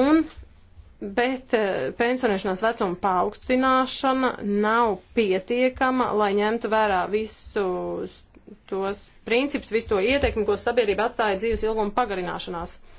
Un, bet eh, pensionēšanās vecuma paaugstināšana nav pietiekama, lai ņemtu vērā visus tos principus, visu to ietekmi, ko sabiedrība atstāja dzīves ilguma pagarināšanās. Uh,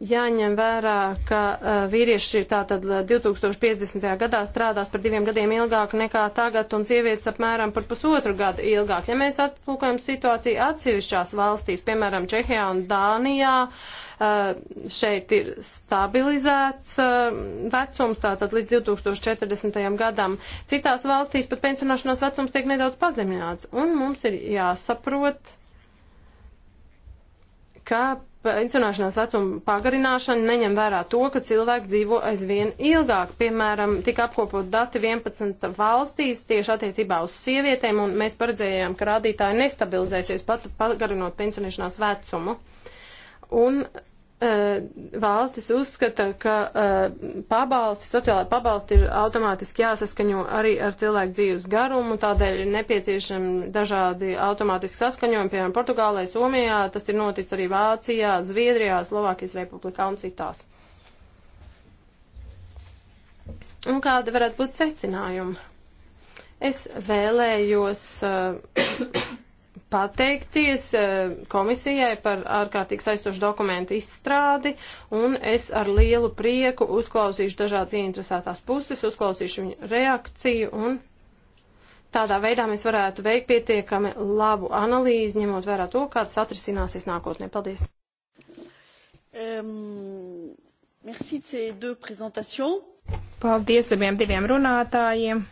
jāņem vērā, ka uh, vīrieši tātad 2050. Uh, gadā strādās par diviem gadiem ilgāk nekā tagad, un sievietes apmēram par pusotru gadu ilgāk. Ja mēs aplūkojam situāciju atsevišķās valstīs, piemēram, Čehijā un Dānijā, uh, šeit ir stabilizēts uh, vecums, tātad līdz 2040. gadam. Citās valstīs pat pensionāšanās vecums tiek nedaudz pazemināts, un mums ir jāsaprot, ka pensionēšanās vecuma pagarināšana neņem vērā to, ka cilvēki dzīvo aizvien ilgāk. Piemēram, tika apkopot dati 11 valstīs tieši attiecībā uz sievietēm, un mēs paredzējām, ka rādītāji nestabilizēsies pat pagarinot pensionēšanās vecumu. Un valstis uzskata, ka pabalsti, sociālai pabalsti ir automātiski jāsaskaņo arī ar cilvēku dzīves garumu, tādēļ ir nepieciešami dažādi automātiski saskaņojumi, piemēram, Portugālē, Somijā, tas ir noticis arī Vācijā, Zviedrijā, Slovākijas republikā un citās. Un kāda varētu būt secinājuma? Es vēlējos uh, pateikties eh, komisijai par ārkārtīgi saistošu dokumentu izstrādi, un es ar lielu prieku uzklausīšu dažādas ieinteresētās puses, uzklausīšu viņu reakciju, un tādā veidā mēs varētu veikt pietiekami labu analīzi, ņemot vērā to, kāds atrisināsies nākotnē. Paldies! Um, merci de ces deux présentations. Paldies abiem diviem runātājiem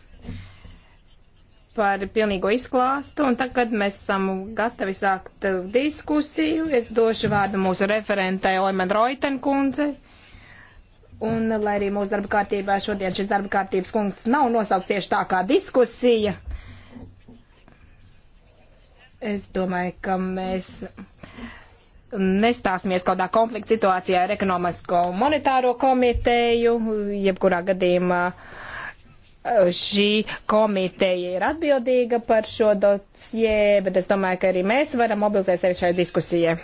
par pilnīgo izklāstu, un tagad mēs esam gatavi sākt uh, diskusiju. Es došu vārdu mūsu referentai Oiman Roitenkundzei. Un, uh, lai arī mūsu darba kārtībā šodien šis darba kārtības punkts nav nosaukts tieši tā kā diskusija, es domāju, ka mēs nestāsimies kaut kādā konflikta situācijā ar ekonomisko monetāro komiteju, jebkurā gadījumā. Uh, šī komiteja ir atbildīga par šo dosie, bet es domāju, ka arī mēs varam mobilizēt sevi šai diskusijai.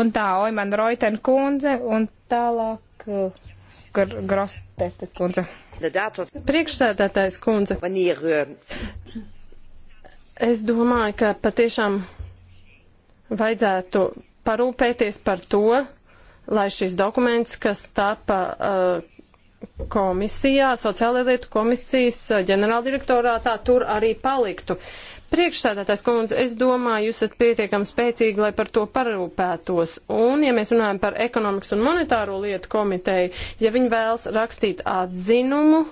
Un tā, Oiman Roiten kundze un tālāk uh, gr Grostetes kundze. Priekšsēdētājs kundze. Es domāju, ka patiešām vajadzētu parūpēties par to, lai šis dokuments, kas tapa uh, komisijā, sociālajā lietu komisijas eh, ģenerāldirektorātā tur arī paliktu. Priekšsēdētājs kundze, es domāju, jūs esat pietiekami spēcīgi, lai par to parūpētos. Un, ja mēs runājam par ekonomikas un monetāro lietu komiteju, ja viņi vēlas rakstīt atzinumu,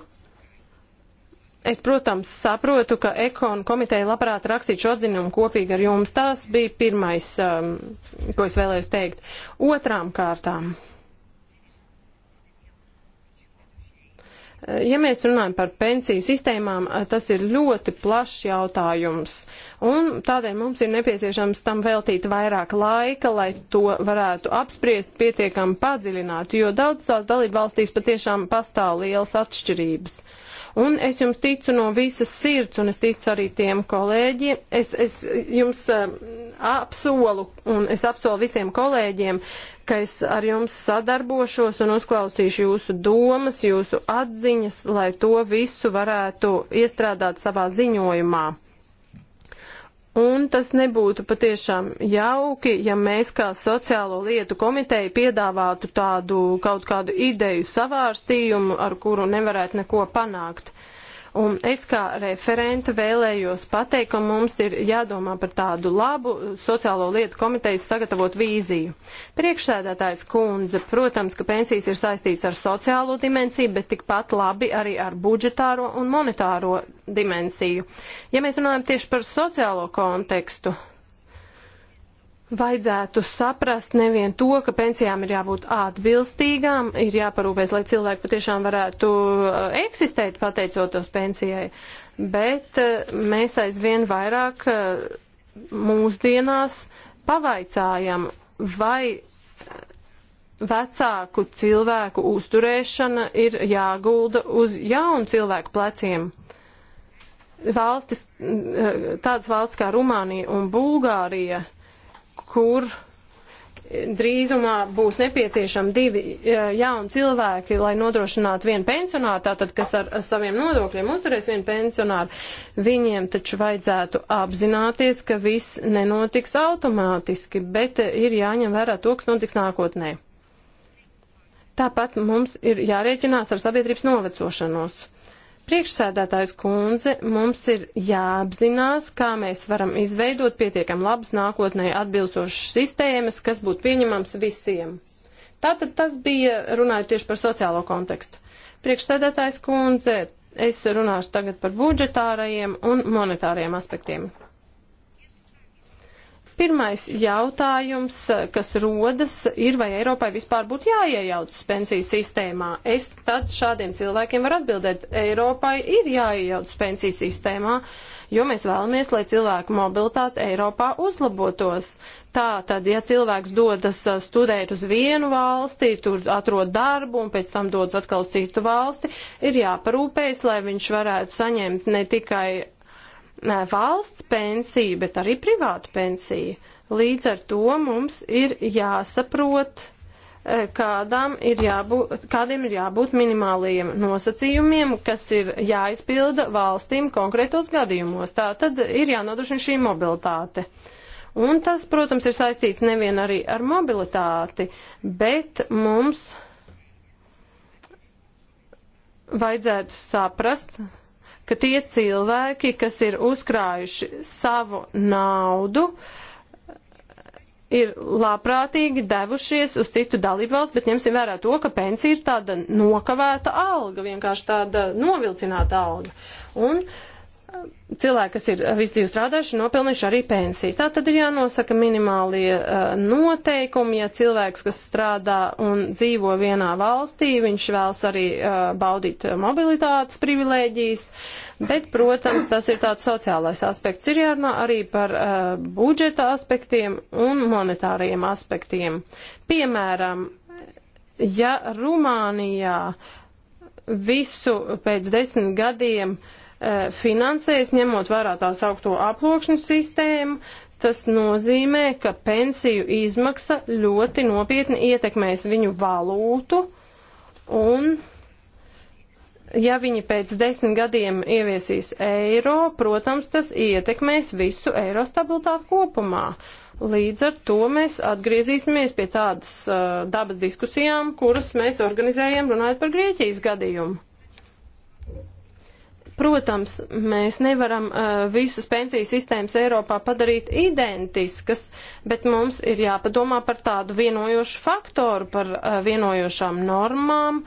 Es, protams, saprotu, ka ekonu komiteja labprāt rakstītu šo atzinumu kopīgi ar jums. Tas bija pirmais, um, ko es vēlējos teikt. Otrām kārtām. Uh, Ja mēs runājam par pensiju sistēmām, tas ir ļoti plašs jautājums, un tādēļ mums ir nepieciešams tam veltīt vairāk laika, lai to varētu apspriest pietiekami padziļināt, jo daudzās dalību valstīs patiešām pastāv lielas atšķirības. Un es jums ticu no visas sirds, un es ticu arī tiem kolēģiem. Es, es jums apsolu, un es apsolu visiem kolēģiem, ka es ar jums sadarbošos un uzklausīšu jūsu domas, jūsu atziņas, lai to visu varētu iestrādāt savā ziņojumā. Un tas nebūtu patiešām jauki, ja mēs kā sociālo lietu komiteja piedāvātu tādu kaut kādu ideju savārstījumu, ar kuru nevarētu neko panākt. Un es kā referenta vēlējos pateikt, ka mums ir jādomā par tādu labu sociālo lietu komitejas sagatavot vīziju. Priekšsēdētājs kundze, protams, ka pensijas ir saistīts ar sociālo dimensiju, bet tikpat labi arī ar budžetāro un monetāro dimensiju. Ja mēs runājam tieši par sociālo kontekstu, vajadzētu saprast nevien to, ka pensijām ir jābūt atbilstīgām, ir jāparūpēs, lai cilvēki patiešām varētu eh, eksistēt pateicoties pensijai, bet eh, mēs aizvien vairāk eh, mūsdienās pavaicājam, vai vecāku cilvēku uzturēšana ir jāgulda uz jaunu cilvēku pleciem valstis, tādas valsts kā Rumānija un Bulgārija kur drīzumā būs nepieciešami divi e, jauni cilvēki, lai nodrošinātu vienu pensionāru, tātad, kas ar saviem nodokļiem uzturēs vienu pensionāru, viņiem taču vajadzētu apzināties, ka viss nenotiks automātiski, bet e, ir jāņem vērā to, kas notiks nākotnē. Tāpat mums ir jārēķinās ar sabiedrības novecošanos. Priekšsēdētājs kundze, mums ir jāapzinās, kā mēs varam izveidot pietiekam labas nākotnē atbilstošas sistēmas, kas būtu pieņemams visiem. Tātad tas bija runājot tieši par sociālo kontekstu. Priekšsēdētājs kundze, es runāšu tagad par budžetārajiem un monetārajiem aspektiem. Pirmais jautājums, kas rodas, ir, vai Eiropai vispār būtu jāiejaucas pensiju sistēmā. Es tad šādiem cilvēkiem varu atbildēt, Eiropai ir jāiejaucas pensiju sistēmā, jo mēs vēlamies, lai cilvēku mobilitāte Eiropā uzlabotos. Tā tad, ja cilvēks dodas uh, studēt uz vienu valsti, tur atrod darbu un pēc tam dodas atkal uz citu valsti, ir jāparūpējas, lai viņš varētu saņemt ne tikai valsts pensiju, bet arī privātu pensiju. Līdz ar to mums ir jāsaprot, e, kādām ir jābūt, kādiem ir jābūt minimālajiem nosacījumiem, kas ir jāizpilda valstīm konkrētos gadījumos. Tā tad ir jānodrošina šī mobilitāte. Un tas, protams, ir saistīts nevien arī ar mobilitāti, bet mums vajadzētu saprast, ka tie cilvēki, kas ir uzkrājuši savu naudu, ir labprātīgi devušies uz citu dalību valsts, bet ņemsim vērā to, ka pensija ir tāda nokavēta alga, vienkārši tāda novilcināta alga. Un uh, cilvēki, kas ir visu dzīvi strādājuši, nopelnījuši arī pensiju. Tā tad ir jānosaka minimālie uh, noteikumi, ja cilvēks, kas strādā un dzīvo vienā valstī, viņš vēlas arī uh, baudīt mobilitātes privilēģijas, bet, protams, tas ir tāds sociālais aspekts. Ir jārunā arī par uh, budžeta aspektiem un monetāriem aspektiem. Piemēram, ja Rumānijā visu pēc desmit gadiem uh, E, finansēs, ņemot vērā tās augto aploksņu sistēmu, Tas nozīmē, ka pensiju izmaksa ļoti nopietni ietekmēs viņu valūtu un ja viņi pēc desmit gadiem ieviesīs eiro, protams, tas ietekmēs visu eiro stabilitāti kopumā. Līdz ar to mēs atgriezīsimies pie tādas uh, dabas diskusijām, kuras mēs organizējam runājot par Grieķijas gadījumu. Protams, mēs nevaram uh, visus pensiju sistēmas Eiropā padarīt identiskas, bet mums ir jāpadomā par tādu vienojošu faktoru, par uh, vienojošām normām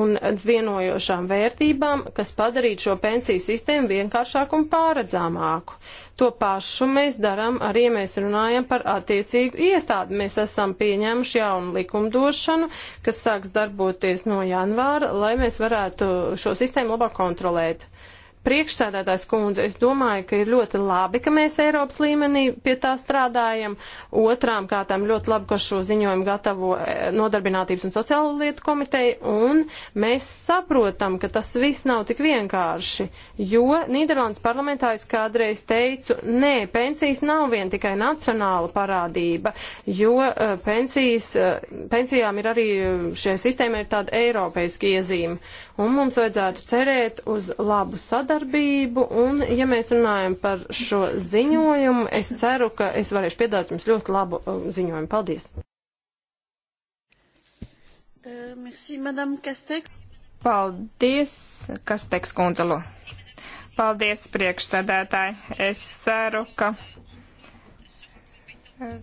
un vienojošām vērtībām, kas padarītu šo pensiju sistēmu vienkāršāku un pāredzāmāku. To pašu mēs darām arī, ja mēs runājam par attiecīgu iestādi. Mēs esam pieņēmuši jaunu likumdošanu, kas sāks darboties no janvāra, lai mēs varētu šo sistēmu labāk kontrolēt. Uh, Priekšsēdētājs kundze, es domāju, ka ir ļoti labi, ka mēs Eiropas līmenī pie tā strādājam. Otrām kārtām ļoti labi, ka šo ziņojumu gatavo eh, Nodarbinātības un sociālo lietu komiteja. Un mēs saprotam, ka tas viss nav tik vienkārši, jo Nīderlandes parlamentājs kādreiz teicu, nē, pensijas nav vien tikai nacionāla parādība, jo eh, pensijas, eh, pensijām ir arī šie sistēma ir tāda eiropeiska iezīme. Un mums vajadzētu cerēt uz labu sadarbību sadarbību, un ja mēs runājam par šo ziņojumu, es ceru, ka es varēšu piedāvāt jums ļoti labu um, ziņojumu. Paldies! Eh, merci, Madame Kastek. Paldies, Kasteks kundzelu. Paldies, priekšsēdētāji. Es ceru, ka eh,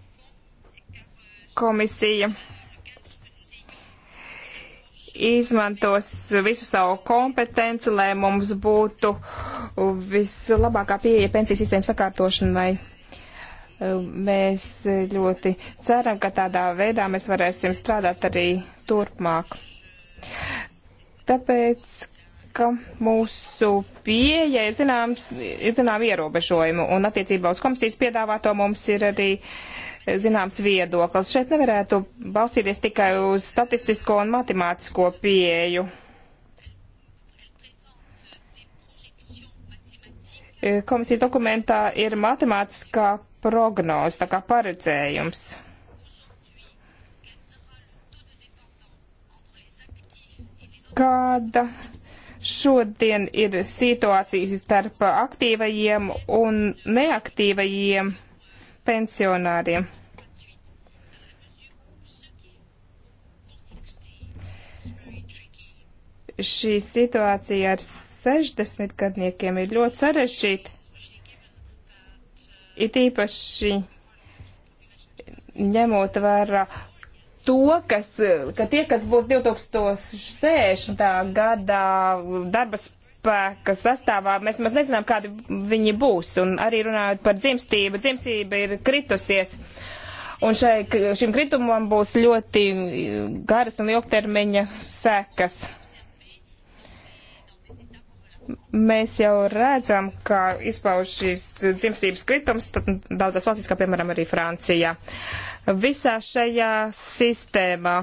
komisija izmantos visu savu kompetenci, lai mums būtu vislabākā pieeja pensijas sistēmas sakārtošanai. Mēs ļoti ceram, ka tādā veidā mēs varēsim strādāt arī turpmāk. Tāpēc, ka mūsu pieeja ir zināms, ir zinām ierobežojumu, un attiecībā uz komisijas piedāvāto mums ir arī uh, zināms viedoklis. Šeit nevarētu balstīties tikai uz statistisko un matemātisko pieeju. Komisijas dokumentā ir matemātiskā prognoze, tā kā paredzējums. Kāda šodien ir situācija starp aktīvajiem un neaktīvajiem? pensionāriem. Šī situācija ar 60 gadniekiem ir ļoti sarežģīta. It īpaši ņemot vērā to, kas, ka tie, kas būs 2060. gadā darba spēka sastāvā mēs maz nezinām, kādi viņi būs. Un arī runājot par dzimstību, dzimstība ir kritusies. Un šai, šim kritumam būs ļoti mm, garas un ilgtermiņa sekas. Mēs jau redzam, ka izpauž šīs dzimstības kritums daudzās valstīs, kā piemēram arī Francijā. Visā šajā sistēmā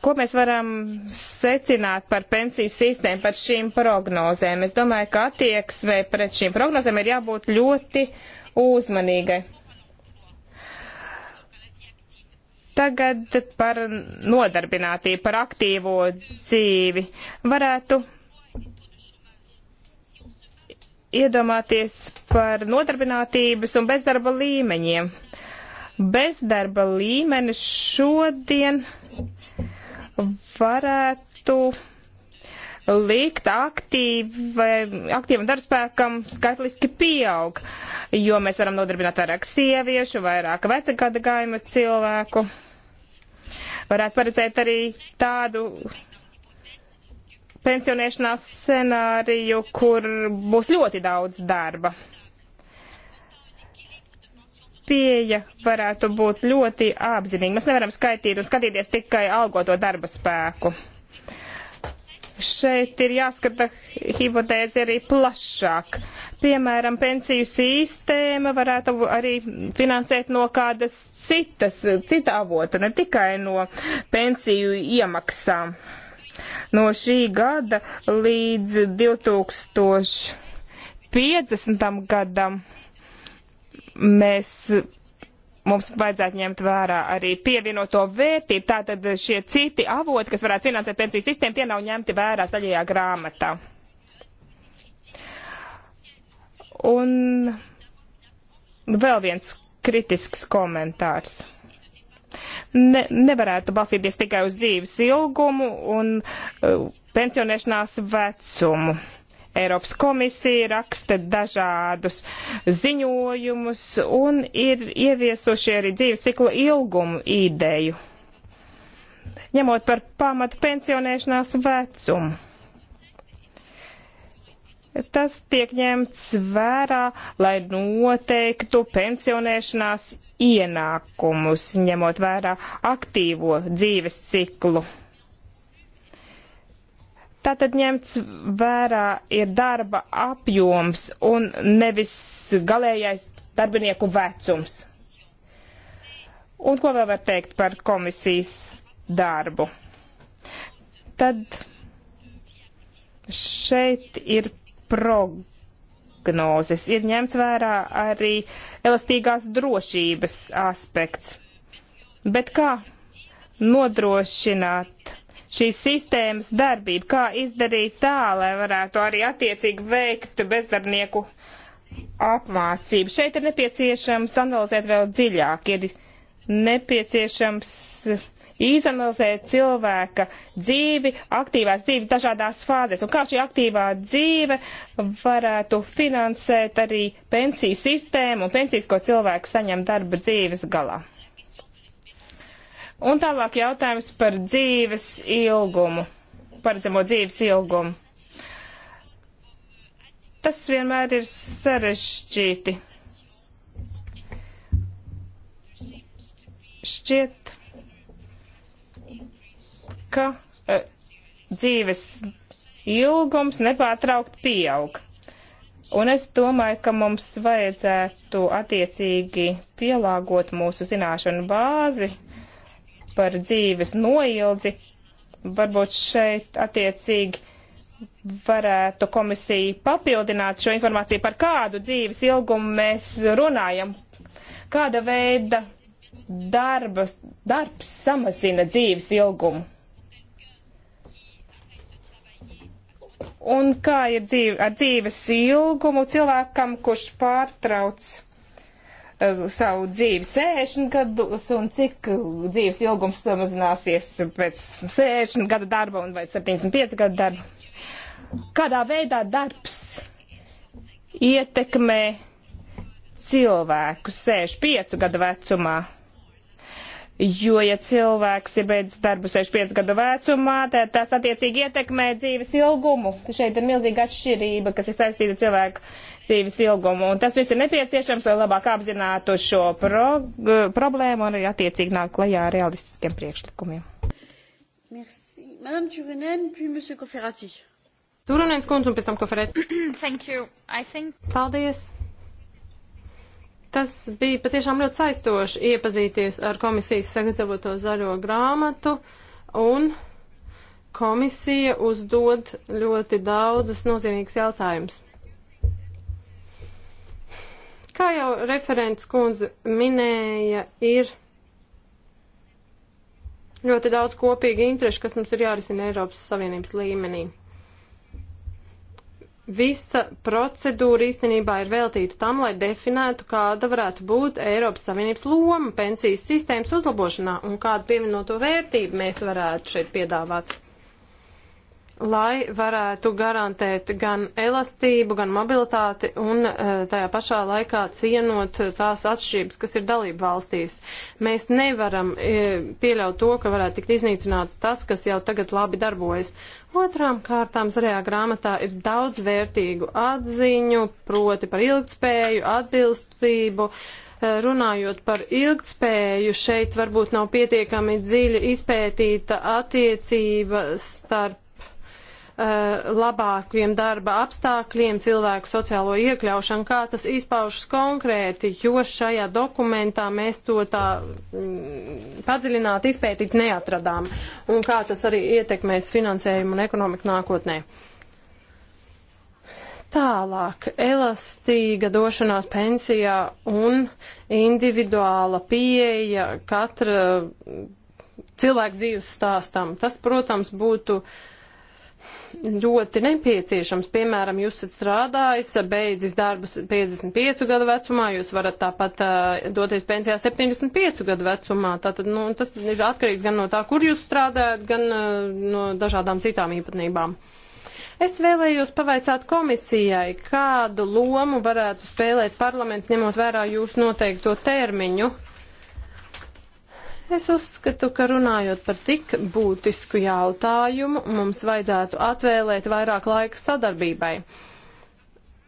Ko mēs varam secināt par pensiju sistēmu, par šīm prognozēm? Es domāju, ka attieksme pret šīm prognozēm ir jābūt ļoti uzmanīgai. Tagad par nodarbinātību, par aktīvo dzīvi varētu iedomāties par nodarbinātības un bezdarba līmeņiem. Bezdarba līmenis šodien varētu likt aktīvai, aktīvam darbspēkam skaitliski pieaug, jo mēs varam nodarbināt vairāk sieviešu, vairāk vecagada gaima cilvēku. Varētu paredzēt arī tādu pensionēšanās scenāriju, kur būs ļoti daudz darba pieeja varētu būt ļoti apzinīga. Mēs nevaram skaitīt un skatīties tikai algoto darba spēku. Šeit ir jāskata hipotēze arī plašāk. Piemēram, pensiju sistēma varētu arī finansēt no kādas citas, cita avota, ne tikai no pensiju iemaksām. No šī gada līdz 2050. gadam mēs mums vajadzētu ņemt vērā arī pievienoto vērtību. Tātad šie citi avoti, kas varētu finansēt pensiju sistēmu, tie nav ņemti vērā zaļajā grāmatā. Un vēl viens kritisks komentārs. Ne, nevarētu balstīties tikai uz dzīves ilgumu un uh, pensionēšanās vecumu. Uh, Eiropas komisija raksta dažādus ziņojumus un ir ieviesuši arī dzīves cikla ilgumu ideju, ņemot par pamatu pensionēšanās vecumu. Tas tiek ņemts vērā, lai noteiktu pensionēšanās ienākumus, ņemot vērā aktīvo dzīves ciklu. Tātad ņemts vērā ir darba apjoms un nevis galējais darbinieku vecums. Un ko vēl var teikt par komisijas darbu? Tad šeit ir prognozes, ir ņemts vērā arī elastīgās drošības aspekts. Bet kā nodrošināt šīs sistēmas darbību, kā izdarīt tā, lai varētu arī attiecīgi veikt bezdarbnieku apmācību. Šeit ir nepieciešams analizēt vēl dziļāk, ir nepieciešams izanalizēt cilvēka dzīvi, aktīvās dzīves dažādās fāzēs, un kā šī aktīvā dzīve varētu finansēt arī pensiju sistēmu un pensijas, ko cilvēks saņem darba dzīves galā. Un tālāk jautājums par dzīves ilgumu, paredzamo dzīves ilgumu. Tas vienmēr ir sarežģīti. Šķiet, ka uh, dzīves ilgums nepārtraukt pieaug. Un es domāju, ka mums vajadzētu attiecīgi pielāgot mūsu zināšanu bāzi par dzīves noilgi. Varbūt šeit attiecīgi varētu komisija papildināt šo informāciju, par kādu dzīves ilgumu mēs runājam, kāda veida darbas, darbs samazina dzīves ilgumu. Un kā ir dzīve, ar dzīves ilgumu cilvēkam, kurš pārtrauc Uh, savu dzīvi 60 gadus un cik dzīves ilgums samazināsies pēc 60 gada darba un vai 75 gada darba. Kādā veidā darbs ietekmē cilvēku 65 gadu vecumā? Jo, ja cilvēks ir beidzis darbu 65 gadu vecumā, tad tas attiecīgi ietekmē dzīves ilgumu. Šeit ir milzīga atšķirība, kas ir saistīta ar cilvēku dzīves ilgumu. Un tas viss ir nepieciešams, lai labāk apzinātu šo pro problēmu un arī attiecīgi nāk klajā ar realistiskiem priekšlikumiem. Merci. Madame Turunen, puis Monsieur Koferati. Turunens kundze un pēc tam Koferati. Thank you. I think. Paldies. Tas bija patiešām ļoti saistoši iepazīties ar komisijas sagatavoto zaļo grāmatu un komisija uzdod ļoti daudzus nozīmīgus jautājumus. Kā jau referents kundze minēja, ir ļoti daudz kopīgi interešu, kas mums ir jārisina Eiropas Savienības līmenī. Visa procedūra īstenībā ir veltīta tam, lai definētu, kāda varētu būt Eiropas Savienības loma pensijas sistēmas uzlabošanā un kādu pievienoto vērtību mēs varētu šeit piedāvāt lai varētu garantēt gan elastību, gan mobilitāti un eh, tajā pašā laikā cienot tās atšķirības, kas ir dalību valstīs. Mēs nevaram eh, pieļaut to, ka varētu tikt iznīcināts tas, kas jau tagad labi darbojas. Otrām kārtām zaļajā grāmatā ir daudz vērtīgu atziņu, proti par ilgtspēju, atbilstību. Eh, runājot par ilgtspēju, šeit varbūt nav pietiekami dziļi izpētīta attiecība starp Eh, labākiem darba apstākļiem, cilvēku sociālo iekļaušanu, kā tas izpaužas konkrēti, jo šajā dokumentā mēs to tā mm, padziļināti izpētīt neatradām, un kā tas arī ietekmēs finansējumu un ekonomiku nākotnē. Tālāk, elastīga došanās pensijā un individuāla pieeja katra cilvēka dzīves stāstam. Tas, protams, būtu uh, ļoti nepieciešams. Piemēram, jūs esat strādājis, beidzis darbus 55 gadu vecumā, jūs varat tāpat uh, doties pensijā 75 gadu vecumā. Tātad, nu, tas ir atkarīgs gan no tā, kur jūs strādājat, gan uh, no dažādām citām īpatnībām. Es vēlējos pavaicāt komisijai, kādu lomu varētu spēlēt parlaments, ņemot vērā jūsu noteikto termiņu. Uh, Es uzskatu, ka runājot par tik būtisku jautājumu, mums vajadzētu atvēlēt vairāk laika sadarbībai.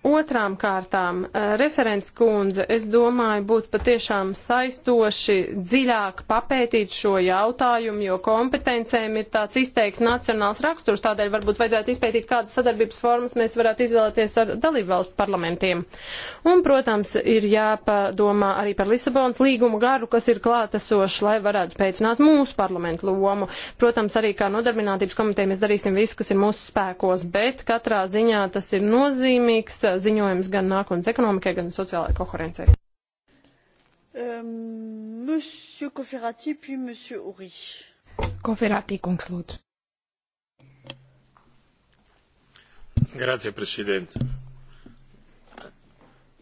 Otrām kārtām, eh, referents kundze, es domāju, būtu patiešām saistoši dziļāk papētīt šo jautājumu, jo kompetencēm ir tāds izteikti nacionāls raksturs, tādēļ varbūt vajadzētu izpētīt, kādas sadarbības formas mēs varētu izvēlēties ar dalībvalstu parlamentiem. Un, protams, ir jāpadomā arī par Lisabonas līgumu garu, kas ir klātesošs, lai varētu spēcināt mūsu parlamentu lomu. Protams, arī kā nodarbinātības komiteja mēs darīsim visu, kas ir mūsu spēkos, bet katrā ziņā tas ir nozīmīgs ziņojums gan nākotnes ekonomikai, gan sociālajai koherencei. Um, monsieur Koferati, puis monsieur Uri. Koferati, kungs, lūdzu. Grazie, presidente.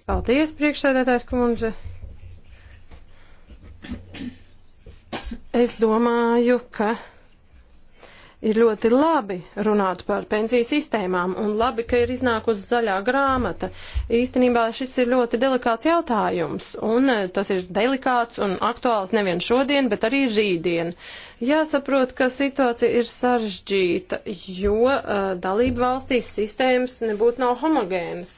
Paldies, priekšsēdētājs kundze. Es domāju, ka ir ļoti labi runāt par pensiju sistēmām un labi, ka ir iznākusi zaļā grāmata. Īstenībā šis ir ļoti delikāts jautājums un eh, tas ir delikāts un aktuāls nevien šodien, bet arī rītdien. Jāsaprot, ka situācija ir sarežģīta, jo uh, dalību valstīs sistēmas nebūtu nav homogēnas.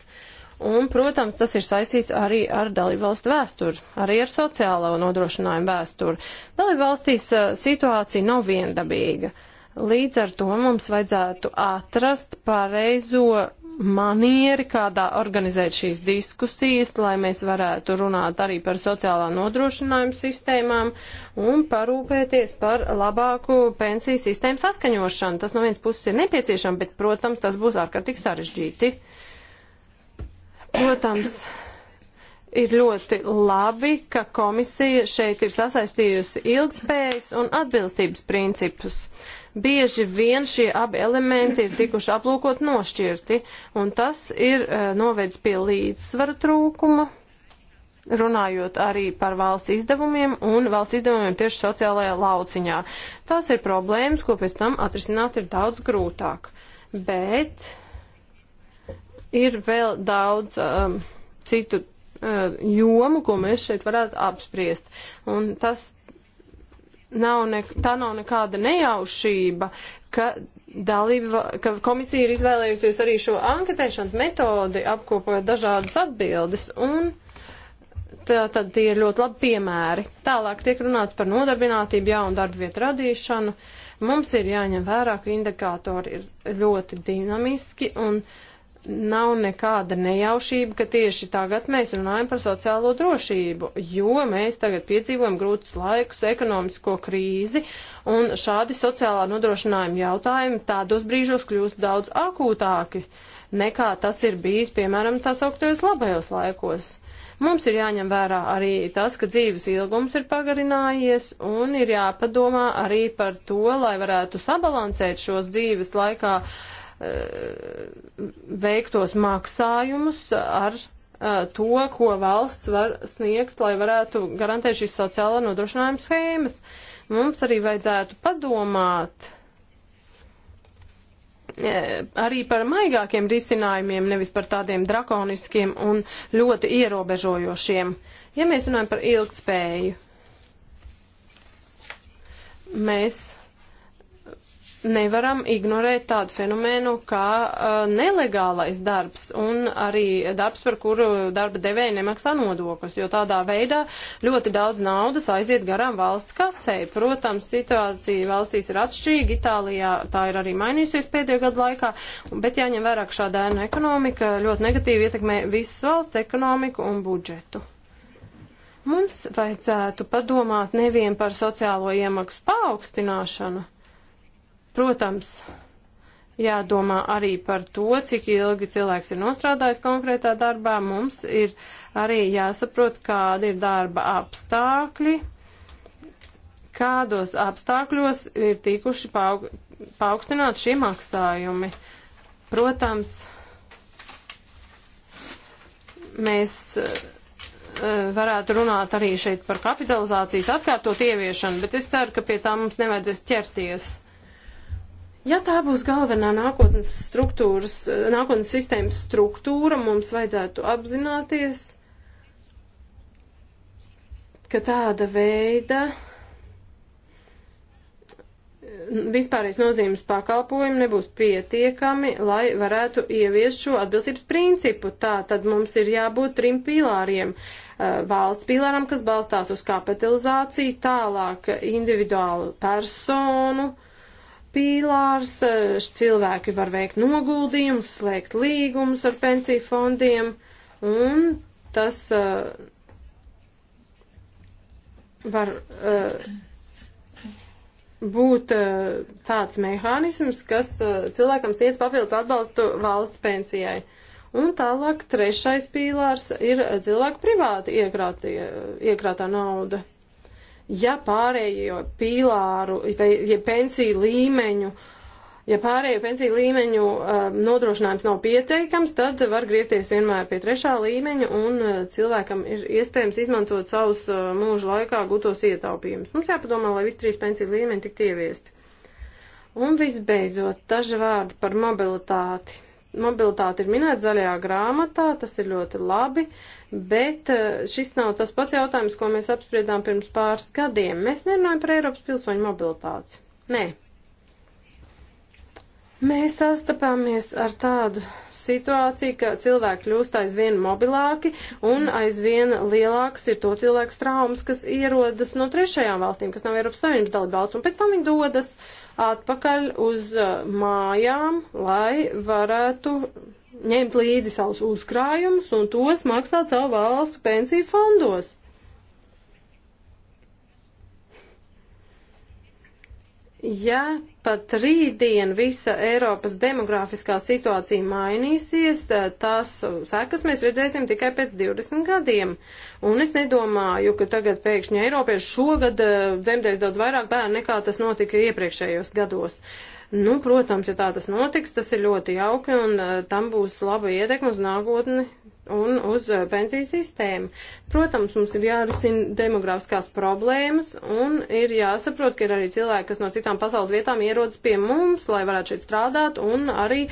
Un, protams, tas ir saistīts arī ar dalībvalstu vēsturi, arī ar sociālo nodrošinājumu vēsturi. Dalībvalstīs uh, eh, situācija nav viendabīga. Uh, Līdz ar to mums vajadzētu atrast pareizo manieri, kādā organizēt šīs diskusijas, lai mēs varētu runāt arī par sociālā nodrošinājuma sistēmām un parūpēties par labāku pensiju sistēmu saskaņošanu. Tas no vienas puses ir nepieciešams, bet, protams, tas būs ārkārtīgi sarežģīti. Protams ir ļoti labi, ka komisija šeit ir sasaistījusi ilgspējas un atbilstības principus bieži vien šie abi elementi ir tikuši aplūkot nošķirti, un tas ir uh, novedis pie līdzsvara trūkuma, runājot arī par valsts izdevumiem un valsts izdevumiem tieši sociālajā lauciņā. Tās ir problēmas, ko pēc tam atrisināt ir daudz grūtāk, bet ir vēl daudz um, citu e, jomu, ko mēs šeit varētu apspriest. Un tas nav ne, tā nav nekāda nejaušība, ka, dalība, ka komisija ir izvēlējusies arī šo anketēšanas metodi, apkopojot dažādas atbildes, un tā, tad tie ir ļoti labi piemēri. Tālāk tiek runāts par nodarbinātību, jaunu darba vietu radīšanu. Mums ir jāņem vērā, ka indikātori ir ļoti dinamiski, un uh, nav nekāda nejaušība, ka tieši tagad mēs runājam par sociālo drošību, jo mēs tagad piedzīvojam grūtus laikus, ekonomisko krīzi, un šādi sociālā nodrošinājuma jautājumi tādos brīžos kļūst daudz akūtāki nekā tas ir bijis, piemēram, tās augtajos labajos laikos. Mums ir jāņem vērā arī tas, ka dzīves ilgums ir pagarinājies un ir jāpadomā arī par to, lai varētu sabalansēt šos dzīves laikā uh, Eh, veiktos maksājumus ar eh, to, ko valsts var sniegt, lai varētu garantēt šīs sociālā nodrošinājuma schēmas. Mums arī vajadzētu padomāt eh, arī par maigākiem risinājumiem, nevis par tādiem drakoniskiem un ļoti ierobežojošiem. Ja mēs runājam par ilgspēju, mēs nevaram ignorēt tādu fenomenu kā uh, nelegālais darbs un arī darbs, par kuru darba devēja nemaksā nodokļus, jo tādā veidā ļoti daudz naudas aiziet garām valsts kasē. Protams, situācija valstīs ir atšķirīga, Itālijā tā ir arī mainījusies pēdējo gadu laikā, bet jāņem vērā, ka šāda ēna ekonomika ļoti negatīvi ietekmē visas valsts ekonomiku un budžetu. Mums vajadzētu padomāt nevien par sociālo iemaksu paaugstināšanu, Protams, jādomā arī par to, cik ilgi cilvēks ir nostrādājis konkrētā darbā. Mums ir arī jāsaprot, kādi ir darba apstākļi, kādos apstākļos ir tikuši paaug, paaugstināt šie maksājumi. Protams, mēs eh, varētu runāt arī šeit par kapitalizācijas atkārtot ieviešanu, bet es ceru, ka pie tā mums nevajadzēs ķerties. Uh, Ja tā būs galvenā nākotnes struktūras, eh, nākotnes sistēmas struktūra, mums vajadzētu apzināties, ka tāda veida vispārējais nozīmes pakalpojumi nebūs pietiekami, lai varētu ieviest šo atbilstības principu. Tā tad mums ir jābūt trim pīlāriem. Eh, valsts pīlāram, kas balstās uz kapitalizāciju, tālāk individuālu personu, uh, pīlārs, eh, cilvēki var veikt noguldījumus, slēgt līgumus ar pensiju fondiem, un tas uh, var uh, būt uh, tāds mehānisms, kas uh, cilvēkam sniedz papildus atbalstu valsts pensijai. Un tālāk trešais pīlārs ir cilvēku privāti iekrātie, iekrātā nauda ja pārējo pīlāru vai ja pensiju līmeņu Ja pārējo pensiju līmeņu uh, nodrošinājums nav pieteikams, tad var griezties vienmēr pie trešā līmeņa un uh, cilvēkam ir iespējams izmantot savus uh, mūža laikā gūtos ietaupījumus. Mums jāpadomā, lai visi trīs pensiju līmeņi tiktu ieviesti. Un visbeidzot, daži vārdi par mobilitāti mobilitāte ir minēta zaļajā grāmatā, tas ir ļoti labi, bet eh, šis nav tas pats jautājums, ko mēs apspriedām pirms pāris gadiem. Mēs nerunājam par Eiropas pilsoņu mobilitāti. Nē. Mēs sastapāmies ar tādu situāciju, ka cilvēki kļūst aizvien mobilāki un aizvien lielāks ir to cilvēku traumas, kas ierodas no trešajām valstīm, kas nav Eiropas Savienības dalībvalsts, un pēc tam viņi dodas atpakaļ uz uh, mājām, lai varētu ņemt līdzi savus uzkrājumus un tos maksāt savu valstu pensiju fondos. Ja pat rītdien visa Eiropas demografiskā situācija mainīsies, tās sekas mēs redzēsim tikai pēc 20 gadiem. Un es nedomāju, ka tagad pēkšņi Eiropieši šogad eh, dzemdēs daudz vairāk bērnu nekā tas notika iepriekšējos gados. Nu, protams, ja tā tas notiks, tas ir ļoti jauki un eh, tam būs laba ietekme uz nākotni un uz uh, pensiju sistēmu. Protams, mums ir jārisina demografiskās problēmas un ir jāsaprot, ka ir arī cilvēki, kas no citām pasaules vietām ierodas pie mums, lai varētu šeit strādāt un arī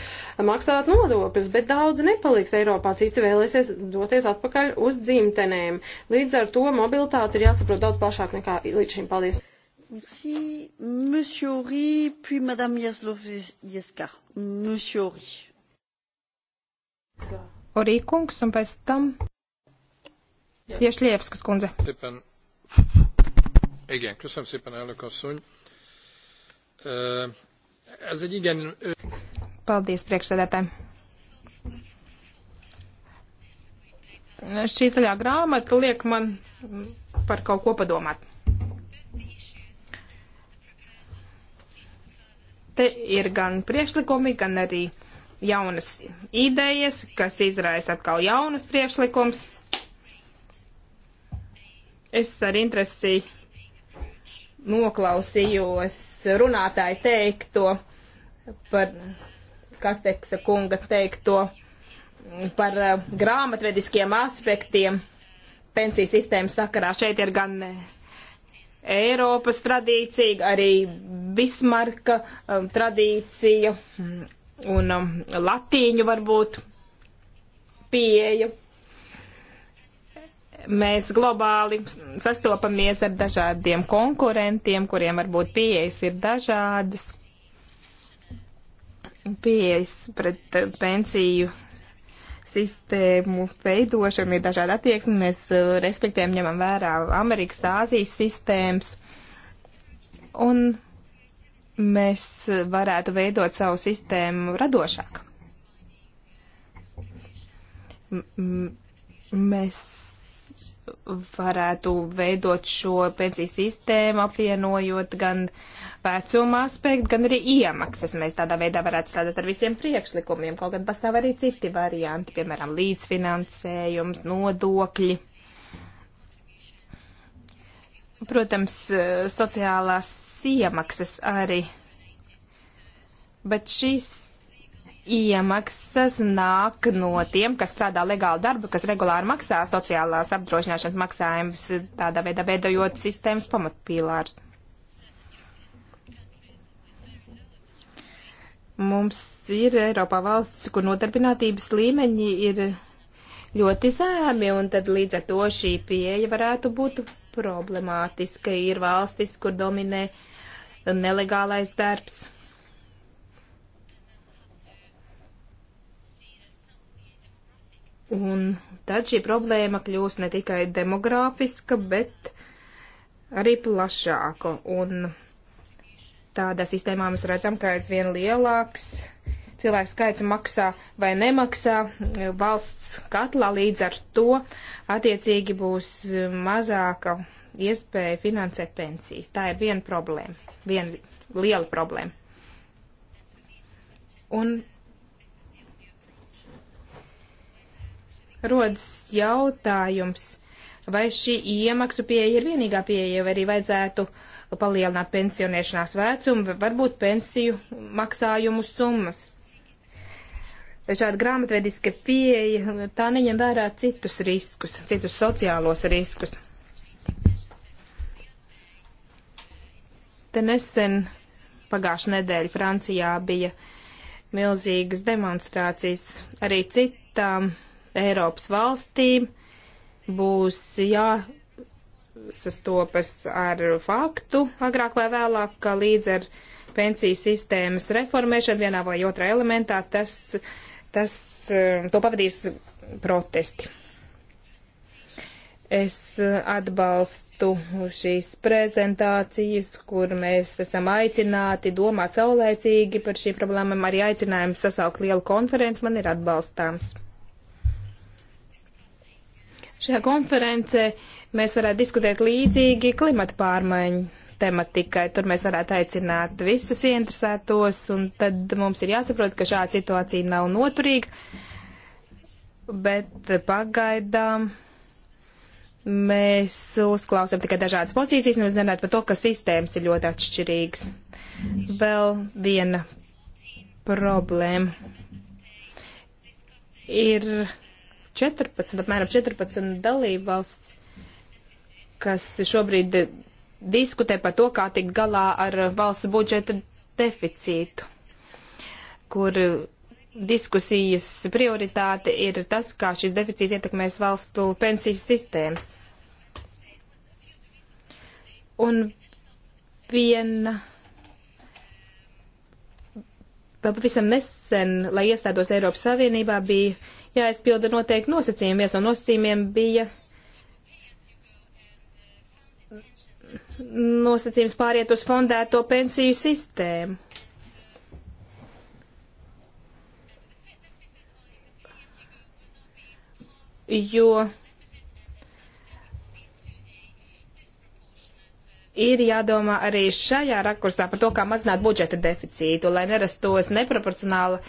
maksāt nodokļus, bet daudz nepaliks Eiropā, citi vēlēsies doties atpakaļ uz dzimtenēm. Līdz ar to mobilitāte ir jāsaprot daudz plašāk nekā līdz šim. Paldies! Merci, Monsieur Horry, puis Madame Yaslov-Yeska. Monsieur Horry. Orīkungs un pēc tam Ieslievskas kundze. Tipen. Igen, köszönöm szépen, elnök asszony. Ez egy igen... Paldies, priekšsēdētāji. Šī zaļā grāmata liek man par kaut ko padomāt. Te ir gan priekšlikumi, gan arī uh, jaunas idejas, kas izraisa atkal jaunus priekšlikums. Es ar interesi noklausījos runātāju teikto par Kasteksa kunga teikto par eh, grāmatvediskiem aspektiem pensiju sistēmas sakarā. Šeit ir gan eh, Eiropas tradīcija, arī Bismarka um, tradīcija, un um, latīņu varbūt pieeju. Mēs globāli sastopamies ar dažādiem konkurentiem, kuriem varbūt pieejas ir dažādas. Pieejas pret pensiju sistēmu veidošanu ir dažāda attieksme. Mēs uh, respektējam, ņemam vērā Amerikas, Āzijas sistēmas. Un mēs varētu veidot savu sistēmu radošāk. M mēs varētu veidot šo pensiju sistēmu, apvienojot gan vecuma aspektu, gan arī iemaksas. Mēs tādā veidā varētu strādāt ar visiem priekšlikumiem, kaut gan pastāv arī citi varianti, piemēram, līdzfinansējums, nodokļi. Protams, sociālās iemaksas arī. Bet šīs iemaksas nāk no tiem, kas strādā legālu darbu, kas regulāri maksā sociālās apdrošināšanas maksājumus, tādā veidā veidojot sistēmas pamatpīlārs. Mums ir Eiropā valsts, kur nodarbinātības līmeņi ir ļoti zēmi, un tad līdz ar to šī pieeja varētu būt problemātiska. Ir valstis, kur dominē nelegālais darbs. Un tad šī problēma kļūs ne tikai demogrāfiska, bet arī plašāka. Un tādā sistēmā mēs redzam, ka aizvien lielāks cilvēku skaits maksā vai nemaksā valsts katlā, līdz ar to attiecīgi būs mazāka iespēja finansēt pensijas. Tā ir viena problēma, viena liela problēma. Un rodas jautājums, vai šī iemaksu pieeja ir vienīgā pieeja, vai arī vajadzētu palielināt pensionēšanās vecumu, vai varbūt pensiju maksājumu summas šāda grāmatvediska pieeja, tā neņem vērā citus riskus, citus sociālos riskus. Te nesen pagājušā nedēļa Francijā bija milzīgas demonstrācijas arī citām Eiropas valstīm. Būs jāsastopas ar faktu agrāk vai vēlāk, ka līdz ar pensiju sistēmas reformēšanu vienā vai otrā elementā tas uh, tas, eh, to pavadīs protesti. Es eh, atbalstu šīs prezentācijas, kur mēs esam aicināti domāt saulēcīgi par šīm problēmām. Arī aicinājums sasaukt lielu konferenci man ir atbalstāms. Šajā konferencē mēs varētu diskutēt līdzīgi klimata pārmaiņu tematikai. Tur mēs varētu aicināt visus ieinteresētos, un tad mums ir jāsaprot, ka šāda situācija nav noturīga. Bet pagaidām mēs uzklausām tikai dažādas pozīcijas, nemaz nerunājot par to, ka sistēmas ir ļoti atšķirīgas. Vēl viena problēma ir 14, apmēram 14 dalībvalsts, kas šobrīd diskutē par to, kā tikt galā ar valsts budžeta deficītu, kur diskusijas prioritāte ir tas, kā šis deficīts ietekmēs valstu pensiju sistēmas. Un viena vēl pavisam nesen, lai iestātos Eiropas Savienībā, bija jāaizpilda noteikti nosacījumi. Viens no nosacījumiem bija nosacījums pāriet uz fondēto pensiju sistēmu. Jo ir jādomā arī šajā rakursā par to, kā mazināt budžeta deficītu, lai nerastos neproporcionāla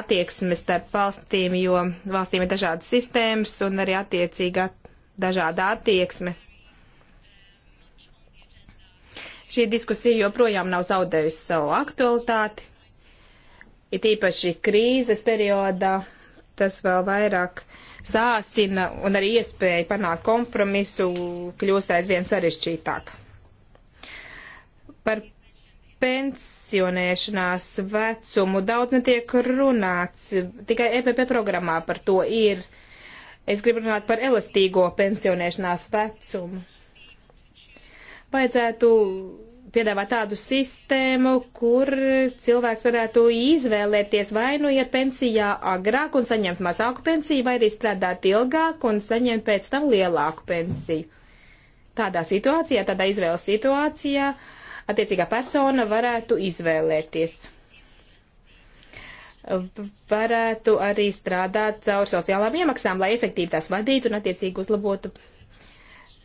attieksme starp valstīm, jo valstīm ir dažādas sistēmas un arī attiecīgā dažāda attieksme Šī diskusija joprojām nav zaudējusi savu aktualitāti. It īpaši krīzes periodā tas vēl vairāk sāsina un arī iespēja panākt kompromisu kļūst aizvien sarežģītāk. Par pensionēšanās vecumu daudz netiek runāts, tikai EPP programmā par to ir. Es gribu runāt par elastīgo pensionēšanās vecumu vajadzētu piedāvāt tādu sistēmu, kur cilvēks varētu izvēlēties vai nu iet pensijā agrāk un saņemt mazāku pensiju, vai arī strādāt ilgāk un saņemt pēc tam lielāku pensiju. Tādā situācijā, tādā izvēles situācijā, attiecīgā persona varētu izvēlēties. Varētu arī strādāt caur sociālām iemaksām, lai efektīvi tās vadītu un attiecīgi uzlabotu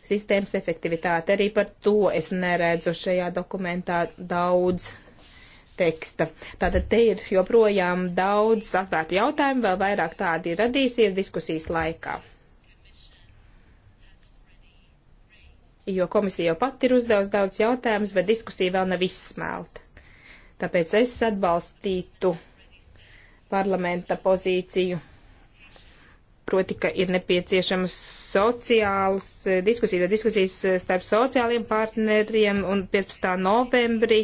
sistēmas efektivitāti. Arī par to es neredzu šajā dokumentā daudz teksta. Tātad te ir joprojām daudz atvērtu jautājumu, vēl vairāk tādi ir radīsies diskusijas laikā. Jo komisija jau pati ir uzdevusi daudz jautājumus, bet diskusija vēl nav izsmelta. Tāpēc es atbalstītu parlamenta pozīciju proti, ka ir nepieciešamas sociālas eh, diskusijas, vai diskusijas eh, starp sociāliem partneriem, un 15. novembrī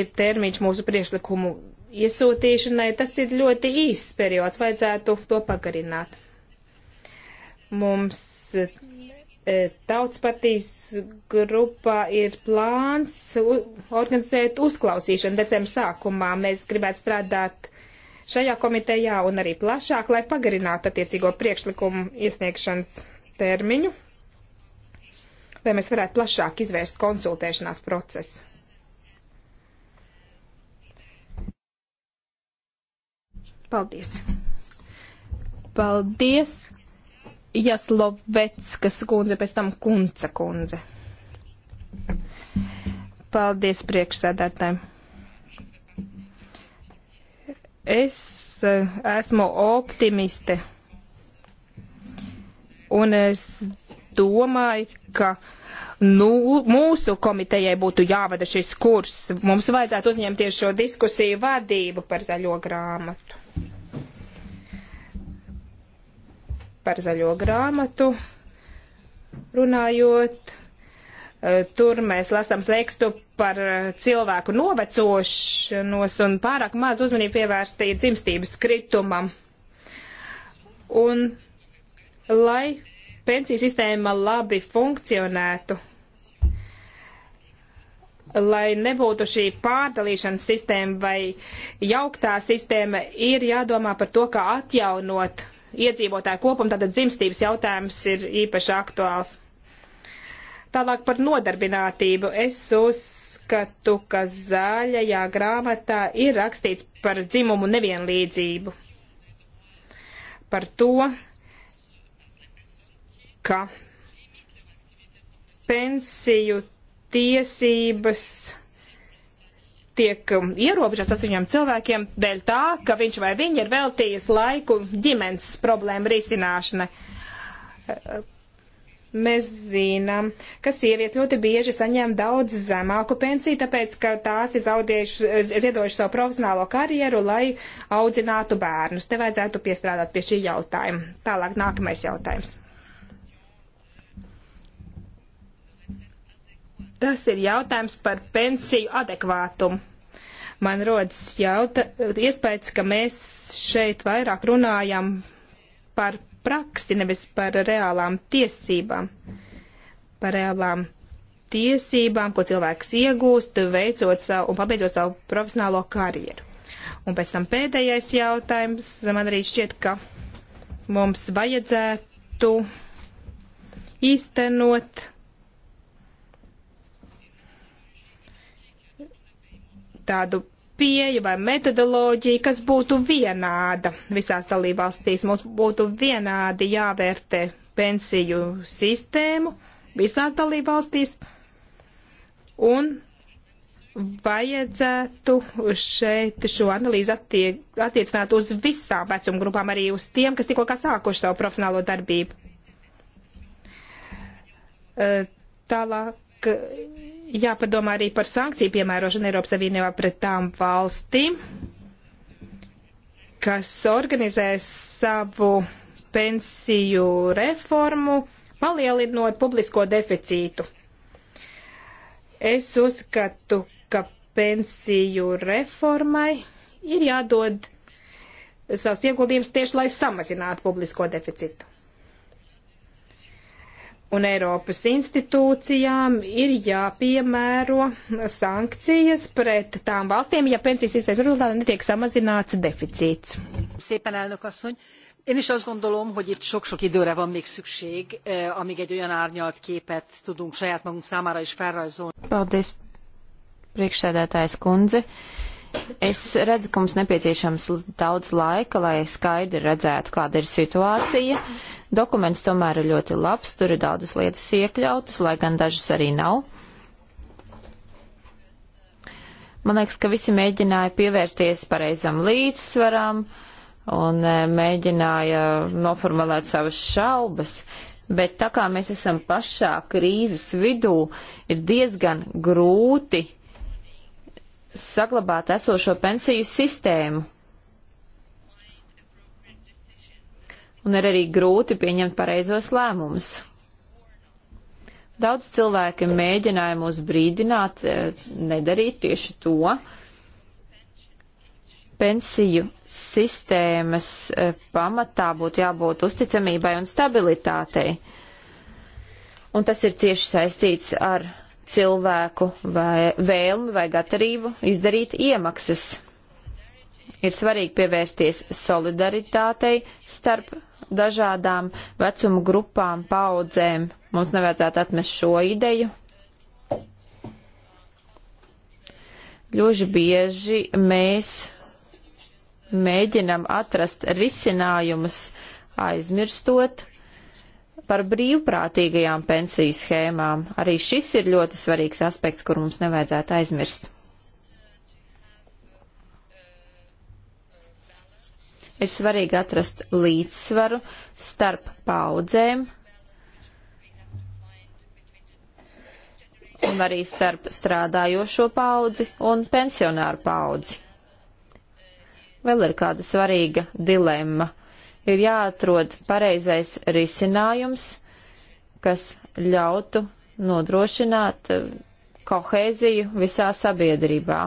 ir termiņš mūsu priešlikumu iesūtīšanai. Tas ir ļoti īsts periods, vajadzētu to pagarināt. Mums eh, Tautas partijas grupā ir plāns organizēt uzklausīšanu decembra sākumā. Mēs gribētu strādāt uh, šajā komitejā un arī plašāk, lai pagarinātu attiecīgo priekšlikumu iesniegšanas termiņu, lai mēs varētu plašāk izvērst konsultēšanās procesu. Paldies! Paldies! Jaslovetskas kundze, pēc tam Kunca kundze. Paldies priekšsēdētājiem! Es eh, esmu optimiste. Un es domāju, ka nu, mūsu komitejai būtu jāvada šis kurs. Mums vajadzētu uzņemties šo diskusiju vadību par zaļo grāmatu. Par zaļo grāmatu runājot Eh, tur mēs lasām tekstu par eh, cilvēku novecošanos un pārāk maz uzmanību pievērstīja dzimstības kritumam. Un, lai pensiju sistēma labi funkcionētu, lai nebūtu šī pārdalīšanas sistēma vai jauktā sistēma, ir jādomā par to, kā atjaunot iedzīvotāju kopumu, tātad dzimstības jautājums ir īpaši aktuāls. Tālāk par nodarbinātību. Es uzskatu, ka zaļajā grāmatā ir rakstīts par dzimumu nevienlīdzību. Par to, ka pensiju tiesības tiek ierobežots atsevišķiem cilvēkiem dēļ tā, ka viņš vai viņa ir veltījis laiku ģimenes problēmu risināšanai. Mēs zinām, ka sievietes ļoti bieži saņem daudz zemāku pensiju, tāpēc, ka tās ir ziedojušas savu profesionālo karjeru, lai audzinātu bērnus. Te vajadzētu piestrādāt pie šī jautājuma. Tālāk nākamais jautājums. Tas ir jautājums par pensiju adekvātumu. Man rodas jauta, iespējas, ka mēs šeit vairāk runājam par praksi, nevis par reālām tiesībām. Par reālām tiesībām, ko cilvēks iegūst, veicot savu un pabeidzot savu profesionālo karjeru. Un pēc tam pēdējais jautājums. Man arī šķiet, ka mums vajadzētu īstenot tādu pieeja vai metodoloģija, kas būtu vienāda visās dalībvalstīs. Mums būtu vienādi jāvērtē pensiju sistēmu visās dalībvalstīs un vajadzētu šeit šo analīzi attie, attiecināt uz visām vecuma grupām, arī uz tiem, kas tikko sākuši savu profesionālo darbību. Tālāk jāpadomā arī par sankciju piemērošanu Eiropas Savienībā pret tām valstīm, kas organizē savu pensiju reformu, palielinot publisko deficītu. Es uzskatu, ka pensiju reformai ir jādod savus ieguldījumus tieši, lai samazinātu publisko deficītu un Eiropas institūcijām ir jāpiemēro sankcijas pret tām valstīm, ja pensijas izveidu rezultātā netiek samazināts deficīts. Szépen, elnök asszony! Én is azt gondolom, hogy itt sok-sok időre van még szükség, eh, amíg egy olyan árnyalt képet tudunk saját magunk számára is felrajzolni. Paldies, priekšsēdētājs kundze. Uh, Es redzu, ka mums nepieciešams daudz laika, lai skaidri redzētu, kāda ir situācija. Dokuments tomēr ir ļoti labs, tur ir daudzas lietas iekļautas, lai gan dažas arī nav. Man liekas, ka visi mēģināja pievērsties pareizam līdzsvaram un e, mēģināja noformulēt savas šaubas, bet tā kā mēs esam pašā krīzes vidū, ir diezgan grūti saglabāt esošo pensiju sistēmu. Un ir arī grūti pieņemt pareizos lēmumus. Daudz cilvēki mēģināja mūs brīdināt, e, nedarīt tieši to. Pensiju sistēmas e, pamatā būtu jābūt uzticamībai un stabilitātei. Un tas ir cieši saistīts ar cilvēku vai vēlmi vai gatavību izdarīt iemaksas. Ir svarīgi pievērsties solidaritātei starp dažādām vecumu grupām, paudzēm. Mums nevajadzētu atmest šo ideju. Ļoti bieži mēs mēģinam atrast risinājumus, aizmirstot, Par brīvprātīgajām pensiju schēmām arī šis ir ļoti svarīgs aspekts, kur mums nevajadzētu aizmirst. Ir svarīgi atrast līdzsvaru starp paudzēm un arī starp strādājošo paudzi un pensionāru paudzi. Vēl ir kāda svarīga dilemma ir jāatrod pareizais risinājums, kas ļautu nodrošināt eh, kohēziju visā sabiedrībā.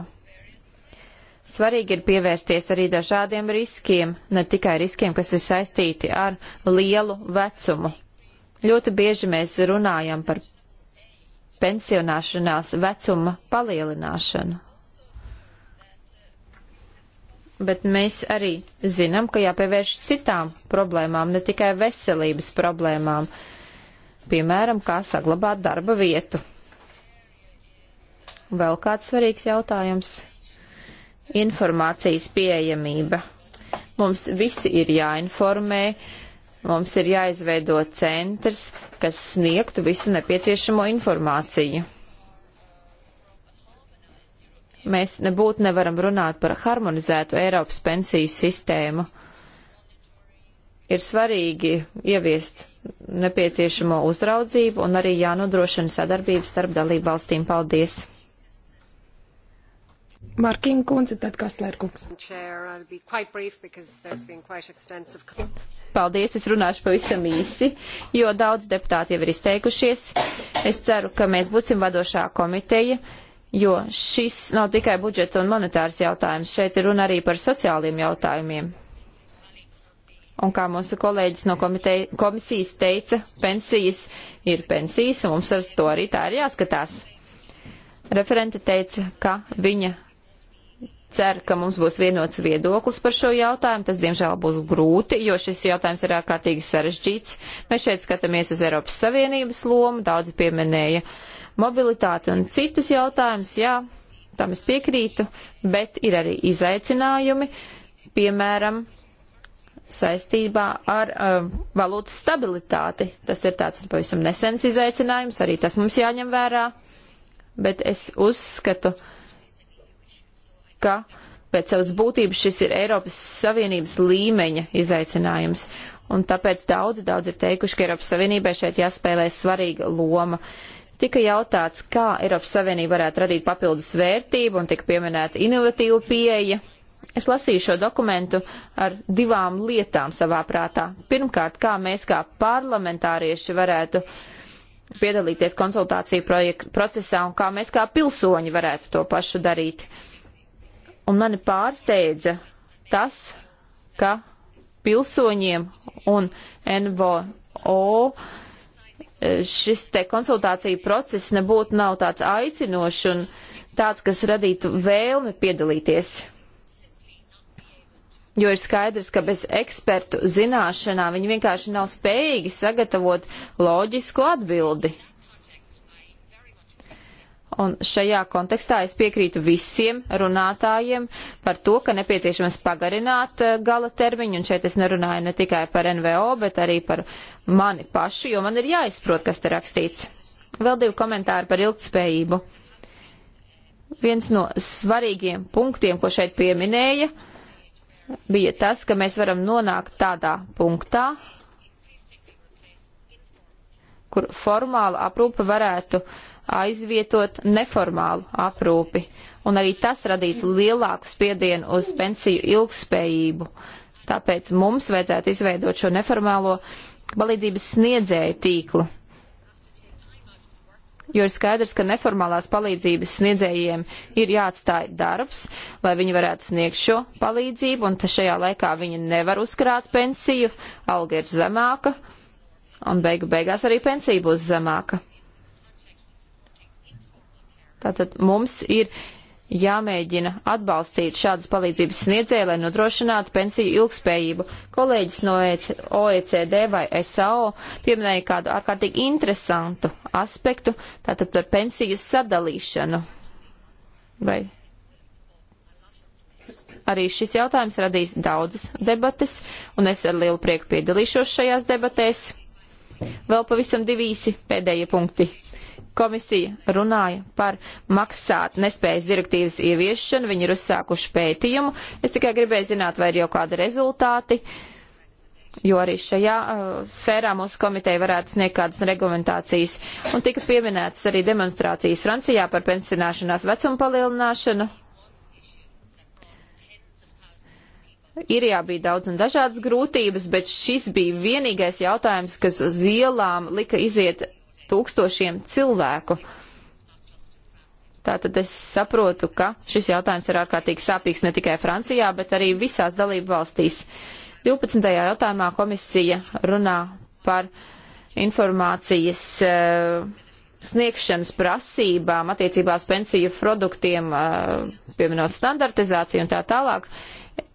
Svarīgi ir pievērsties arī dažādiem riskiem, ne tikai riskiem, kas ir saistīti ar lielu vecumu. Ļoti bieži mēs runājam par pensionāšanās vecuma palielināšanu bet mēs arī zinām, ka jāpievērš citām problēmām, ne tikai veselības problēmām. Piemēram, kā saglabāt darba vietu. Vēl kāds svarīgs jautājums - informācijas pieejamība. Mums visi ir jāinformē, mums ir jāizveido centrs, kas sniegtu visu nepieciešamo informāciju mēs nebūtu nevaram runāt par harmonizētu Eiropas pensiju sistēmu. Ir svarīgi ieviest nepieciešamo uzraudzību un arī jānodrošina sadarbības starp dalību valstīm. Paldies! Markīna kundze, tad Kastlērkungs. Paldies, es runāšu pavisam īsi, jo daudz deputāti jau ir izteikušies. Es ceru, ka mēs būsim vadošā komiteja jo šis nav tikai budžeta un monetārs jautājums, šeit ir runa arī par sociāliem jautājumiem. Un kā mūsu kolēģis no komiteja, komisijas teica, pensijas ir pensijas, un mums ar to arī tā ir jāskatās. Referente teica, ka viņa ceru, ka mums būs vienots viedoklis par šo jautājumu. Tas, diemžēl, būs grūti, jo šis jautājums ir ārkārtīgi sarežģīts. Mēs šeit skatāmies uz Eiropas Savienības lomu, daudzi pieminēja mobilitāti un citus jautājumus, jā, tam es piekrītu, bet ir arī izaicinājumi, piemēram, saistībā ar uh, valūtas stabilitāti. Tas ir tāds pavisam nesens izaicinājums, arī tas mums jāņem vērā, bet es uzskatu, ka ka pēc savas būtības šis ir Eiropas Savienības līmeņa izaicinājums. Un tāpēc daudzi, daudzi ir teikuši, ka Eiropas Savienībai šeit jāspēlē svarīga loma. Tika jautāts, kā Eiropas Savienība varētu radīt papildus vērtību un tika pieminēta inovatīva pieeja. Es lasīju šo dokumentu ar divām lietām savā prātā. Pirmkārt, kā mēs kā parlamentārieši varētu piedalīties konsultāciju projek, procesā un kā mēs kā pilsoņi varētu to pašu darīt. Uh, Un mani pārsteidza tas, ka pilsoņiem un NVO e, šis te konsultāciju process nebūtu nav tāds aicinošs un tāds, kas radītu vēlmi piedalīties. Jo ir skaidrs, ka bez ekspertu zināšanām viņi vienkārši nav spējīgi sagatavot loģisku atbildi. Un šajā kontekstā es piekrītu visiem runātājiem par to, ka nepieciešams pagarināt eh, gala termiņu, un šeit es nerunāju ne tikai par NVO, bet arī par mani pašu, jo man ir jāizprot, kas te rakstīts. Vēl divi komentāri par ilgtspējību. Viens no svarīgiem punktiem, ko šeit pieminēja, bija tas, ka mēs varam nonākt tādā punktā, kur formāla aprūpe varētu uh, aizvietot neformālu aprūpi, un arī tas radītu lielāku spiedienu uz pensiju ilgspējību. Tāpēc mums vajadzētu izveidot šo neformālo palīdzības sniedzēju tīklu. Jo ir skaidrs, ka neformālās palīdzības sniedzējiem ir jāatstāj darbs, lai viņi varētu sniegt šo palīdzību, un šajā laikā viņi nevar uzkrāt pensiju, alga ir zemāka, un beigu beigās arī pensija būs zemāka. Tātad mums ir jāmēģina atbalstīt šādas palīdzības sniedzēju, lai nodrošinātu pensiju ilgspējību. Kolēģis no e OECD vai SAO pieminēja kādu ārkārtīgi interesantu aspektu, tātad par pensiju sadalīšanu. Vai arī šis jautājums radīs daudzas debates, un es ar lielu prieku piedalīšos šajās debatēs. Vēl pavisam divi īsi pēdējie punkti. Komisija runāja par maksāt nespējas direktīvas ieviešanu, viņi ir uzsākuši pētījumu. Es tikai gribēju zināt, vai ir jau kādi rezultāti, jo arī šajā uh, sfērā mūsu komiteja varētu sniegt kādas reglamentācijas. Un tika pieminētas arī demonstrācijas Francijā par pensionēšanās vecumu palielināšanu. Irijā bija daudz un dažādas grūtības, bet šis bija vienīgais jautājums, kas uz ielām lika iziet tūkstošiem cilvēku. Tātad es saprotu, ka šis jautājums ir ārkārtīgi sāpīgs ne tikai Francijā, bet arī visās dalību valstīs. 12. jautājumā komisija runā par informācijas uh, sniegšanas prasībām attiecībās pensiju produktiem, uh, pieminot standartizāciju un tā tālāk.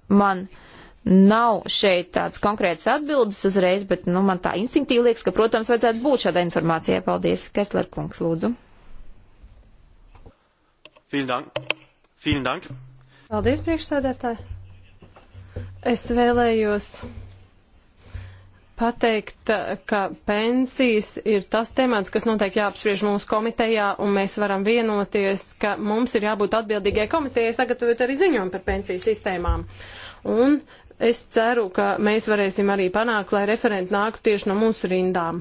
Man uh, Nav šeit tāds konkrēts atbildes uzreiz, bet nu, man tā instinktīvi liekas, ka, protams, vajadzētu būt šādai informācijai. Paldies, Kessler kungs, lūdzu. Vielen Dank. Vielen Dank. Paldies, priekšsēdētāji. Es vēlējos pateikt, ka pensijas ir tas temats, kas noteikti jāapspriež mūsu komitejā, un mēs varam vienoties, ka mums ir jābūt atbildīgai komitejai sagatavot arī ziņojumu par pensiju sistēmām. Un es ceru, ka mēs varēsim arī panākt, lai referenti nāktu tieši no mūsu rindām.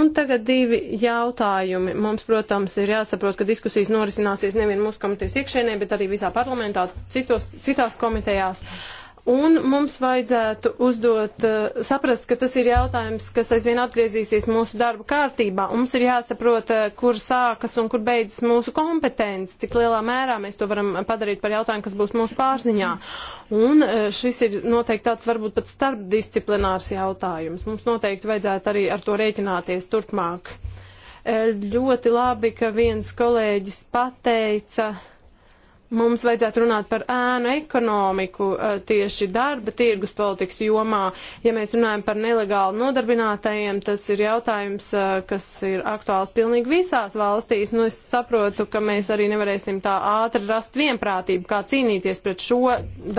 Un tagad divi jautājumi. Mums, protams, ir jāsaprot, ka diskusijas norisināsies nevien mūsu komitejas iekšēnē, bet arī visā parlamentā, citos, citās komitejās. Uh, Un mums vajadzētu uzdot, eh, saprast, ka tas ir jautājums, kas aizvien atgriezīsies mūsu darba kārtībā. Un mums ir jāsaprot, eh, kur sākas un kur beidzas mūsu kompetence, cik lielā mērā mēs to varam padarīt par jautājumu, kas būs mūsu pārziņā. Un eh, šis ir noteikti tāds varbūt pat starpdisciplinārs jautājums. Mums noteikti vajadzētu arī ar to rēķināties turpmāk. Ļoti labi, ka viens kolēģis pateica Mums vajadzētu runāt par ēnu ekonomiku tieši darba tirgus politikas jomā. Ja mēs runājam par nelegāli nodarbinātajiem, tas ir jautājums, kas ir aktuāls pilnīgi visās valstīs. Nu, es saprotu, ka mēs arī nevarēsim tā ātri rast vienprātību, kā cīnīties pret šo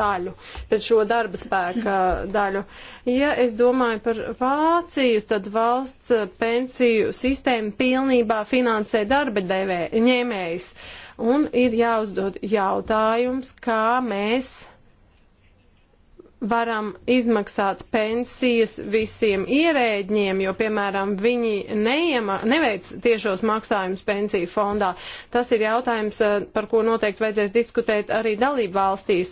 daļu, pret šo darba spēka daļu. Ja es domāju par Vāciju, tad valsts pensiju sistēma pilnībā finansē darba devē, ņēmējs. Uh, un ir jāuzdod jautājums, kā mēs varam izmaksāt pensijas visiem ierēģiem, jo, piemēram, viņi neiema, neveic tiešos maksājumus pensiju fondā. Tas ir jautājums, eh, par ko noteikti vajadzēs diskutēt arī dalību valstīs.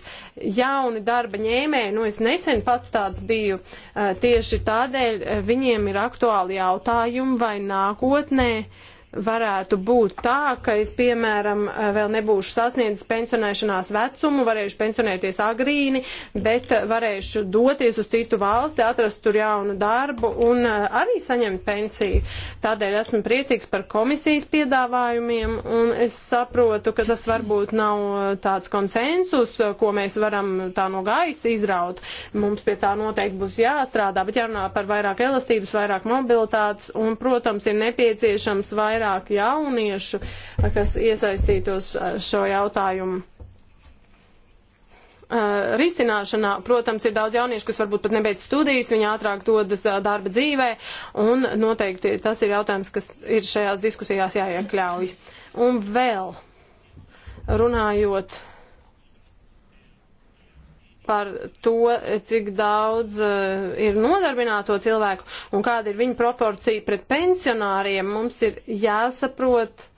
Jauni darba ņēmēji, nu es nesen pats tāds biju, eh, tieši tādēļ eh, viņiem ir aktuāli jautājumi vai nākotnē. Uh, varētu būt tā, ka es, piemēram, vēl nebūšu sasniedzis pensionēšanās vecumu, varēšu pensionēties agrīni, bet varēšu doties uz citu valsti, atrast tur jaunu darbu un eh, arī saņemt pensiju. Tādēļ esmu priecīgs par komisijas piedāvājumiem un es saprotu, ka tas varbūt nav eh, tāds konsensus, ko mēs varam tā no gaisa izraut. Mums pie tā noteikti būs jāstrādā, bet jārunā par vairāk elastības, vairāk mobilitātes un, protams, ir nepieciešams vairāk vairāk jauniešu, kas iesaistītos uh, šo jautājumu uh, risināšanā, protams, ir daudz jauniešu, kas varbūt pat nebeidz studijas, viņi ātrāk dodas uh, darba dzīvē, un noteikti tas ir jautājums, kas ir šajās diskusijās jāiekļauj. Un vēl runājot par to, cik daudz uh, ir nodarbināto cilvēku un kāda ir viņa proporcija pret pensionāriem, mums ir jāsaprot,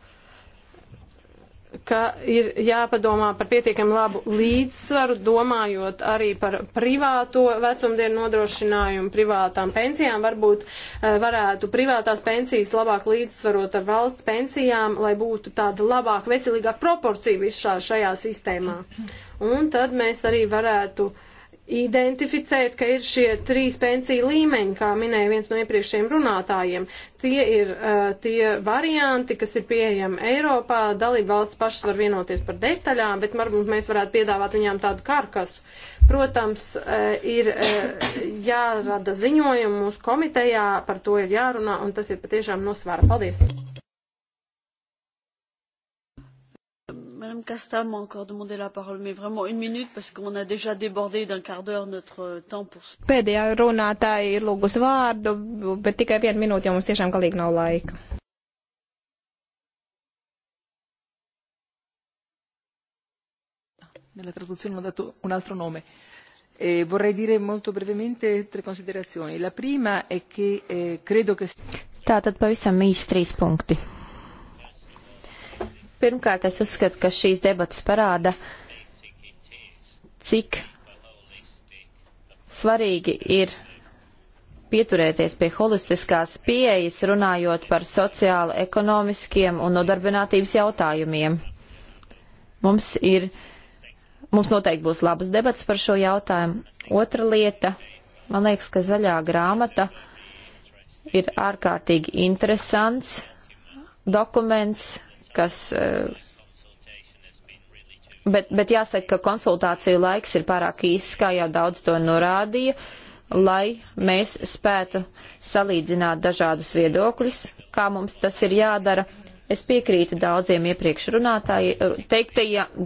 ka ir jāpadomā par pietiekami labu līdzsvaru, domājot arī par privāto vecumdienu nodrošinājumu, privātām pensijām. Varbūt eh, varētu privātās pensijas labāk līdzsvarot ar valsts pensijām, lai būtu tāda labāka, veselīgāka proporcija visā šajā sistēmā. Un tad mēs arī varētu uh, identificēt, ka ir šie trīs pensiju līmeņi, kā minēja viens no iepriekšējiem runātājiem. Tie ir uh, tie varianti, kas ir pieejami Eiropā. Dalība valsts pašas var vienoties par detaļām, bet varbūt mēs varētu piedāvāt viņām tādu karkasu. Protams, uh, ir uh, jārada ziņojumu mūsu komitejā, par to ir jārunā, un tas ir patiešām nosvara. Paldies! Madame Casta m'a encore demandé la parole, mais vraiment une minute parce qu'on a déjà débordé d'un quart d'heure notre euh, temps pour. Pēdējā runātāja ir lūgus vārdu, bet tikai vienu minūti, jo mums tiešām galīgi nav laika. Nella traduzione hanno dato un altro nome. Eh, vorrei dire molto brevemente tre considerazioni. La prima è che eh, credo che. Tātad pavisam īsti trīs punkti. Pirmkārt, es uzskatu, ka šīs debatas parāda, cik svarīgi ir pieturēties pie holistiskās pieejas, runājot par sociāli, ekonomiskiem un nodarbinātības jautājumiem. Mums ir, mums noteikti būs labas debats par šo jautājumu. Otra lieta, man liekas, ka zaļā grāmata ir ārkārtīgi interesants dokuments, kas. Eh, bet, bet jāsaka, ka konsultāciju laiks ir pārāk īss, kā jau daudz to norādīja, lai mēs spētu salīdzināt dažādus viedokļus, kā mums tas ir jādara. Es piekrītu daudziem iepriekš runātājiem, teiktajiem,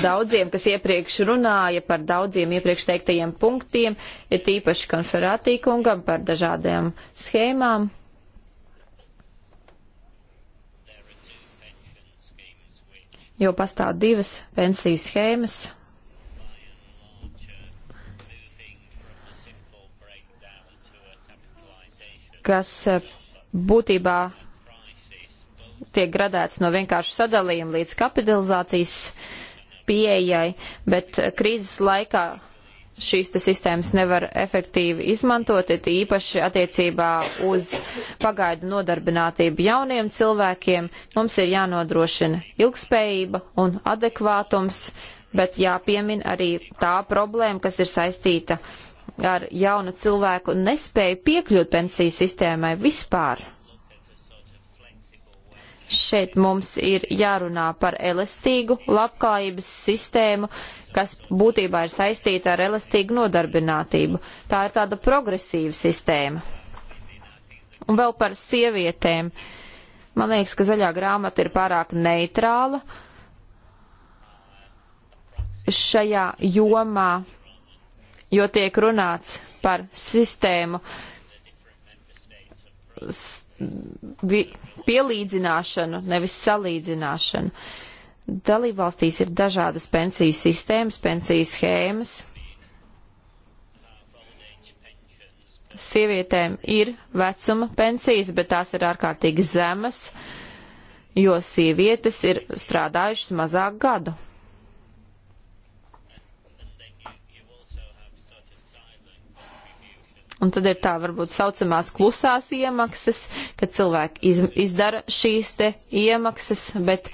daudziem, kas iepriekš runāja par daudziem iepriekš teiktajiem punktiem, ir tīpaši konferātī kungam par dažādām schēmām. jo pastāv divas pensiju schēmas. kas eh, būtībā tiek gradēts no vienkārša sadalījuma līdz kapitalizācijas pieejai, bet eh, krīzes laikā šīs sistēmas nevar efektīvi izmantot, it īpaši attiecībā uz pagaidu nodarbinātību jauniem cilvēkiem. Mums ir jānodrošina ilgspējība un adekvātums, bet jāpiemin arī tā problēma, kas ir saistīta ar jaunu cilvēku nespēju piekļūt pensiju sistēmai vispār. Šeit mums ir jārunā par elastīgu labklājības sistēmu, kas būtībā ir saistīta ar elastīgu nodarbinātību. Tā ir tāda progresīva sistēma. Un vēl par sievietēm. Man liekas, ka zaļā grāmata ir pārāk neitrāla šajā jomā, jo tiek runāts par sistēmu pielīdzināšanu, nevis salīdzināšanu. Dalībvalstīs ir dažādas pensiju sistēmas, pensiju schēmas. Sievietēm ir vecuma pensijas, bet tās ir ārkārtīgi zemas, jo sievietes ir strādājušas mazāk gadu. Un tad ir tā varbūt saucamās klusās iemaksas, kad cilvēki iz, izdara šīs te iemaksas, bet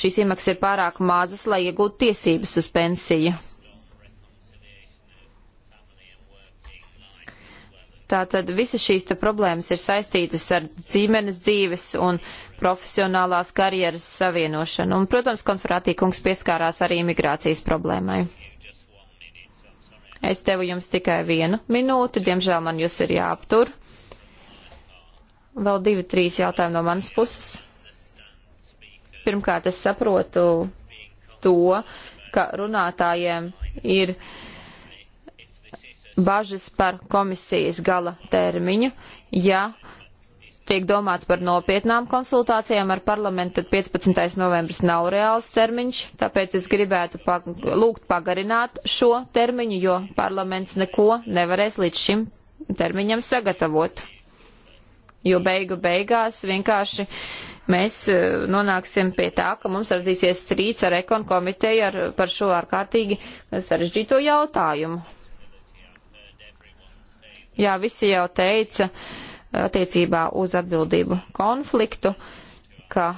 šīs iemaksas ir pārāk mazas, lai iegūtu tiesības uz pensiju. Tātad visas šīs problēmas ir saistītas ar ģimenes dzīves un profesionālās karjeras savienošanu. Un, protams, konferātī kungs pieskārās arī imigrācijas problēmai. Es devu jums tikai vienu minūti, diemžēl man jūs ir jāaptur. Vēl divi, trīs jautājumi no manas puses. Pirmkārt, es saprotu to, ka runātājiem ir bažas par komisijas gala termiņu, ja tiek domāts par nopietnām konsultācijām ar parlamentu, tad 15. novembris nav reāls termiņš, tāpēc es gribētu pag lūgt pagarināt šo termiņu, jo parlaments neko nevarēs līdz šim termiņam sagatavot. Jo beigu beigās vienkārši mēs e, nonāksim pie tā, ka mums radīsies strīds ar ekonu komiteju ar, par šo ārkārtīgi sarežģīto jautājumu. Jā, visi jau teica, uh, attiecībā uz atbildību konfliktu, ka,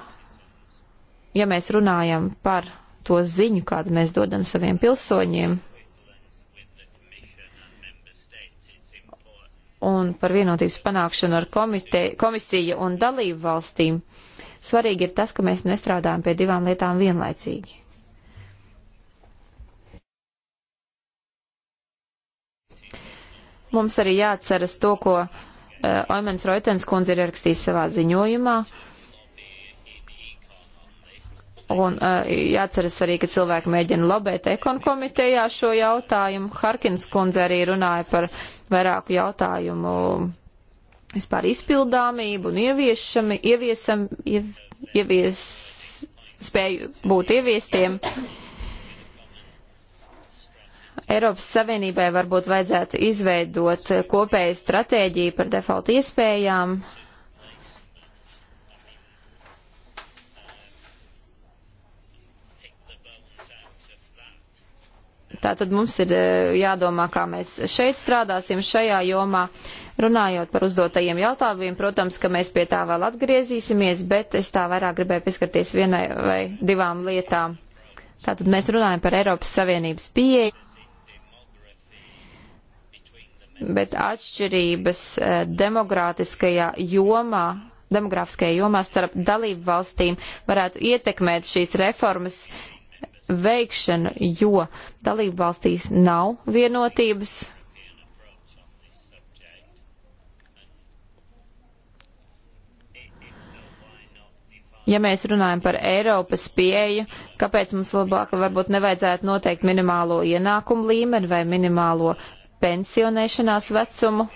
ja mēs runājam par to ziņu, kādu mēs dodam saviem pilsoņiem, un par vienotības panākšanu ar komite, komisiju un dalību valstīm, svarīgi ir tas, ka mēs nestrādājam pie divām lietām vienlaicīgi. Mums arī jāatceras to, ko Eh, Oimens Roitens kundze ir ierakstījis savā ziņojumā. Un uh, eh, jāceras arī, ka cilvēki mēģina lobēt ekon komitejā šo jautājumu. Harkins kundze arī runāja par vairāku jautājumu vispār izpildāmību un ieviešami, ieviesam, iev, ievies, spēju būt ieviestiem. Uh, Eiropas Savienībai varbūt vajadzētu izveidot kopēju stratēģiju par default iespējām. Tātad mums ir e, jādomā, kā mēs šeit strādāsim šajā jomā. Runājot par uzdotajiem jautājumiem, protams, ka mēs pie tā vēl atgriezīsimies, bet es tā vairāk gribēju pieskarties vienai vai divām lietām. Tātad mēs runājam par Eiropas Savienības pieeju bet atšķirības eh, demokrātiskajā jomā, demografiskajā jomā starp dalību valstīm varētu ietekmēt šīs reformas veikšanu, jo dalību valstīs nav vienotības. Ja mēs runājam par Eiropas pieeju, kāpēc mums labāk varbūt nevajadzētu noteikt minimālo ienākumu līmeni vai minimālo pensionēšanās vecumu,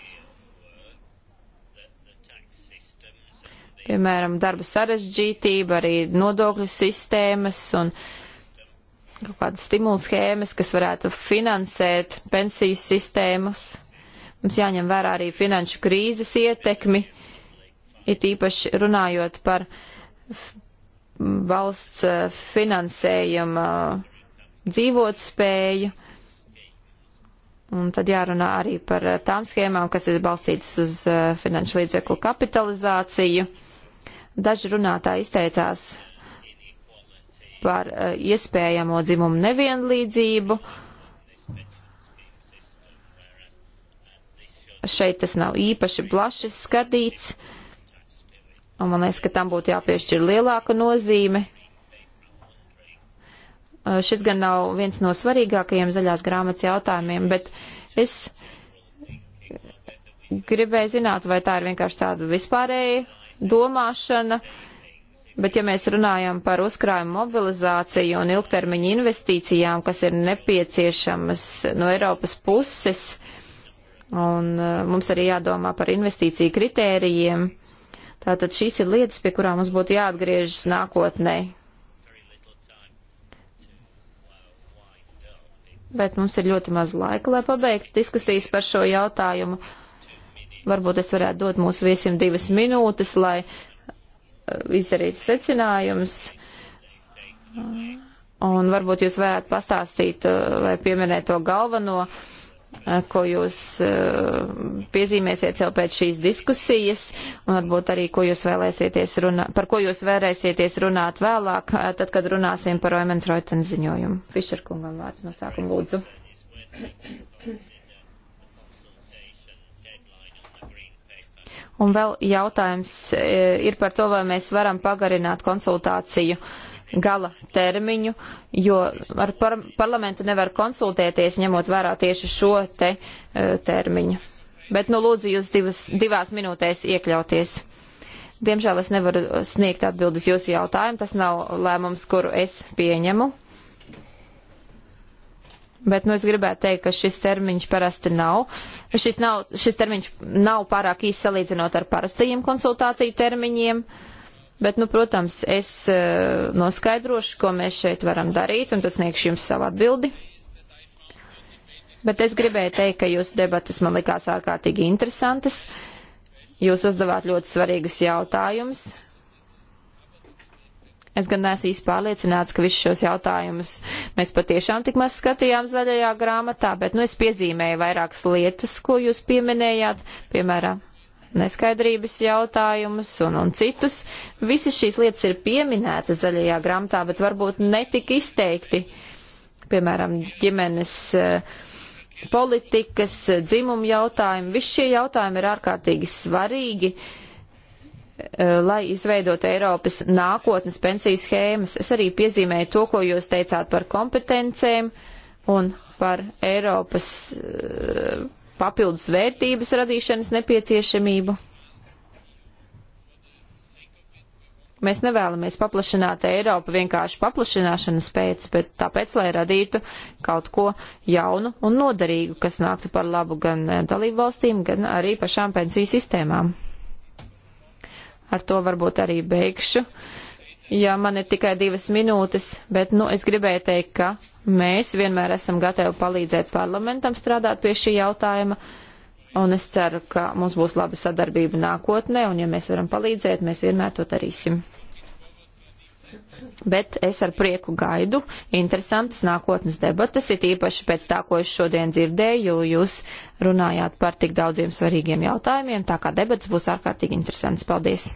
piemēram, darba sarežģītība, arī nodokļu sistēmas un kaut kādas stimulu schēmas, kas varētu finansēt pensiju sistēmas. Mums jāņem vērā arī finanšu krīzes ietekmi, it īpaši runājot par valsts eh, finansējuma eh, dzīvotspēju. spēju Un tad jārunā arī par eh, tām schēmām, kas ir balstītas uz eh, finanšu līdzeklu kapitalizāciju. Daži runātāji izteicās par eh, iespējamo dzimumu nevienlīdzību. Šeit tas nav īpaši plaši skatīts, un man liekas, ka tam būtu jāpiešķir lielāka nozīme, Uh, šis gan nav viens no svarīgākajiem zaļās grāmatas jautājumiem, bet es gribēju zināt, vai tā ir vienkārši tāda vispārēja domāšana, bet ja mēs runājam par uzkrājumu mobilizāciju un ilgtermiņa investīcijām, kas ir nepieciešamas no Eiropas puses, un uh, mums arī jādomā par investīciju kritērijiem, tātad šīs ir lietas, pie kurām mums būtu jāatgriežas nākotnē. bet mums ir ļoti maz laika, lai pabeigtu diskusijas par šo jautājumu. Varbūt es varētu dot mūsu viesim divas minūtes, lai uh, izdarītu secinājumus. Un varbūt jūs varētu pastāstīt uh, vai pieminēt to galveno. Uh, Eh, ko jūs eh, piezīmēsiet jau pēc šīs diskusijas, un varbūt arī, ko jūs vēlēsieties runā, par ko jūs vēlēsieties runāt vēlāk, eh, tad, kad runāsim par Oemens Roitens ziņojumu. Fišer kungam vārds no sākuma lūdzu. Un vēl jautājums ir par to, vai mēs varam pagarināt konsultāciju uh, gala termiņu, jo ar par parlamentu nevar konsultēties, ņemot vērā tieši šo te uh, termiņu. Bet, nu, lūdzu, jūs divas, divās minūtēs iekļauties. Diemžēl es nevaru sniegt atbildes jūsu jautājumu, tas nav lēmums, kuru es pieņemu. Bet, nu, es gribētu teikt, ka šis termiņš parasti nav. Šis, nav, šis termiņš nav pārāk īsts salīdzinot ar parastajiem konsultāciju termiņiem. Uh, Bet, nu, protams, es eh, noskaidrošu, ko mēs šeit varam darīt, un tas sniegšu jums savu atbildi. Bet es gribēju teikt, ka jūsu debatas man likās ārkārtīgi interesantas. Jūs uzdevāt ļoti svarīgus jautājumus. Es gan neesmu īsti pārliecināts, ka visus šos jautājumus mēs patiešām tik maz skatījām zaļajā grāmatā, bet nu es piezīmēju vairākas lietas, ko jūs pieminējāt, piemēram, neskaidrības jautājumus un, un citus. Visas šīs lietas ir pieminētas zaļajā grāmatā, bet varbūt netik izteikti. Piemēram, ģimenes eh, politikas, eh, dzimumu jautājumi. Visi šie jautājumi ir ārkārtīgi svarīgi, eh, lai izveidot Eiropas nākotnes pensiju schēmas. Es arī piezīmēju to, ko jūs teicāt par kompetencēm un par Eiropas papildus vērtības radīšanas nepieciešamību. Mēs nevēlamies paplašināt Eiropu vienkārši paplašināšanas pēc, bet tāpēc, lai radītu kaut ko jaunu un noderīgu, kas nāktu par labu gan eh, dalību valstīm, gan arī pašām pensiju sistēmām. Ar to varbūt arī beigšu. Uh, ja man ir tikai divas minūtes, bet nu, es gribēju teikt, ka mēs vienmēr esam gatavi palīdzēt parlamentam strādāt pie šī jautājuma. Un es ceru, ka mums būs laba sadarbība nākotnē, un ja mēs varam palīdzēt, mēs vienmēr to darīsim. Bet es ar prieku gaidu interesantas nākotnes debatas, it īpaši pēc tā, ko es šodien dzirdēju, jo jūs runājāt par tik daudziem svarīgiem jautājumiem, tā kā debats būs ārkārtīgi interesants. Paldies!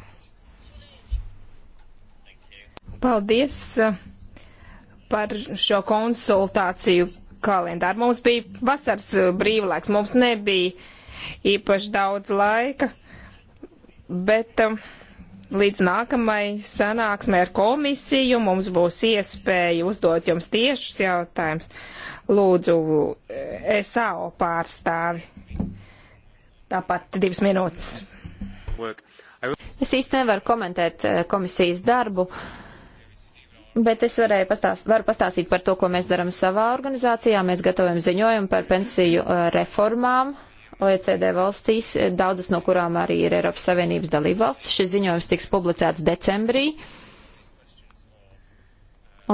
Paldies eh, par šo konsultāciju kalendāru. Mums bija vasaras eh, brīvlaiks, mums nebija īpaši daudz laika, bet eh, līdz nākamai sanāksmē ar komisiju mums būs iespēja uzdot jums tiešus jautājumus. Lūdzu, SAO pārstāvi. Tāpat divas minūtes. Es īsti nevaru komentēt komisijas darbu. Uh, Bet es varēju pastāst, varu pastāstīt par to, ko mēs darām savā organizācijā. Mēs gatavojam ziņojumu par pensiju uh, reformām OECD valstīs, daudzas no kurām arī ir Eiropas Savienības dalība valsts. Šis ziņojums tiks publicēts decembrī.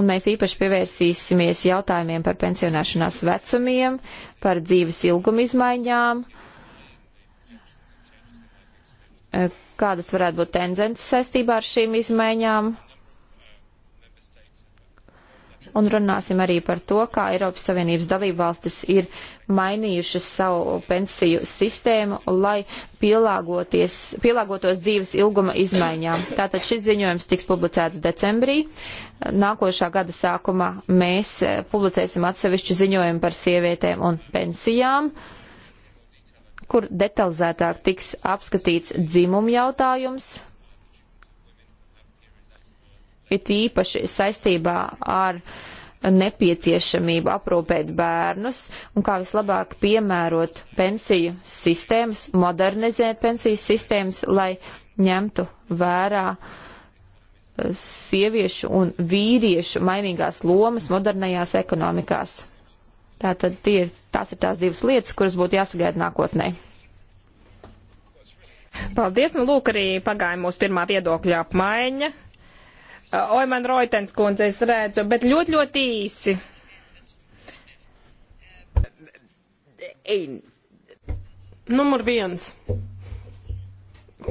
Un mēs īpaši pievērsīsimies jautājumiem par pensionēšanās vecumiem, par dzīves ilgumu izmaiņām, uh, kādas varētu būt tendences saistībā ar šīm izmaiņām un runāsim arī par to, kā Eiropas Savienības dalībvalstis ir mainījušas savu pensiju sistēmu, lai pielāgotos dzīves ilguma izmaiņām. Tātad šis ziņojums tiks publicēts decembrī. Nākošā gada sākumā mēs eh, publicēsim atsevišķu ziņojumu par sievietēm un pensijām kur detalizētāk tiks apskatīts dzimumu jautājums, it īpaši saistībā ar nepieciešamību aprūpēt bērnus un kā vislabāk piemērot pensiju sistēmas, modernizēt pensiju sistēmas, lai ņemtu vērā eh, sieviešu un vīriešu mainīgās lomas modernajās ekonomikās. Tātad tie ir, tās ir tās divas lietas, kuras būtu jāsagaida nākotnē. Paldies, nu lūk arī pagāja mūsu pirmā viedokļa apmaiņa. Uh, Oiman Roitens kundze, es redzu, bet ļoti, ļoti īsi. Numur viens.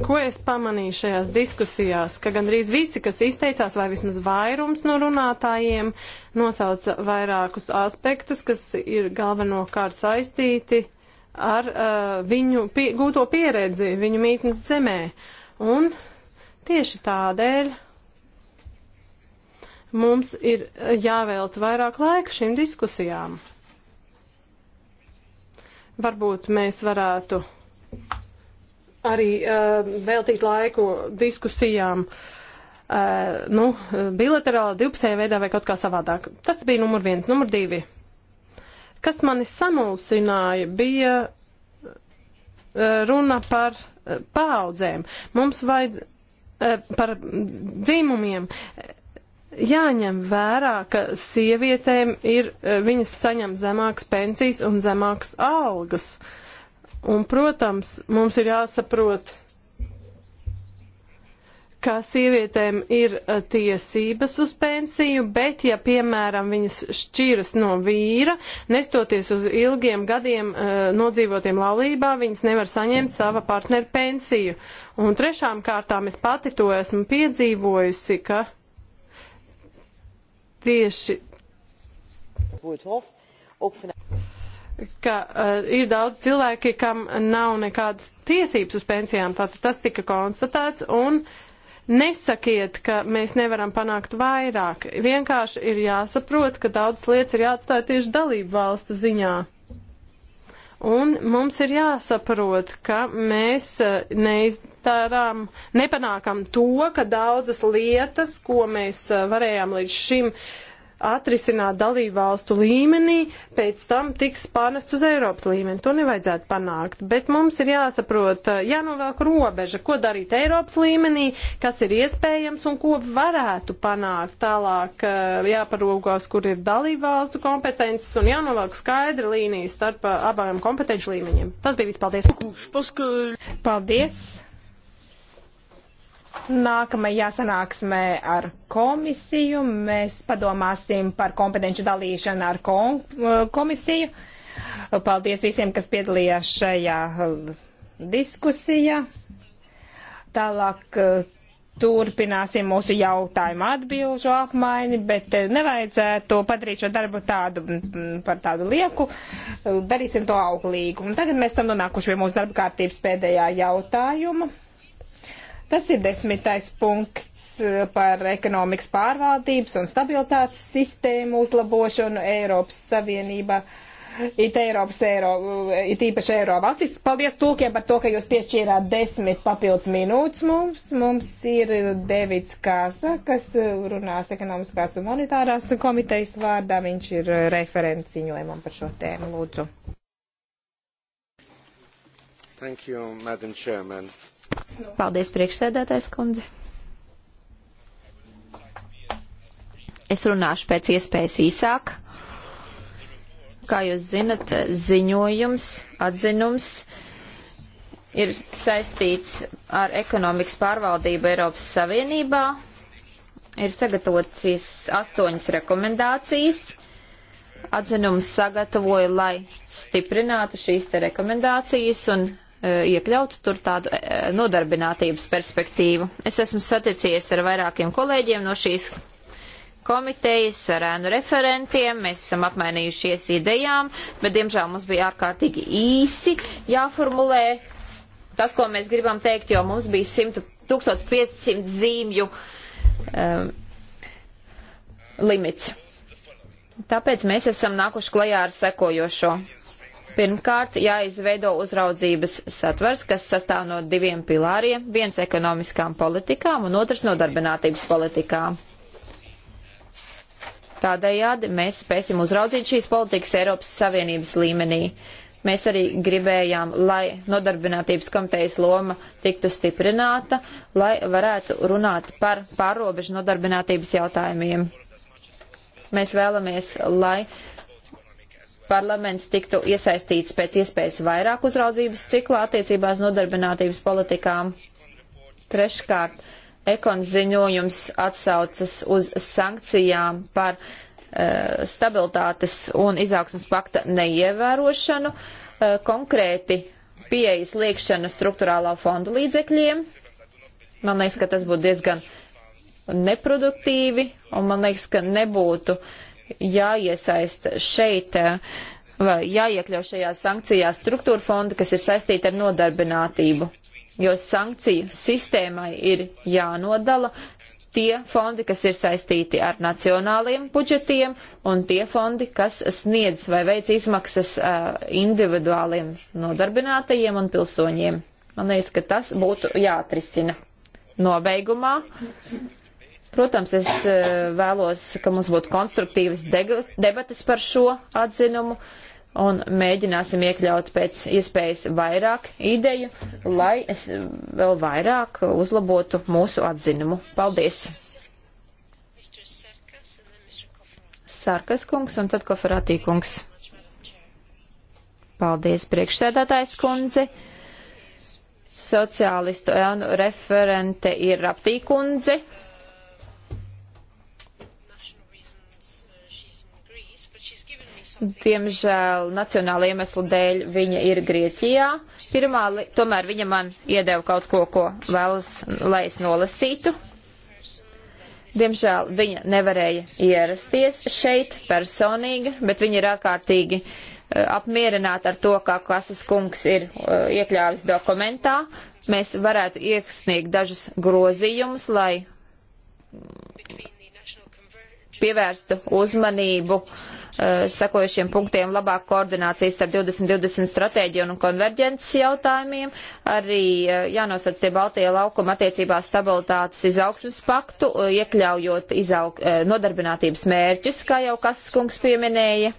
Ko es pamanīju šajās diskusijās, ka gandrīz visi, kas izteicās, vai vismaz vairums no runātājiem, nosauca vairākus aspektus, kas ir galvenokārt saistīti ar uh, viņu pie, gūto pieredzi, viņu mītnes zemē. Un tieši tādēļ Mums ir jāvēlt vairāk laika šīm diskusijām. Varbūt mēs varētu arī uh, veltīt laiku diskusijām uh, Uh, nu, bilaterāli, divpusējā veidā vai kaut kā savādāk. Tas bija numur viens. Numur divi. Kas mani samulsināja, bija uh, runa par uh, paudzēm. Mums vajadz par dzimumiem jāņem vērā, ka sievietēm ir, eh, viņas saņem zemākas pensijas un zemākas algas. Un, protams, mums ir jāsaprot, ka sievietēm ir eh, tiesības uz pensiju, bet ja, piemēram, viņas šķiras no vīra, nestoties uz ilgiem gadiem eh, nodzīvotiem laulībā, viņas nevar saņemt sava partneru pensiju. Un trešām kārtām es pati to esmu piedzīvojusi, ka tieši. Ka uh, ir daudz cilvēki, kam nav nekādas tiesības uz pensijām, tātad tas tika konstatēts, un nesakiet, ka mēs nevaram panākt vairāk. Vienkārši ir jāsaprot, ka daudz lietas ir jāatstāja tieši dalību valstu ziņā. Un mums ir jāsaprot, ka mēs e, neizdarām, nepanākam to, ka daudzas lietas, ko mēs e, varējām līdz šim uh, atrisināt dalībvalstu līmenī, pēc tam tiks pārnest uz Eiropas līmeni. To nevajadzētu panākt, bet mums ir jāsaprot, eh, jānovelk robeža, ko darīt Eiropas līmenī, kas ir iespējams un ko varētu panākt. Tālāk eh, jāparūgās, kur ir dalībvalstu kompetences un jānovelk skaidra līnija starp eh, abām kompetenci līmeņiem. Tas bija viss. Paldies! Paldies! Nākamajā sanāksmē ar komisiju mēs padomāsim par kompetenci dalīšanu ar kom eh, komisiju. Paldies visiem, kas piedalījās šajā eh, diskusijā. Tālāk eh, turpināsim mūsu jautājumu atbilžu apmaiņu, bet nevajadzētu padarīt šo darbu tādu, par tādu lieku. Darīsim to auglīgu. Un tagad mēs esam nonākuši pie mūsu darba kārtības pēdējā jautājuma. Tas ir desmitais punkts eh, par ekonomikas pārvaldības un stabilitātes sistēmu uzlabošanu Eiropas Savienībā. It Eiropas eiro, eh, it īpaši eiro valstis. Paldies tulkiem par to, ka jūs piešķīrāt desmit papildus minūtes mums. Mums ir Devits Kāsa, kas eh, runās ekonomiskās un monetārās komitejas vārdā. Viņš ir referents ziņojumam par šo tēmu. Lūdzu. Thank you, Madam Chairman. Paldies, priekšsēdētājs kundze. Es runāšu pēc iespējas īsāk. Kā jūs zinat, ziņojums, atzinums ir saistīts ar ekonomikas pārvaldību Eiropas Savienībā. Ir sagatavotas astoņas rekomendācijas. Atzinums sagatavoja, lai stiprinātu šīs te rekomendācijas un Eh, iekļaut tur tādu eh, nodarbinātības perspektīvu. Es esmu saticies ar vairākiem kolēģiem no šīs komitejas, ar ēnu referentiem, mēs esam apmainījušies idejām, bet diemžēl mums bija ārkārtīgi īsi jāformulē tas, ko mēs gribam teikt, jo mums bija 100, 1500 zīmju um, limits. Tāpēc mēs esam nākuši klajā ar sekojošo. Pirmkārt, jāizveido uzraudzības satvers, kas sastāv no diviem pilāriem - viens ekonomiskām politikām un otrs no darbinātības politikām. Tādējādi mēs spēsim uzraudzīt šīs politikas Eiropas Savienības līmenī. Mēs arī gribējām, lai nodarbinātības komitejas loma tiktu stiprināta, lai varētu runāt par pārobežu nodarbinātības jautājumiem. Mēs vēlamies, lai parlaments tiktu iesaistīts pēc iespējas vairāk uzraudzības ciklā attiecībās nodarbinātības politikām. Treškārt, ekons ziņojums atsaucas uz sankcijām par uh, stabilitātes un izaugsmas pakta neievērošanu, uh, konkrēti pieejas liekšana struktūrālā fonda līdzekļiem. Man liekas, ka tas būtu diezgan neproduktīvi, un man liekas, ka nebūtu uh, jāiesaist šeit eh, vai jāiekļau šajās sankcijās struktūra fondi, kas ir saistīti ar nodarbinātību, jo sankciju sistēmai ir jānodala tie fondi, kas ir saistīti ar nacionāliem budžetiem un tie fondi, kas sniedz vai veic izmaksas uh, individuāliem nodarbinātajiem un pilsoņiem. Man liekas, ka tas būtu jāatrisina. Nobeigumā Protams, es eh, vēlos, ka mums būtu konstruktīvas debatas par šo atzinumu un mēģināsim iekļaut pēc iespējas vairāk ideju, lai es eh, vēl vairāk uzlabotu mūsu atzinumu. Paldies! Sarkas kungs un tad Koferatī kungs. Paldies, priekšsēdētājs kundze. Sociālistu referente ir Raptī kundze. Diemžēl nacionāla iemesla dēļ viņa ir Grieķijā. Pirmā, tomēr viņa man iedeva kaut ko, ko vēlas, lai es nolasītu. Diemžēl viņa nevarēja ierasties šeit personīgi, bet viņa ir ārkārtīgi eh, apmierināta ar to, kā klases kungs ir eh, iekļāvis dokumentā. Mēs varētu iesniegt dažus grozījumus, lai pievērstu uzmanību eh, sekojušiem punktiem labāk koordinācijas starp 2020 stratēģiju un konverģences jautājumiem, arī eh, jānosac tie Baltija laukuma attiecībā stabilitātes izaugsmas paktu, eh, iekļaujot izaug, nodarbinātības mērķus, kā jau Kaskungs pieminēja.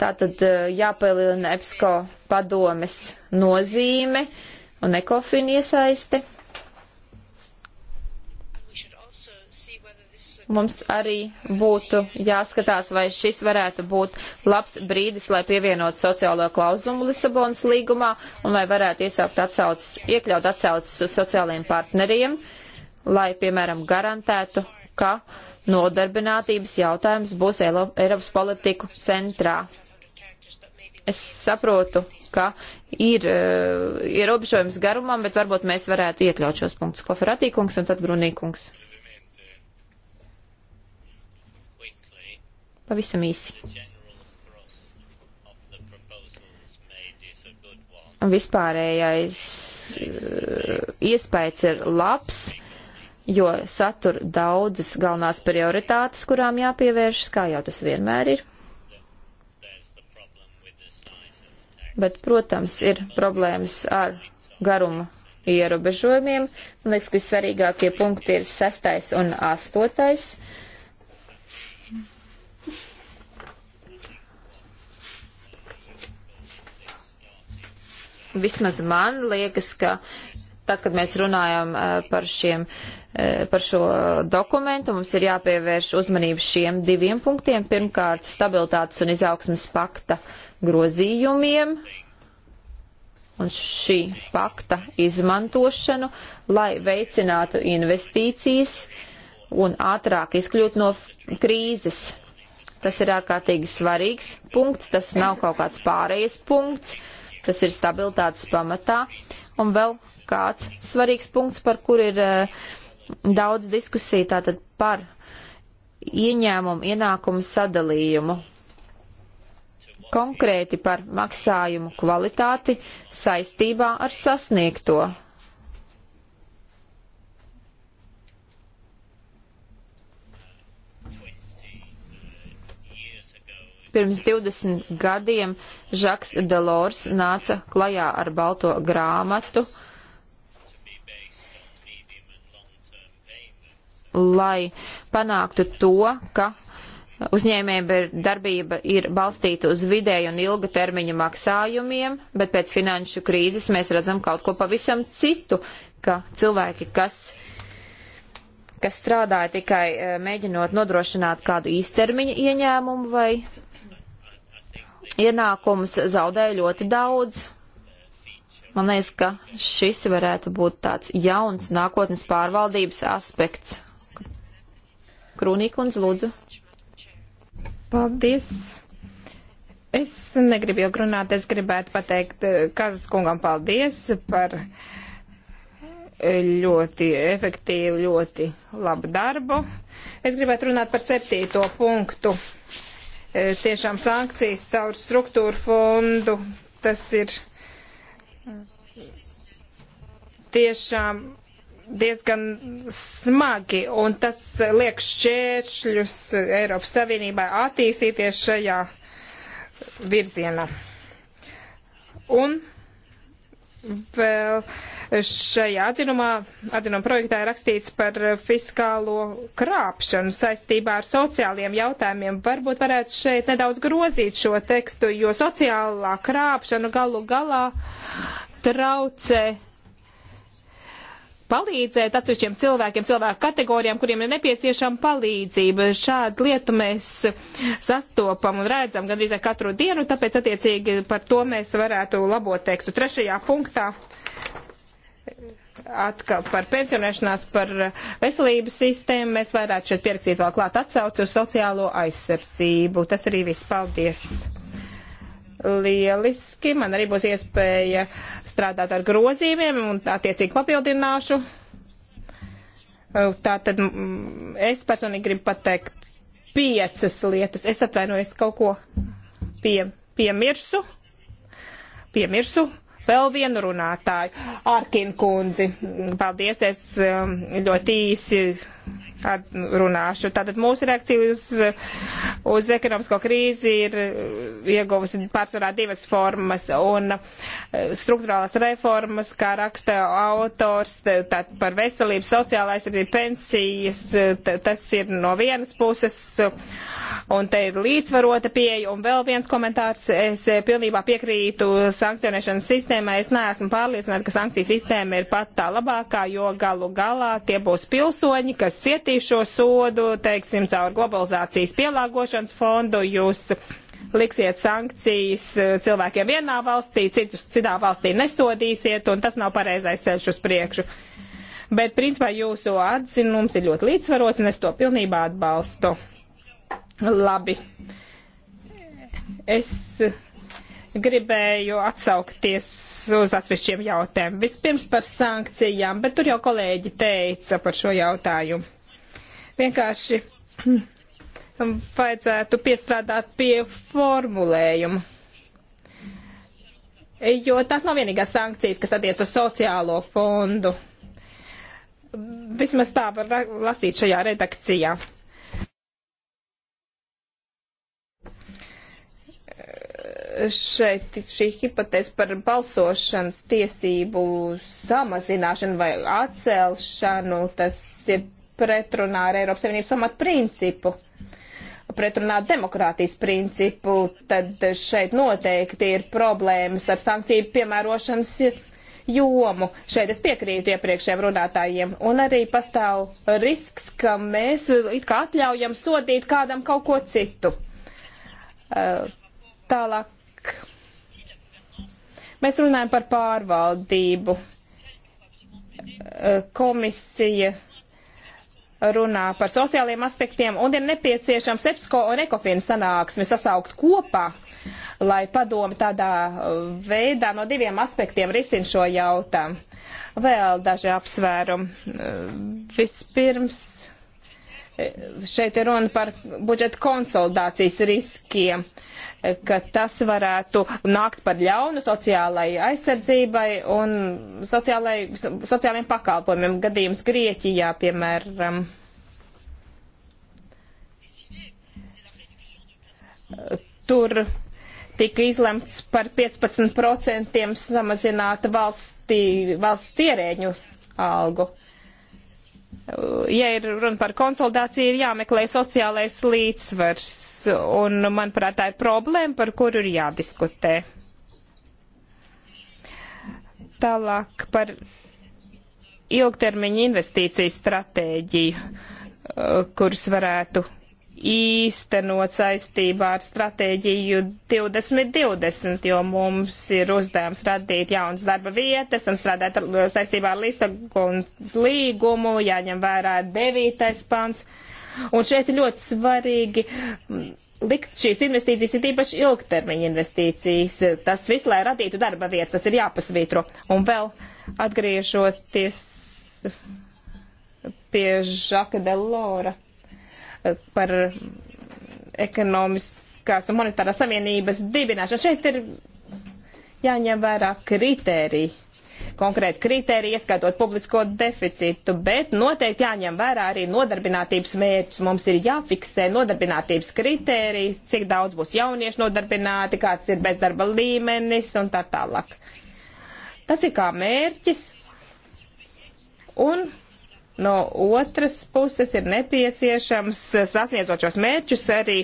Tātad jāpalielina EPSCO padomes nozīme un ekofin iesaiste. mums arī būtu jāskatās, vai šis varētu būt labs brīdis, lai pievienotu sociālo klauzumu Lisabonas līgumā un lai varētu iesaukt atsaucas, iekļaut atsaucas uz sociālajiem partneriem, lai, piemēram, garantētu, ka nodarbinātības jautājums būs Eiropas politiku centrā. Es saprotu, ka ir eh, ierobežojums garumam, bet varbūt mēs varētu iekļaut šos punktus. Koferatīkungs un tad Brunīkungs. Pavisam īsi. Vispārējais eh, iespējas ir labs, jo satur daudzas galvenās prioritātes, kurām jāpievēršas, kā jau tas vienmēr ir. Bet, protams, ir problēmas ar garumu ierobežojumiem. Man liekas, ka svarīgākie punkti ir sestais un astotais. vismaz man liekas, ka tad, kad mēs runājam eh, par, šiem, eh, par šo dokumentu, mums ir jāpievērš uzmanību šiem diviem punktiem. Pirmkārt, stabilitātes un izaugsmas pakta grozījumiem un šī pakta izmantošanu, lai veicinātu investīcijas un ātrāk izkļūt no krīzes. Tas ir ārkārtīgi svarīgs punkts, tas nav kaut kāds pārējais punkts. Uh, Tas ir stabilitātes pamatā. Un vēl kāds svarīgs punkts, par kur ir eh, daudz diskusiju, tātad par ieņēmumu, ienākumu sadalījumu. Konkrēti par maksājumu kvalitāti saistībā ar sasniegto Pirms 20 gadiem Žaks Delors nāca klajā ar balto grāmatu, lai panāktu to, ka uzņēmēba darbība ir balstīta uz vidēju un ilga termiņa maksājumiem, bet pēc finanšu krīzes mēs redzam kaut ko pavisam citu, ka cilvēki, kas, kas strādāja tikai eh, mēģinot nodrošināt kādu īstermiņa ieņēmumu vai ienākums zaudēja ļoti daudz. Man liekas, ka šis varētu būt tāds jauns nākotnes pārvaldības aspekts. Krūnīkundz, lūdzu. Paldies. Es negribu ilgi runāt, es gribētu pateikt eh, Kazas kungam paldies par eh, ļoti efektīvu, ļoti labu darbu. Es gribētu runāt par septīto punktu. Uh, E, tiešām sankcijas caur struktūru fondu. Tas ir tiešām diezgan smagi, un tas liek šķēršļus Eiropas Savienībai attīstīties šajā virzienā. Un Vēl šajā atzinumā, atzinuma projektā ir rakstīts par fiskālo krāpšanu saistībā ar sociāliem jautājumiem. Varbūt varētu šeit nedaudz grozīt šo tekstu, jo sociālā krāpšana galu galā traucē palīdzēt atsevišķiem cilvēkiem, cilvēku kategorijām, kuriem ir nepieciešama palīdzība. Šādu lietu mēs sastopam un redzam gandrīz katru dienu, tāpēc attiecīgi par to mēs varētu labot tekstu. Trešajā punktā atkal par pensionēšanās, par veselības sistēmu mēs varētu šeit pierakstīt vēl klāt atsauci uz sociālo aizsardzību. Tas arī viss. Paldies! lieliski. Man arī būs iespēja strādāt ar grozījumiem un attiecīgi papildināšu. Tātad mm, es personīgi gribu pateikt piecas lietas. Es atvainojos kaut ko pie, piemirsu. Piemirsu. Vēl vienu runātāju, Arkina kundzi. Paldies, es um, ļoti īsi runāšu. Tātad mūsu reakcija uz, uz ekonomisko krīzi ir uh, ieguvusi pārsvarā divas formas, un uh, struktūrālās reformas, kā raksta autors, tad par veselību, sociālā aizsardzību, pensijas, uh, tas ir no vienas puses, un te ir līdzvarota pieeja, un vēl viens komentārs, es pilnībā piekrītu sankcionēšanas sistēmai, es neesmu pārliecināta, ka sankciju sistēma ir pat tā labākā, jo galu galā tie būs pilsoņi, kas cietīs, izplatīt šo sodu, teiksim, caur globalizācijas pielāgošanas fondu, jūs liksiet sankcijas e, cilvēkiem vienā valstī, citus citā valstī nesodīsiet, un tas nav pareizais ceļš uz priekšu. Bet, principā, jūsu atzinums ir ļoti līdzsvarots, un es to pilnībā atbalstu. Labi. Es gribēju atsaukties uz atsevišķiem jautājumiem. Vispirms par sankcijām, bet tur jau kolēģi teica par šo jautājumu. Vienkārši hmm, vajadzētu piestrādāt pie formulējuma. Jo tās nav vienīgās sankcijas, kas attiec uz sociālo fondu. Vismaz tā var lasīt šajā redakcijā. Šeit šī hipotēze par balsošanas tiesību samazināšanu vai atcelšanu, tas ir pretrunā ar Eiropas Savienības pamatprincipu pretrunā demokrātijas principu, tad šeit noteikti ir problēmas ar sankciju piemērošanas jomu. Šeit es piekrītu iepriekšējiem runātājiem. Un arī pastāv risks, ka mēs it kā atļaujam sodīt kādam kaut ko citu. Uh, tālāk. Mēs runājam par pārvaldību. Uh, komisija runā par sociāliem aspektiem un ir nepieciešams EPSCO un ECOFIN sanāksmi sasaukt kopā, lai padomi tādā uh, veidā no diviem aspektiem risin šo jautājumu. Vēl daži apsvērumi. Uh, vispirms Šeit ir runa par budžeta konsolidācijas riskiem, ka tas varētu nākt par ļaunu sociālai aizsardzībai un sociālai, sociālajiem pakalpojumiem. Gadījums Grieķijā, piemēram, tur tika izlemts par 15% samazināt valsti, valsts ierēģu algu. Uh, ja ir runa par konsolidāciju, ir jāmeklē sociālais līdzsvars, un, manuprāt, tā ir problēma, par kuru ir jādiskutē. Tālāk par ilgtermiņa investīciju stratēģiju, eh, kuras varētu īstenot saistībā ar stratēģiju 2020, jo mums ir uzdevums radīt jaunas darba vietas un strādāt saistībā ar Lisabonas līgumu, jāņem vērā devītais pants. Un šeit ir ļoti svarīgi mm, likt šīs investīcijas, ir īpaši ilgtermiņa investīcijas. Tas viss, lai radītu darba vietas, tas ir jāpasvītro. Un vēl atgriežoties pie Žaka Delora par ekonomiskās un monetārās savienības dibināšanu. Šeit ir jāņem vērā kritēriji, konkrēti kritēriji, ieskaitot publisko deficītu, bet noteikti jāņem vērā arī nodarbinātības mērķus. Mums ir jāfiksē nodarbinātības kritērijas, cik daudz būs jauniešu nodarbināti, kāds ir bezdarba līmenis un tā tālāk. Tas ir kā mērķis. Un No otras puses ir nepieciešams eh, sasniedzot šos mērķus arī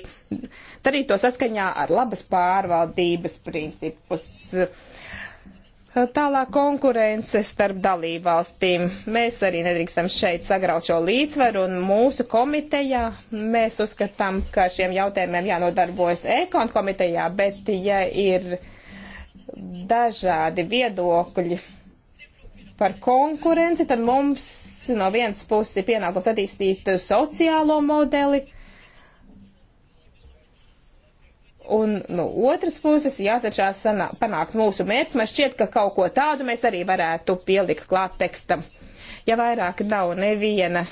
darīt to saskaņā ar labas pārvaldības principus. Eh, tālāk konkurence starp dalībvalstīm. Mēs arī nedrīkstam šeit sagraut šo līdzsvaru, un mūsu komitejā mēs uzskatām, ka šiem jautājumiem jānodarbojas ekon komitejā, bet ja ir dažādi viedokļi par konkurenci, tad mums No vienas puses ir pienākums attīstīt sociālo modeli, un no otras puses jātačās panākt mūsu mērķis. Man šķiet, ka kaut ko tādu mēs arī varētu pielikt klāt tekstam. Ja vairāk nav neviena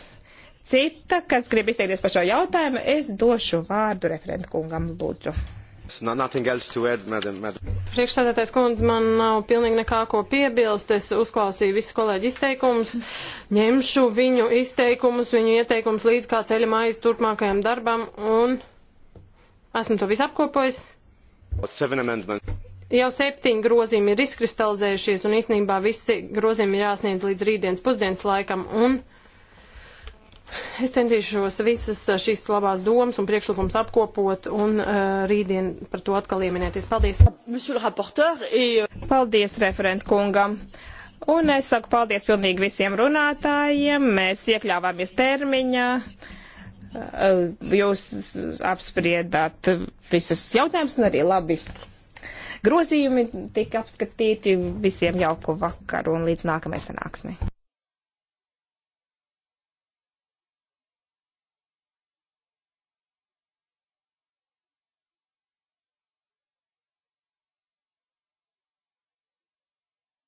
cita, kas grib izteikties par šo jautājumu, es došu vārdu referentkungam lūdzu. Priekšsēdētais kundze, man nav pilnīgi nekā ko piebilst. Es uzklausīju visu kolēģi izteikumus, ņemšu viņu izteikumus, viņu ieteikumus līdz kā ceļa mājas turpmākajam darbam un esmu to visu apkopojis. Jau septiņi grozījumi ir izkristalizējušies un īsnībā visi grozījumi ir jāsniedz līdz rītdienas pusdienas laikam un Es centīšos visas šīs labās domas un priekšlikums apkopot un uh, rītdien par to atkal ieminēties. Paldies! Euh, paldies, referent kungam! Un es saku paldies pilnīgi visiem runātājiem. Mēs iekļāvāmies termiņā. Uh, jūs apspriedāt visus jautājumus un arī labi grozījumi tika apskatīti. Visiem jauku vakaru un līdz nākamajai sanāksmei.